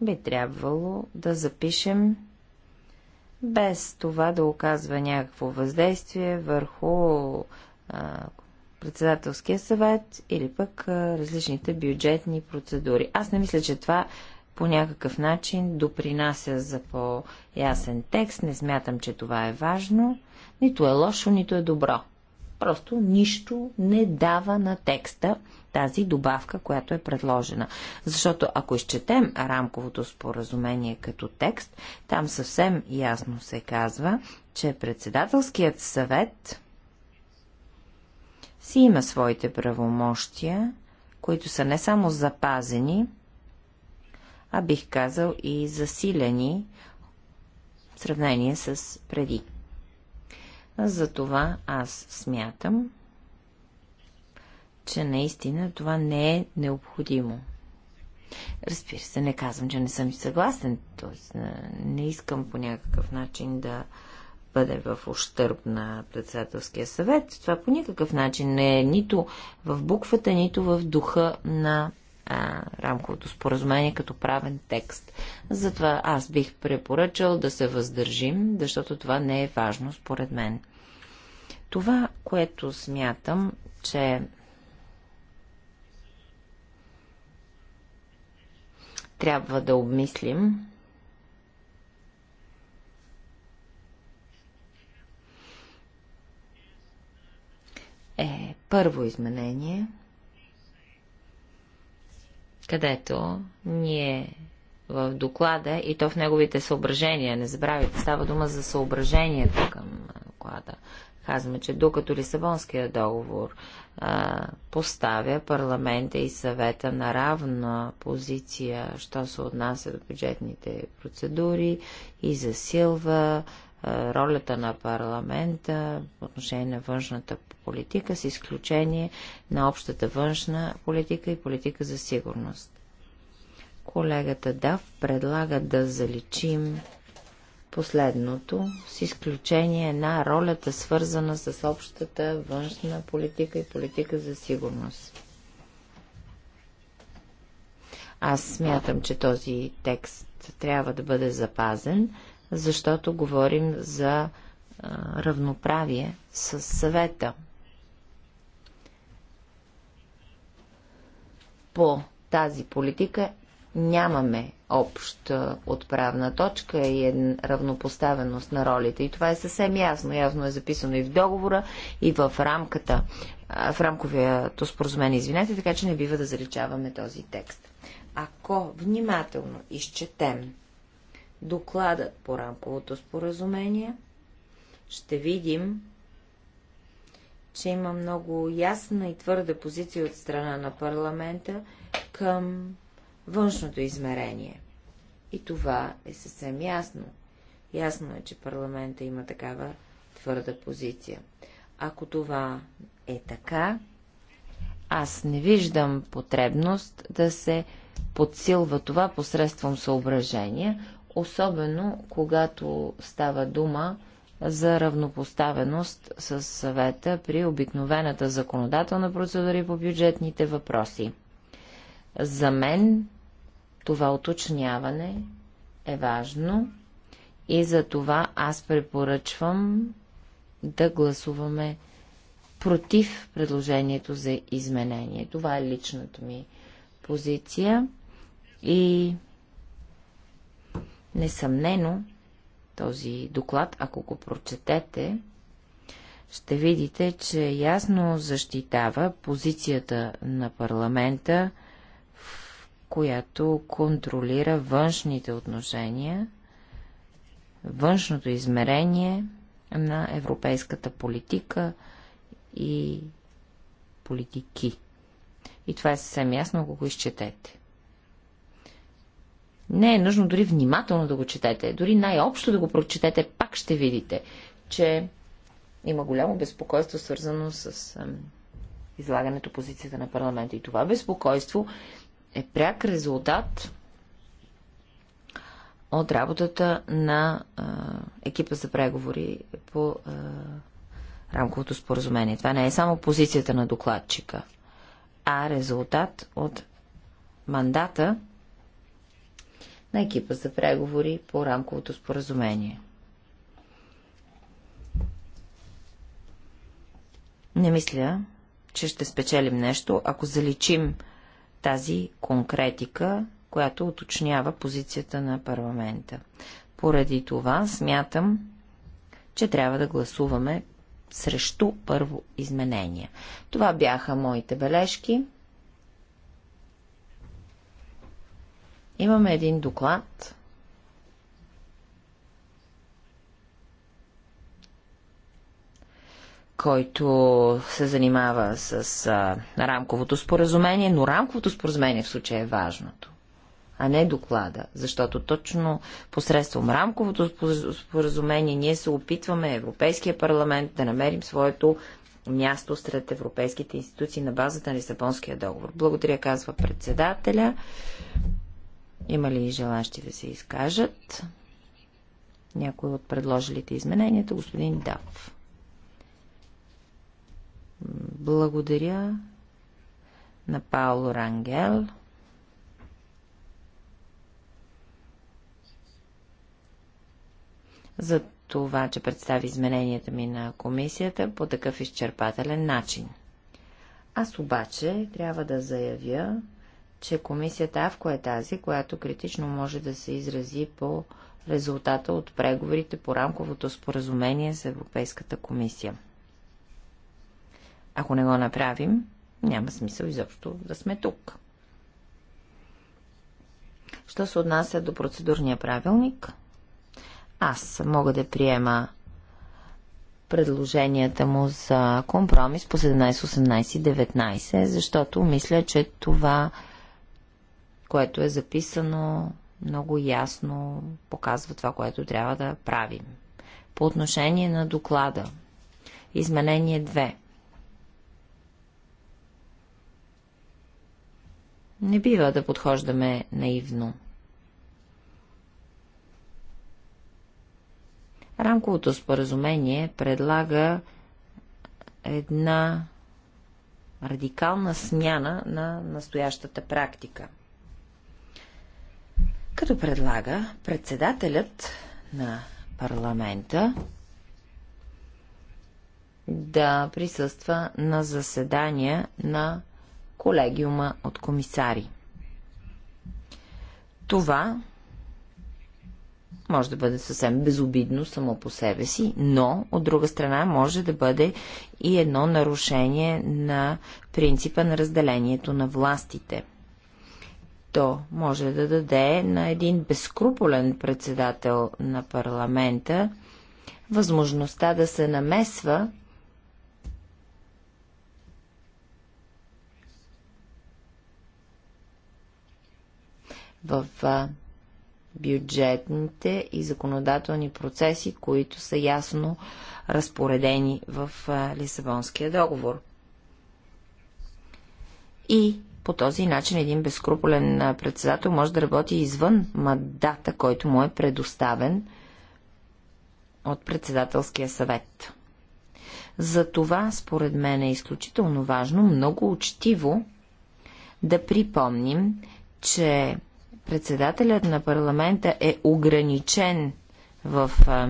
би трябвало да запишем без това да оказва някакво въздействие върху а, председателския съвет или пък а, различните бюджетни процедури. Аз не мисля, че това по някакъв начин допринася за по-ясен текст. Не смятам, че това е важно. Нито е лошо, нито е добро. Просто нищо не дава на текста тази добавка, която е предложена. Защото ако изчетем рамковото споразумение като текст, там съвсем ясно се казва, че председателският съвет си има своите правомощия, които са не само запазени, а бих казал и засилени в сравнение с преди. Затова аз смятам, че наистина това не е необходимо. Разбира се, не казвам, че не съм съгласен, т.е. не искам по някакъв начин да бъде в ущърп на председателския съвет. Това по никакъв начин не е нито в буквата, нито в духа на рамковото споразумение като правен текст. Затова аз бих препоръчал да се въздържим, защото това не е важно според мен. Това, което смятам, че трябва да обмислим, е първо изменение – където ние в доклада и то в неговите съображения, не забравяйте, става дума за съображението към доклада. Казваме, че докато Лисабонския договор а, поставя парламента и съвета на равна позиция, що се отнася до бюджетните процедури и засилва е, ролята на парламента по отношение на външната политика, с изключение на общата външна политика и политика за сигурност. Колегата Дав предлага да заличим последното, с изключение на ролята свързана с общата външна политика и политика за сигурност. Аз смятам, че този текст трябва да бъде запазен, защото говорим за равноправие с съвета. По тази политика нямаме обща отправна точка и е равнопоставеност на ролите. И това е съвсем ясно. Ясно е записано и в договора, и в рамката, в рамковието споразумение, извинете, така че не бива да заличаваме този текст. Ако внимателно изчетем докладът по рамковото споразумение, ще видим, че има много ясна и твърда позиция от страна на парламента към външното измерение. И това е съвсем ясно. Ясно е, че парламента има такава твърда позиция. Ако това е така, аз не виждам потребност да се подсилва това посредством съображения, особено когато става дума за равнопоставеност с съвета при обикновената законодателна процедура и по бюджетните въпроси. За мен това уточняване е важно и за това аз препоръчвам да гласуваме против предложението за изменение. Това е личната ми позиция и Несъмнено, този доклад, ако го прочетете, ще видите, че ясно защитава позицията на парламента, в която контролира външните отношения, външното измерение на европейската политика и политики. И това е съвсем ясно, ако го изчетете. Не е нужно дори внимателно да го четете, дори най-общо да го прочетете, пак ще видите, че има голямо безпокойство, свързано с ам, излагането позицията на парламента. И това безпокойство е пряк резултат от работата на а, екипа за преговори по а, рамковото споразумение. Това не е само позицията на докладчика, а резултат от мандата, на екипа за преговори по рамковото споразумение. Не мисля, че ще спечелим нещо, ако заличим тази конкретика, която уточнява позицията на парламента. Поради това смятам, че трябва да гласуваме срещу първо изменение. Това бяха моите бележки. Имаме един доклад. който се занимава с а, рамковото споразумение, но рамковото споразумение в случая е важното, а не доклада, защото точно посредством рамковото споразумение ние се опитваме Европейския парламент да намерим своето място сред европейските институции на базата на Лисабонския договор. Благодаря, казва председателя. Има ли желащи да се изкажат? Някой от предложилите измененията, господин Дав. Благодаря на Пауло Рангел. за това, че представи измененията ми на комисията по такъв изчерпателен начин. Аз обаче трябва да заявя, че комисията АВКО е тази, която критично може да се изрази по резултата от преговорите по рамковото споразумение с Европейската комисия. Ако не го направим, няма смисъл изобщо да сме тук. Що се отнася до процедурния правилник, аз мога да приема предложенията му за компромис по 17, 18 и 19, защото мисля, че това което е записано много ясно, показва това, което трябва да правим. По отношение на доклада, изменение 2. Не бива да подхождаме наивно. Рамковото споразумение предлага една радикална смяна на настоящата практика като предлага председателят на парламента да присъства на заседания на колегиума от комисари. Това може да бъде съвсем безобидно само по себе си, но от друга страна може да бъде и едно нарушение на принципа на разделението на властите – който може да даде на един безкруполен председател на парламента възможността да се намесва в бюджетните и законодателни процеси, които са ясно разпоредени в Лисабонския договор. И по този начин един безкруполен председател може да работи извън мандата, който му е предоставен от председателския съвет. За това, според мен, е изключително важно, много учтиво да припомним, че председателят на парламента е ограничен в а,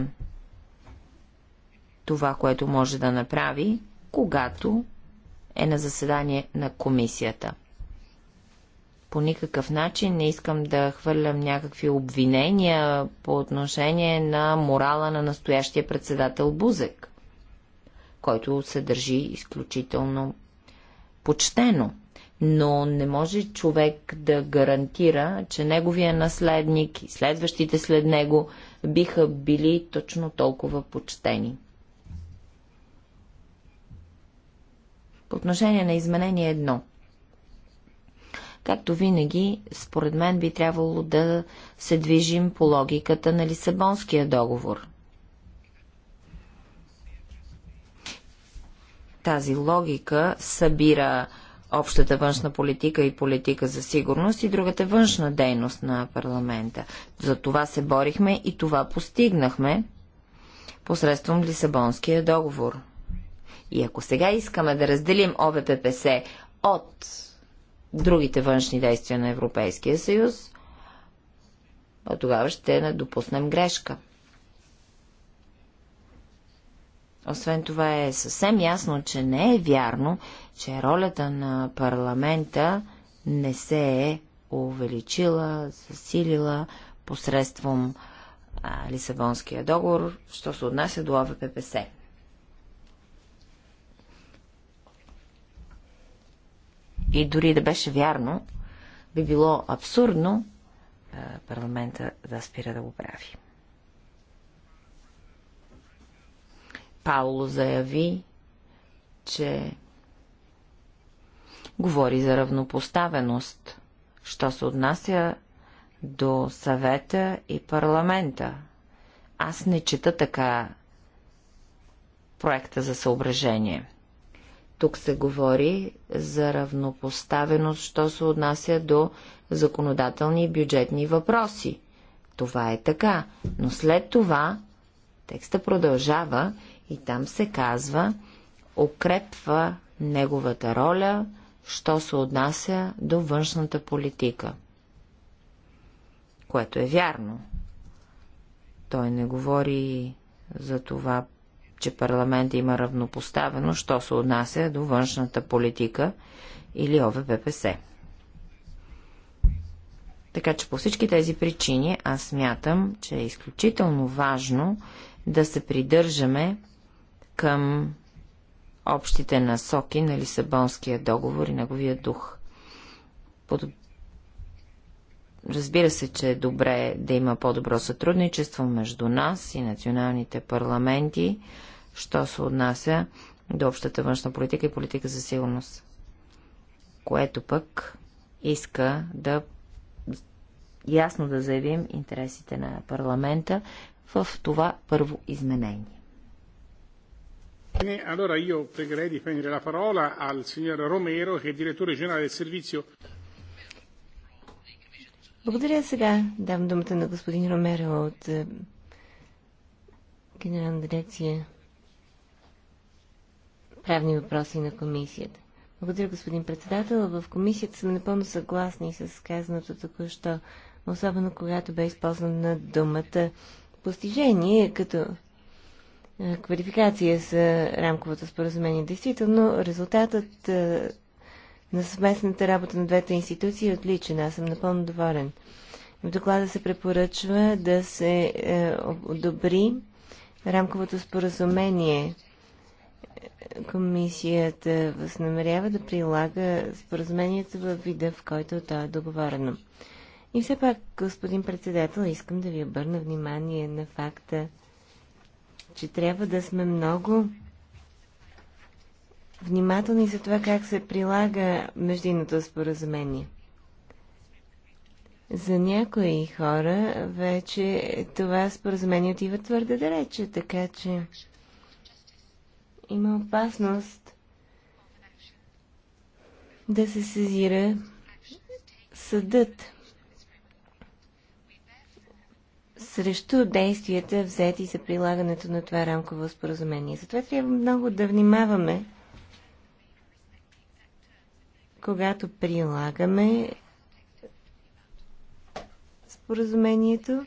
това, което може да направи, когато е на заседание на комисията по никакъв начин не искам да хвърлям някакви обвинения по отношение на морала на настоящия председател Бузек, който се държи изключително почтено. Но не може човек да гарантира, че неговия наследник и следващите след него биха били точно толкова почтени. По отношение на изменение едно – Както винаги, според мен би трябвало да се движим по логиката на Лисабонския договор. Тази логика събира общата външна политика и политика за сигурност и другата външна дейност на парламента. За това се борихме и това постигнахме посредством Лисабонския договор. И ако сега искаме да разделим ОВППС от другите външни действия на Европейския съюз, а тогава ще не допуснем грешка. Освен това е съвсем ясно, че не е вярно, че ролята на парламента не се е увеличила, засилила посредством а, Лисабонския договор, що се отнася до ОВППС. и дори да беше вярно, би било абсурдно е, парламента да спира да го прави. Пауло заяви, че говори за равнопоставеност, що се отнася до съвета и парламента. Аз не чета така проекта за съображение – тук се говори за равнопоставеност, що се отнася до законодателни и бюджетни въпроси. Това е така, но след това текста продължава и там се казва, укрепва неговата роля, що се отнася до външната политика. Което е вярно. Той не говори за това че парламент има равнопоставено, що се отнася до външната политика или ОВППС. Така че по всички тези причини аз смятам, че е изключително важно да се придържаме към общите насоки на Лисабонския договор и неговия дух. Под Разбира се, че е добре да има по-добро сътрудничество между нас и националните парламенти, що се отнася до общата външна политика и политика за сигурност, което пък иска да ясно да заявим интересите на парламента в това първо изменение. Allora io pregherei di prendere la parola al signor Romero, che è direttore generale del servizio благодаря сега. Давам думата на господин Ромеро от е, Генерална дирекция правни въпроси на комисията. Благодаря, господин председател. В комисията съм напълно и с казаното току-що, особено когато бе използвана думата постижение като е, квалификация за рамковото споразумение. Действително, резултатът е, на съвместната работа на двете институции е отличен. Аз съм напълно доволен. В доклада се препоръчва да се е, одобри рамковото споразумение. Комисията възнамерява да прилага споразумението във вида, в който то е договорено. И все пак, господин председател, искам да ви обърна внимание на факта, че трябва да сме много внимателни за това как се прилага междинното споразумение. За някои хора вече това споразумение отива твърде далече, така че има опасност да се сезира съдът срещу действията взети за прилагането на това рамково споразумение. Затова трябва много да внимаваме когато прилагаме споразумението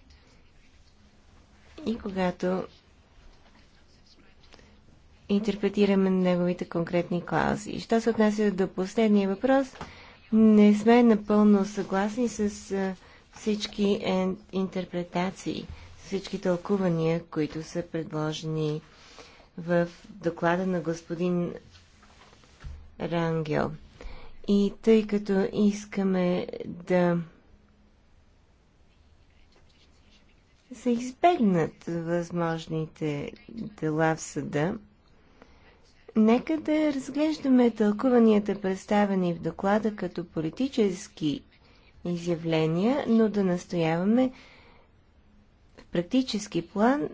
и когато интерпретираме неговите конкретни клаузи. Що се отнася до последния въпрос, не сме напълно съгласни с всички е, интерпретации, всички тълкувания, които са предложени в доклада на господин Рангел. И тъй като искаме да се избегнат възможните дела в съда, нека да разглеждаме тълкуванията, представени в доклада като политически изявления, но да настояваме в практически план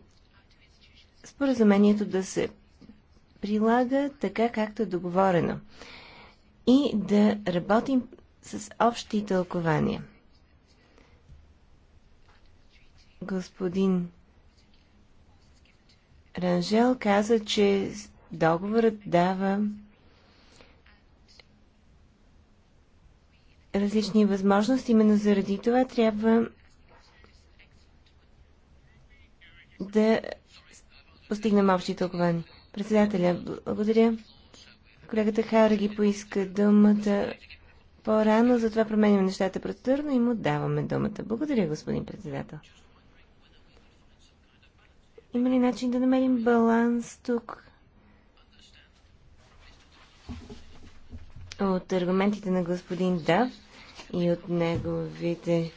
споразумението да се прилага така, както е договорено и да работим с общи тълкования. Господин Ранжел каза, че договорът дава различни възможности. Именно заради това трябва да постигнем общи тълкования. Председателя, благодаря. Колегата Хара ги поиска думата по-рано, затова променим нещата процедурно и му даваме думата. Благодаря, господин председател. Има ли начин да намерим баланс тук? От аргументите на господин Дав и от неговите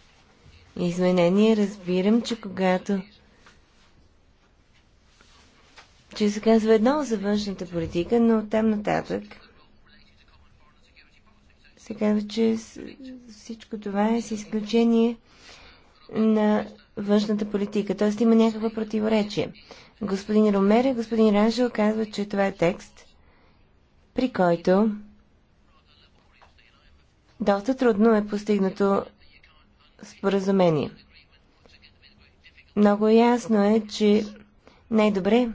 изменения разбирам, че когато че се казва едно за външната политика, но там нататък се казва, че всичко това е с изключение на външната политика. Т.е. има някаква противоречие. Господин Ромер и господин Ранжел казват, че това е текст, при който доста трудно е постигнато споразумение. Много ясно е, че най-добре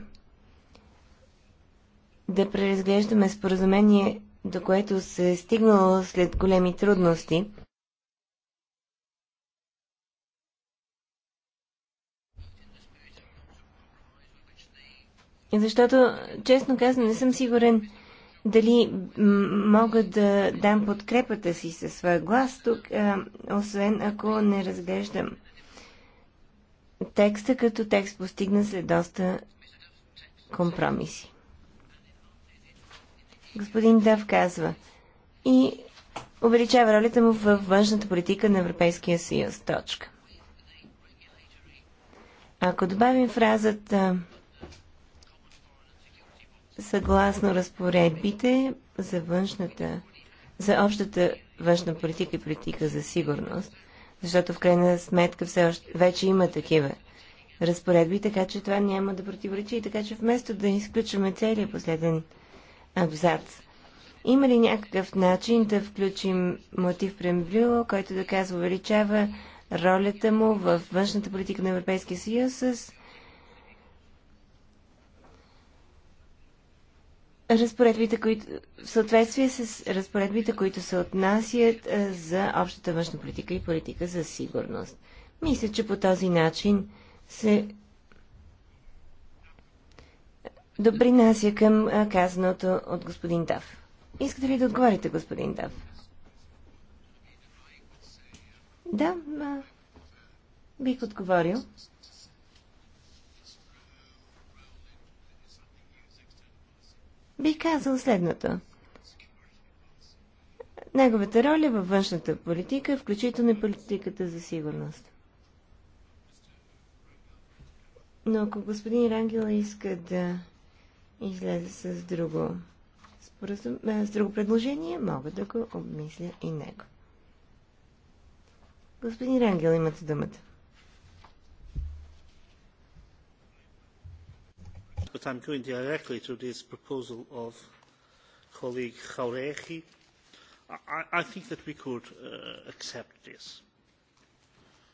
да преразглеждаме споразумение, до което се е стигнало след големи трудности. Защото, честно казвам, не съм сигурен дали мога да дам подкрепата си със своя глас тук, а, освен ако не разглеждам текста като текст постигна след доста компромиси господин Дав казва, и увеличава ролята му в външната политика на Европейския съюз. Точка. Ако добавим фразата съгласно разпоредбите за външната, за общата външна политика и политика за сигурност, защото в крайна сметка все още вече има такива разпоредби, така че това няма да противоречи. Така че вместо да изключваме целият последен абзац. Има ли някакъв начин да включим мотив Прембрюо, който да казва увеличава ролята му в външната политика на Европейския съюз с разпоредбите, които, в съответствие с разпоредбите, които се отнасят за общата външна политика и политика за сигурност. Мисля, че по този начин се допринася към казаното от господин Дав. Искате ли да отговорите, господин Дав? Да, а, бих отговорил. Бих казал следното. Неговата роля във външната политика, включително и политиката за сигурност. Но ако господин Рангела иска да излезе с друго, споразум... Е, с друго предложение, мога да го обмисля и него. Господин Рангел, имате думата. But I'm going directly to this proposal of colleague Jaurehi. I, I think that we could uh, accept this.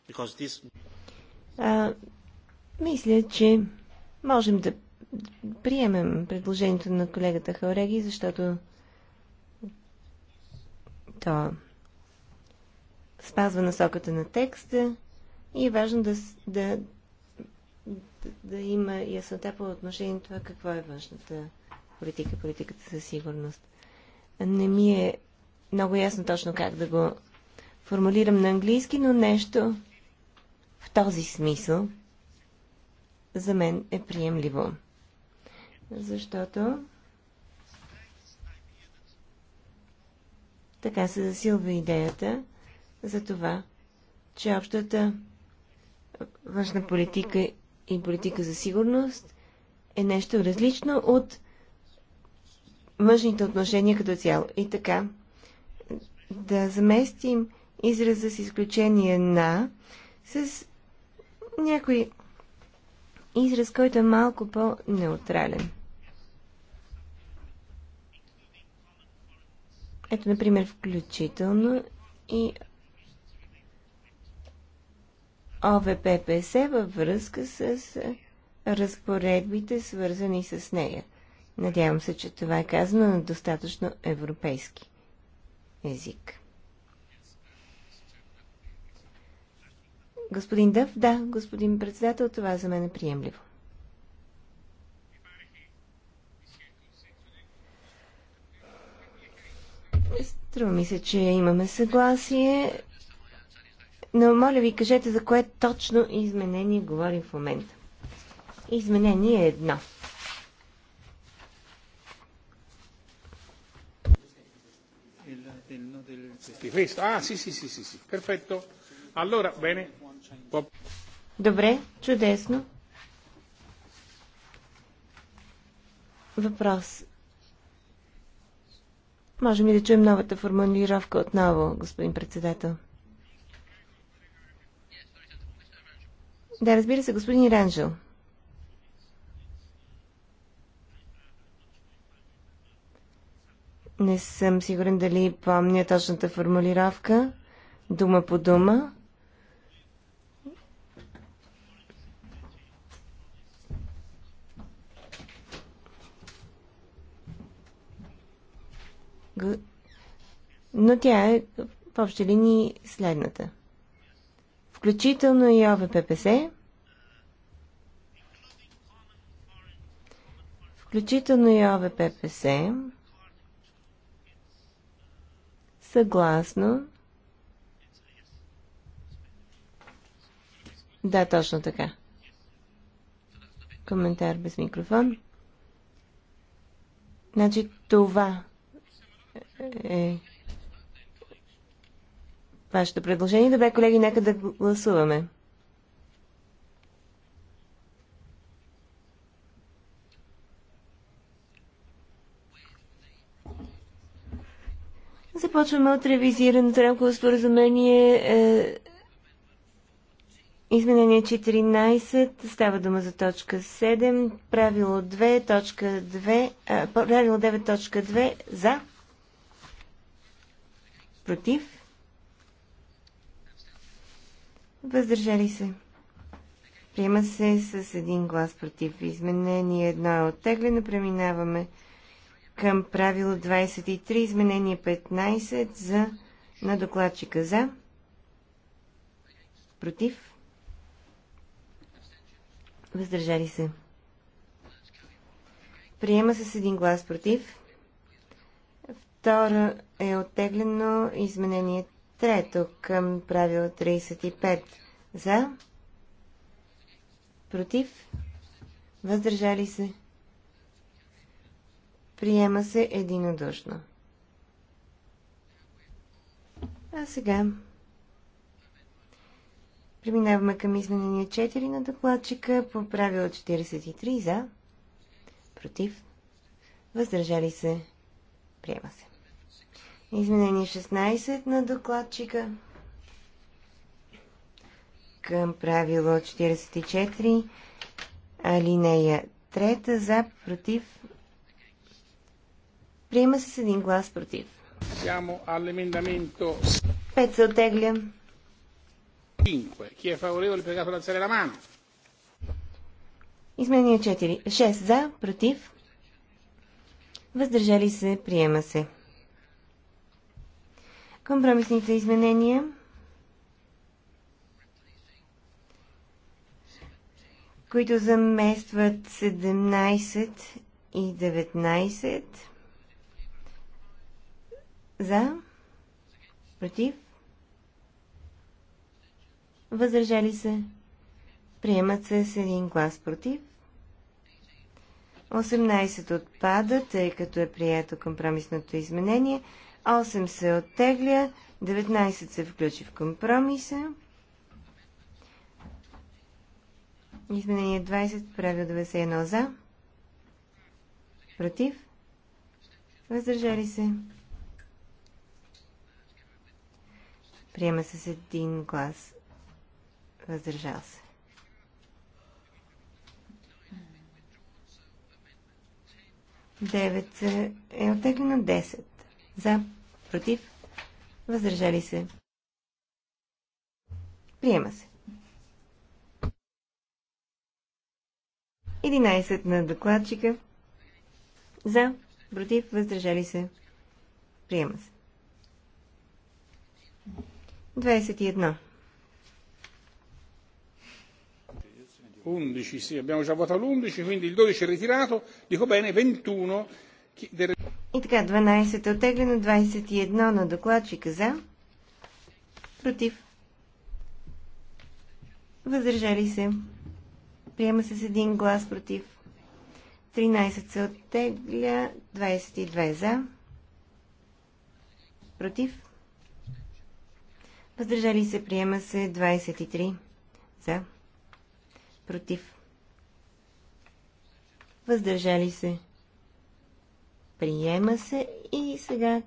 Because this... А, мисля, че можем да приемем предложението на колегата Хаореги, защото то спазва насоката на текста и е важно да, да, да има яснота по отношение на това какво е външната политика, политиката за сигурност. Не ми е много ясно точно как да го формулирам на английски, но нещо в този смисъл за мен е приемливо защото така се засилва идеята за това, че общата външна политика и политика за сигурност е нещо различно от външните отношения като цяло. И така, да заместим израза с изключение на с някои израз, който е малко по-неутрален. Ето, например, включително и ОВППС във връзка с разпоредбите, свързани с нея. Надявам се, че това е казано на достатъчно европейски език. Господин Дъв, да, господин председател, това е за мен е приемливо. Струва ми се, че имаме съгласие. Но моля ви, кажете за кое точно изменение говорим в момента. Изменение е едно. Ah, sì, sì, sì, sì, sì, perfetto. Allora, bene, Добре, чудесно. Въпрос. Можем ли да чуем новата формулировка отново, господин председател? Да, разбира се, господин Ранжел. Не съм сигурен дали помня точната формулировка, дума по дума. но тя е в общи линии следната. Включително и ОВППС, включително и ОВППС, съгласно Да, точно така. Коментар без микрофон. Значи това е вашето предложение. Добре, колеги, нека да гласуваме. Започваме от ревизираното рамково споразумение. Е, изменение 14. Става дума за точка 7. Правило 2, точка 2. правило 9, точка 2. За. Против? Въздържали се. Приема се с един глас против. Изменение едно е оттеглено. Преминаваме към правило 23, изменение 15 за, на докладчика за. Против? Въздържали се. Приема се с един глас против. Второ е оттеглено изменение трето към правило 35. За? Против? Въздържали се? Приема се единодушно. А сега преминаваме към изменение 4 на докладчика по правило 43 за, против, въздържали се, приема се. Изменение 16 на докладчика към правило 44, алинея 3 за против. Приема се с един глас против. Siamo all'emendamento 5 се оттегля. 5. Chi è favorevole pregato ad alzare la mano. Изменение 4. 6 за, против. Въздържали се, приема се. Компромисните изменения. които заместват 17 и 19. За? Против? Въздържали се? Приемат се с един глас против. 18 отпада, тъй като е прието компромисното изменение. 8 се оттегля, 19 се включи в компромиса. Изменение 20, правил 91 за. Против. Въздържали се. Приема се с един глас. Въздържал се. Девет е оттеглено 10. За. Против. Въздържали се. Приема се. 11 на докладчика. За. Против. Въздържали се. Приема се. 21. 11, sì, abbiamo già votato l'11, quindi il 12 è ritirato, dico bene, 21 del... И така, 12 е оттеглено, 21 на докладчика за. Против. Въздържали се. Приема се с един глас против. 13 се оттегля, 22 за. Против. Въздържали се, приема се 23 за. Против. Въздържали се. Приема се и сега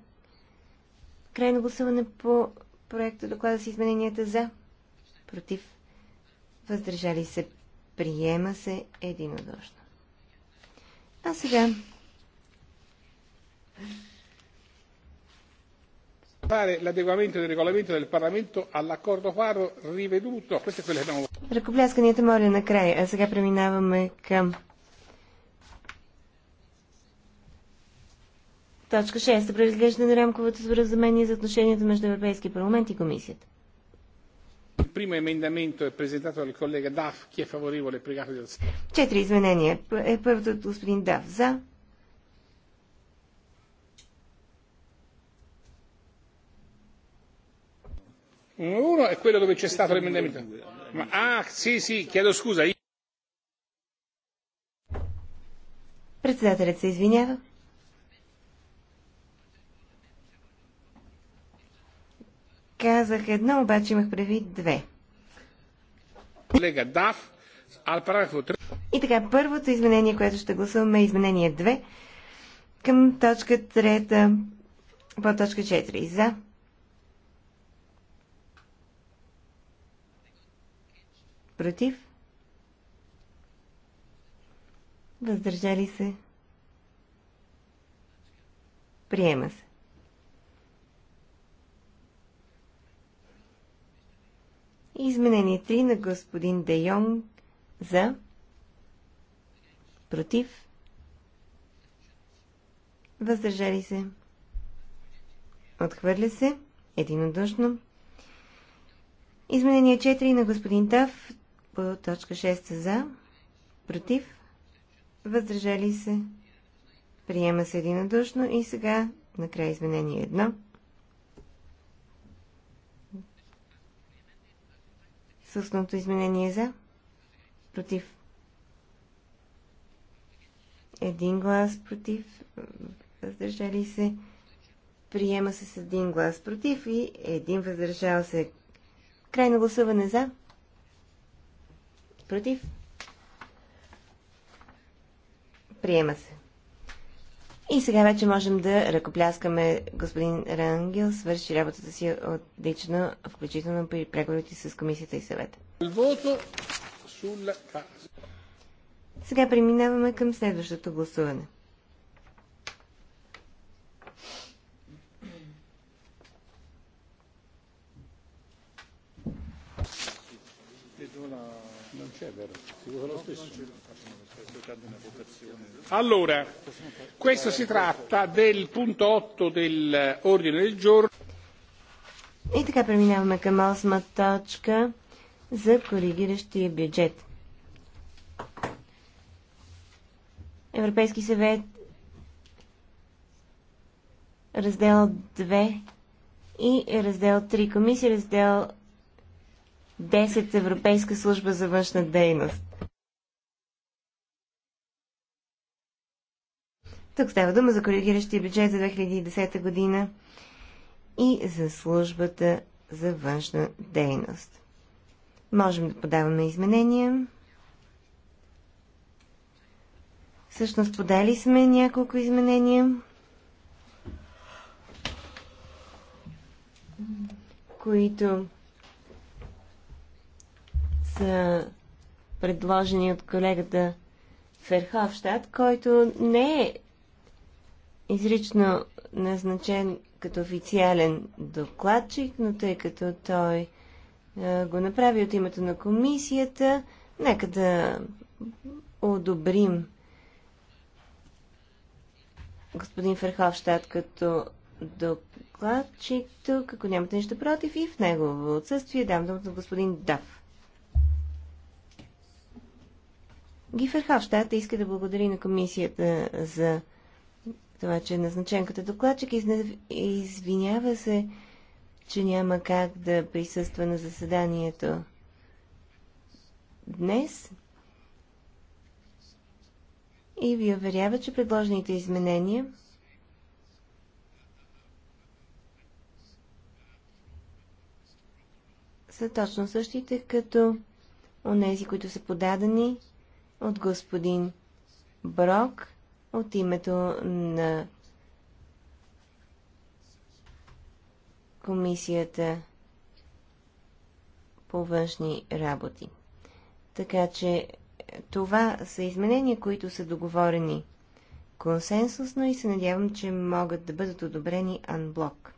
крайно гласуване по проекта доклада с измененията за, против, въздържали се. Приема се единодушно. А сега l'adeguamento del regolamento del Parlamento all'accordo quadro riveduto. Questo è quello che abbiamo... Ръкоплясканията моля накрая, а сега преминаваме към Точка 6. Преразглеждане на рамковото споразумение за отношенията между Европейския парламент и комисията. Четири изменения. Е първото от господин Дав. За. Uno è quello dove c'è stato l'emendamento. Ma, ah, sì, sì, chiedo scusa. Председателят се извинява. Казах едно, обаче имах предвид две. дав, И така, първото изменение, което ще гласуваме е изменение 2 към точка 3, по точка 4. За. Против. Въздържали се. Приема се. Изменение 3 на господин Де Йонг за против въздържали се. Отхвърля се единодушно. Изменение 4 на господин Тав по точка 6 за против въздържали се. Приема се единодушно и сега накрая изменение 1 с изменение е за. Против. Един глас против. Въздържали се. Приема се с един глас против и един въздържал се. Крайно гласуване за. Против. Приема се. И сега вече можем да ръкопляскаме господин Рангел, свърши работата си отлично, включително при преговорите с комисията и съвета. Сега преминаваме към следващото гласуване. Non c'è vero, si lo stesso. Allora, questo si tratta del punto 8 dell'ordine del giorno. И така преминаваме към осма точка за коригиращия бюджет. Европейски съвет раздел 2 и раздел 3 комисия, раздел 10 Европейска служба за външна дейност. Тук става дума за коригиращия бюджет за 2010 година и за службата за външна дейност. Можем да подаваме изменения. Всъщност подали сме няколко изменения, които са предложени от колегата Ферховщад, който не е изрично назначен като официален докладчик, но тъй като той го направи от името на комисията, нека да одобрим господин Ферховщад като докладчик тук, ако нямате нищо против и в негово отсъствие дам думата на господин Дав. Гиферховщад иска да благодари на комисията за това, че е назначен като докладчик. Извинява се, че няма как да присъства на заседанието днес и ви уверява, че предложените изменения са точно същите като онези, които са подадени от господин Брок от името на Комисията по външни работи. Така че е, това са изменения, които са договорени консенсусно и се надявам, че могат да бъдат одобрени анблок.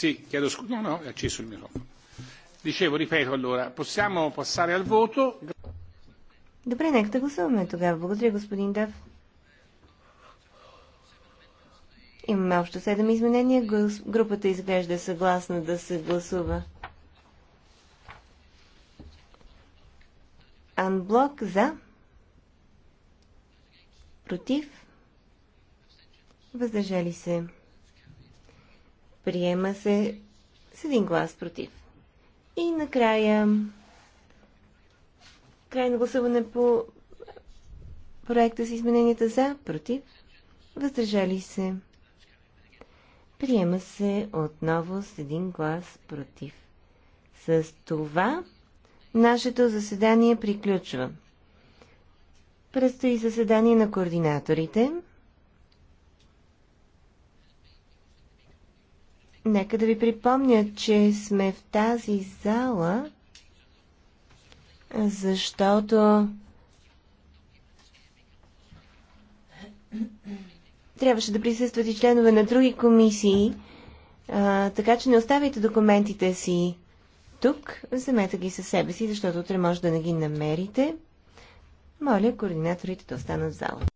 Sì, chiedo scusa, no, no, è acceso il microfono. Dicevo, ripeto allora, possiamo passare al voto. Добре, нека да гласуваме тогава. Благодаря, господин Дав. Имаме общо 7 изменения. Групата изглежда съгласна да се гласува. Анблок за. Против. Въздържали се. Приема се с един глас против. И накрая Край на гласуване по проекта с измененията за, против, въздържали се. Приема се отново с един глас против. С това нашето заседание приключва. Предстои заседание на координаторите. Нека да ви припомня, че сме в тази зала защото трябваше да присъстват и членове на други комисии, а, така че не оставяйте документите си тук, вземете ги със себе си, защото утре може да не ги намерите. Моля координаторите да останат в залата.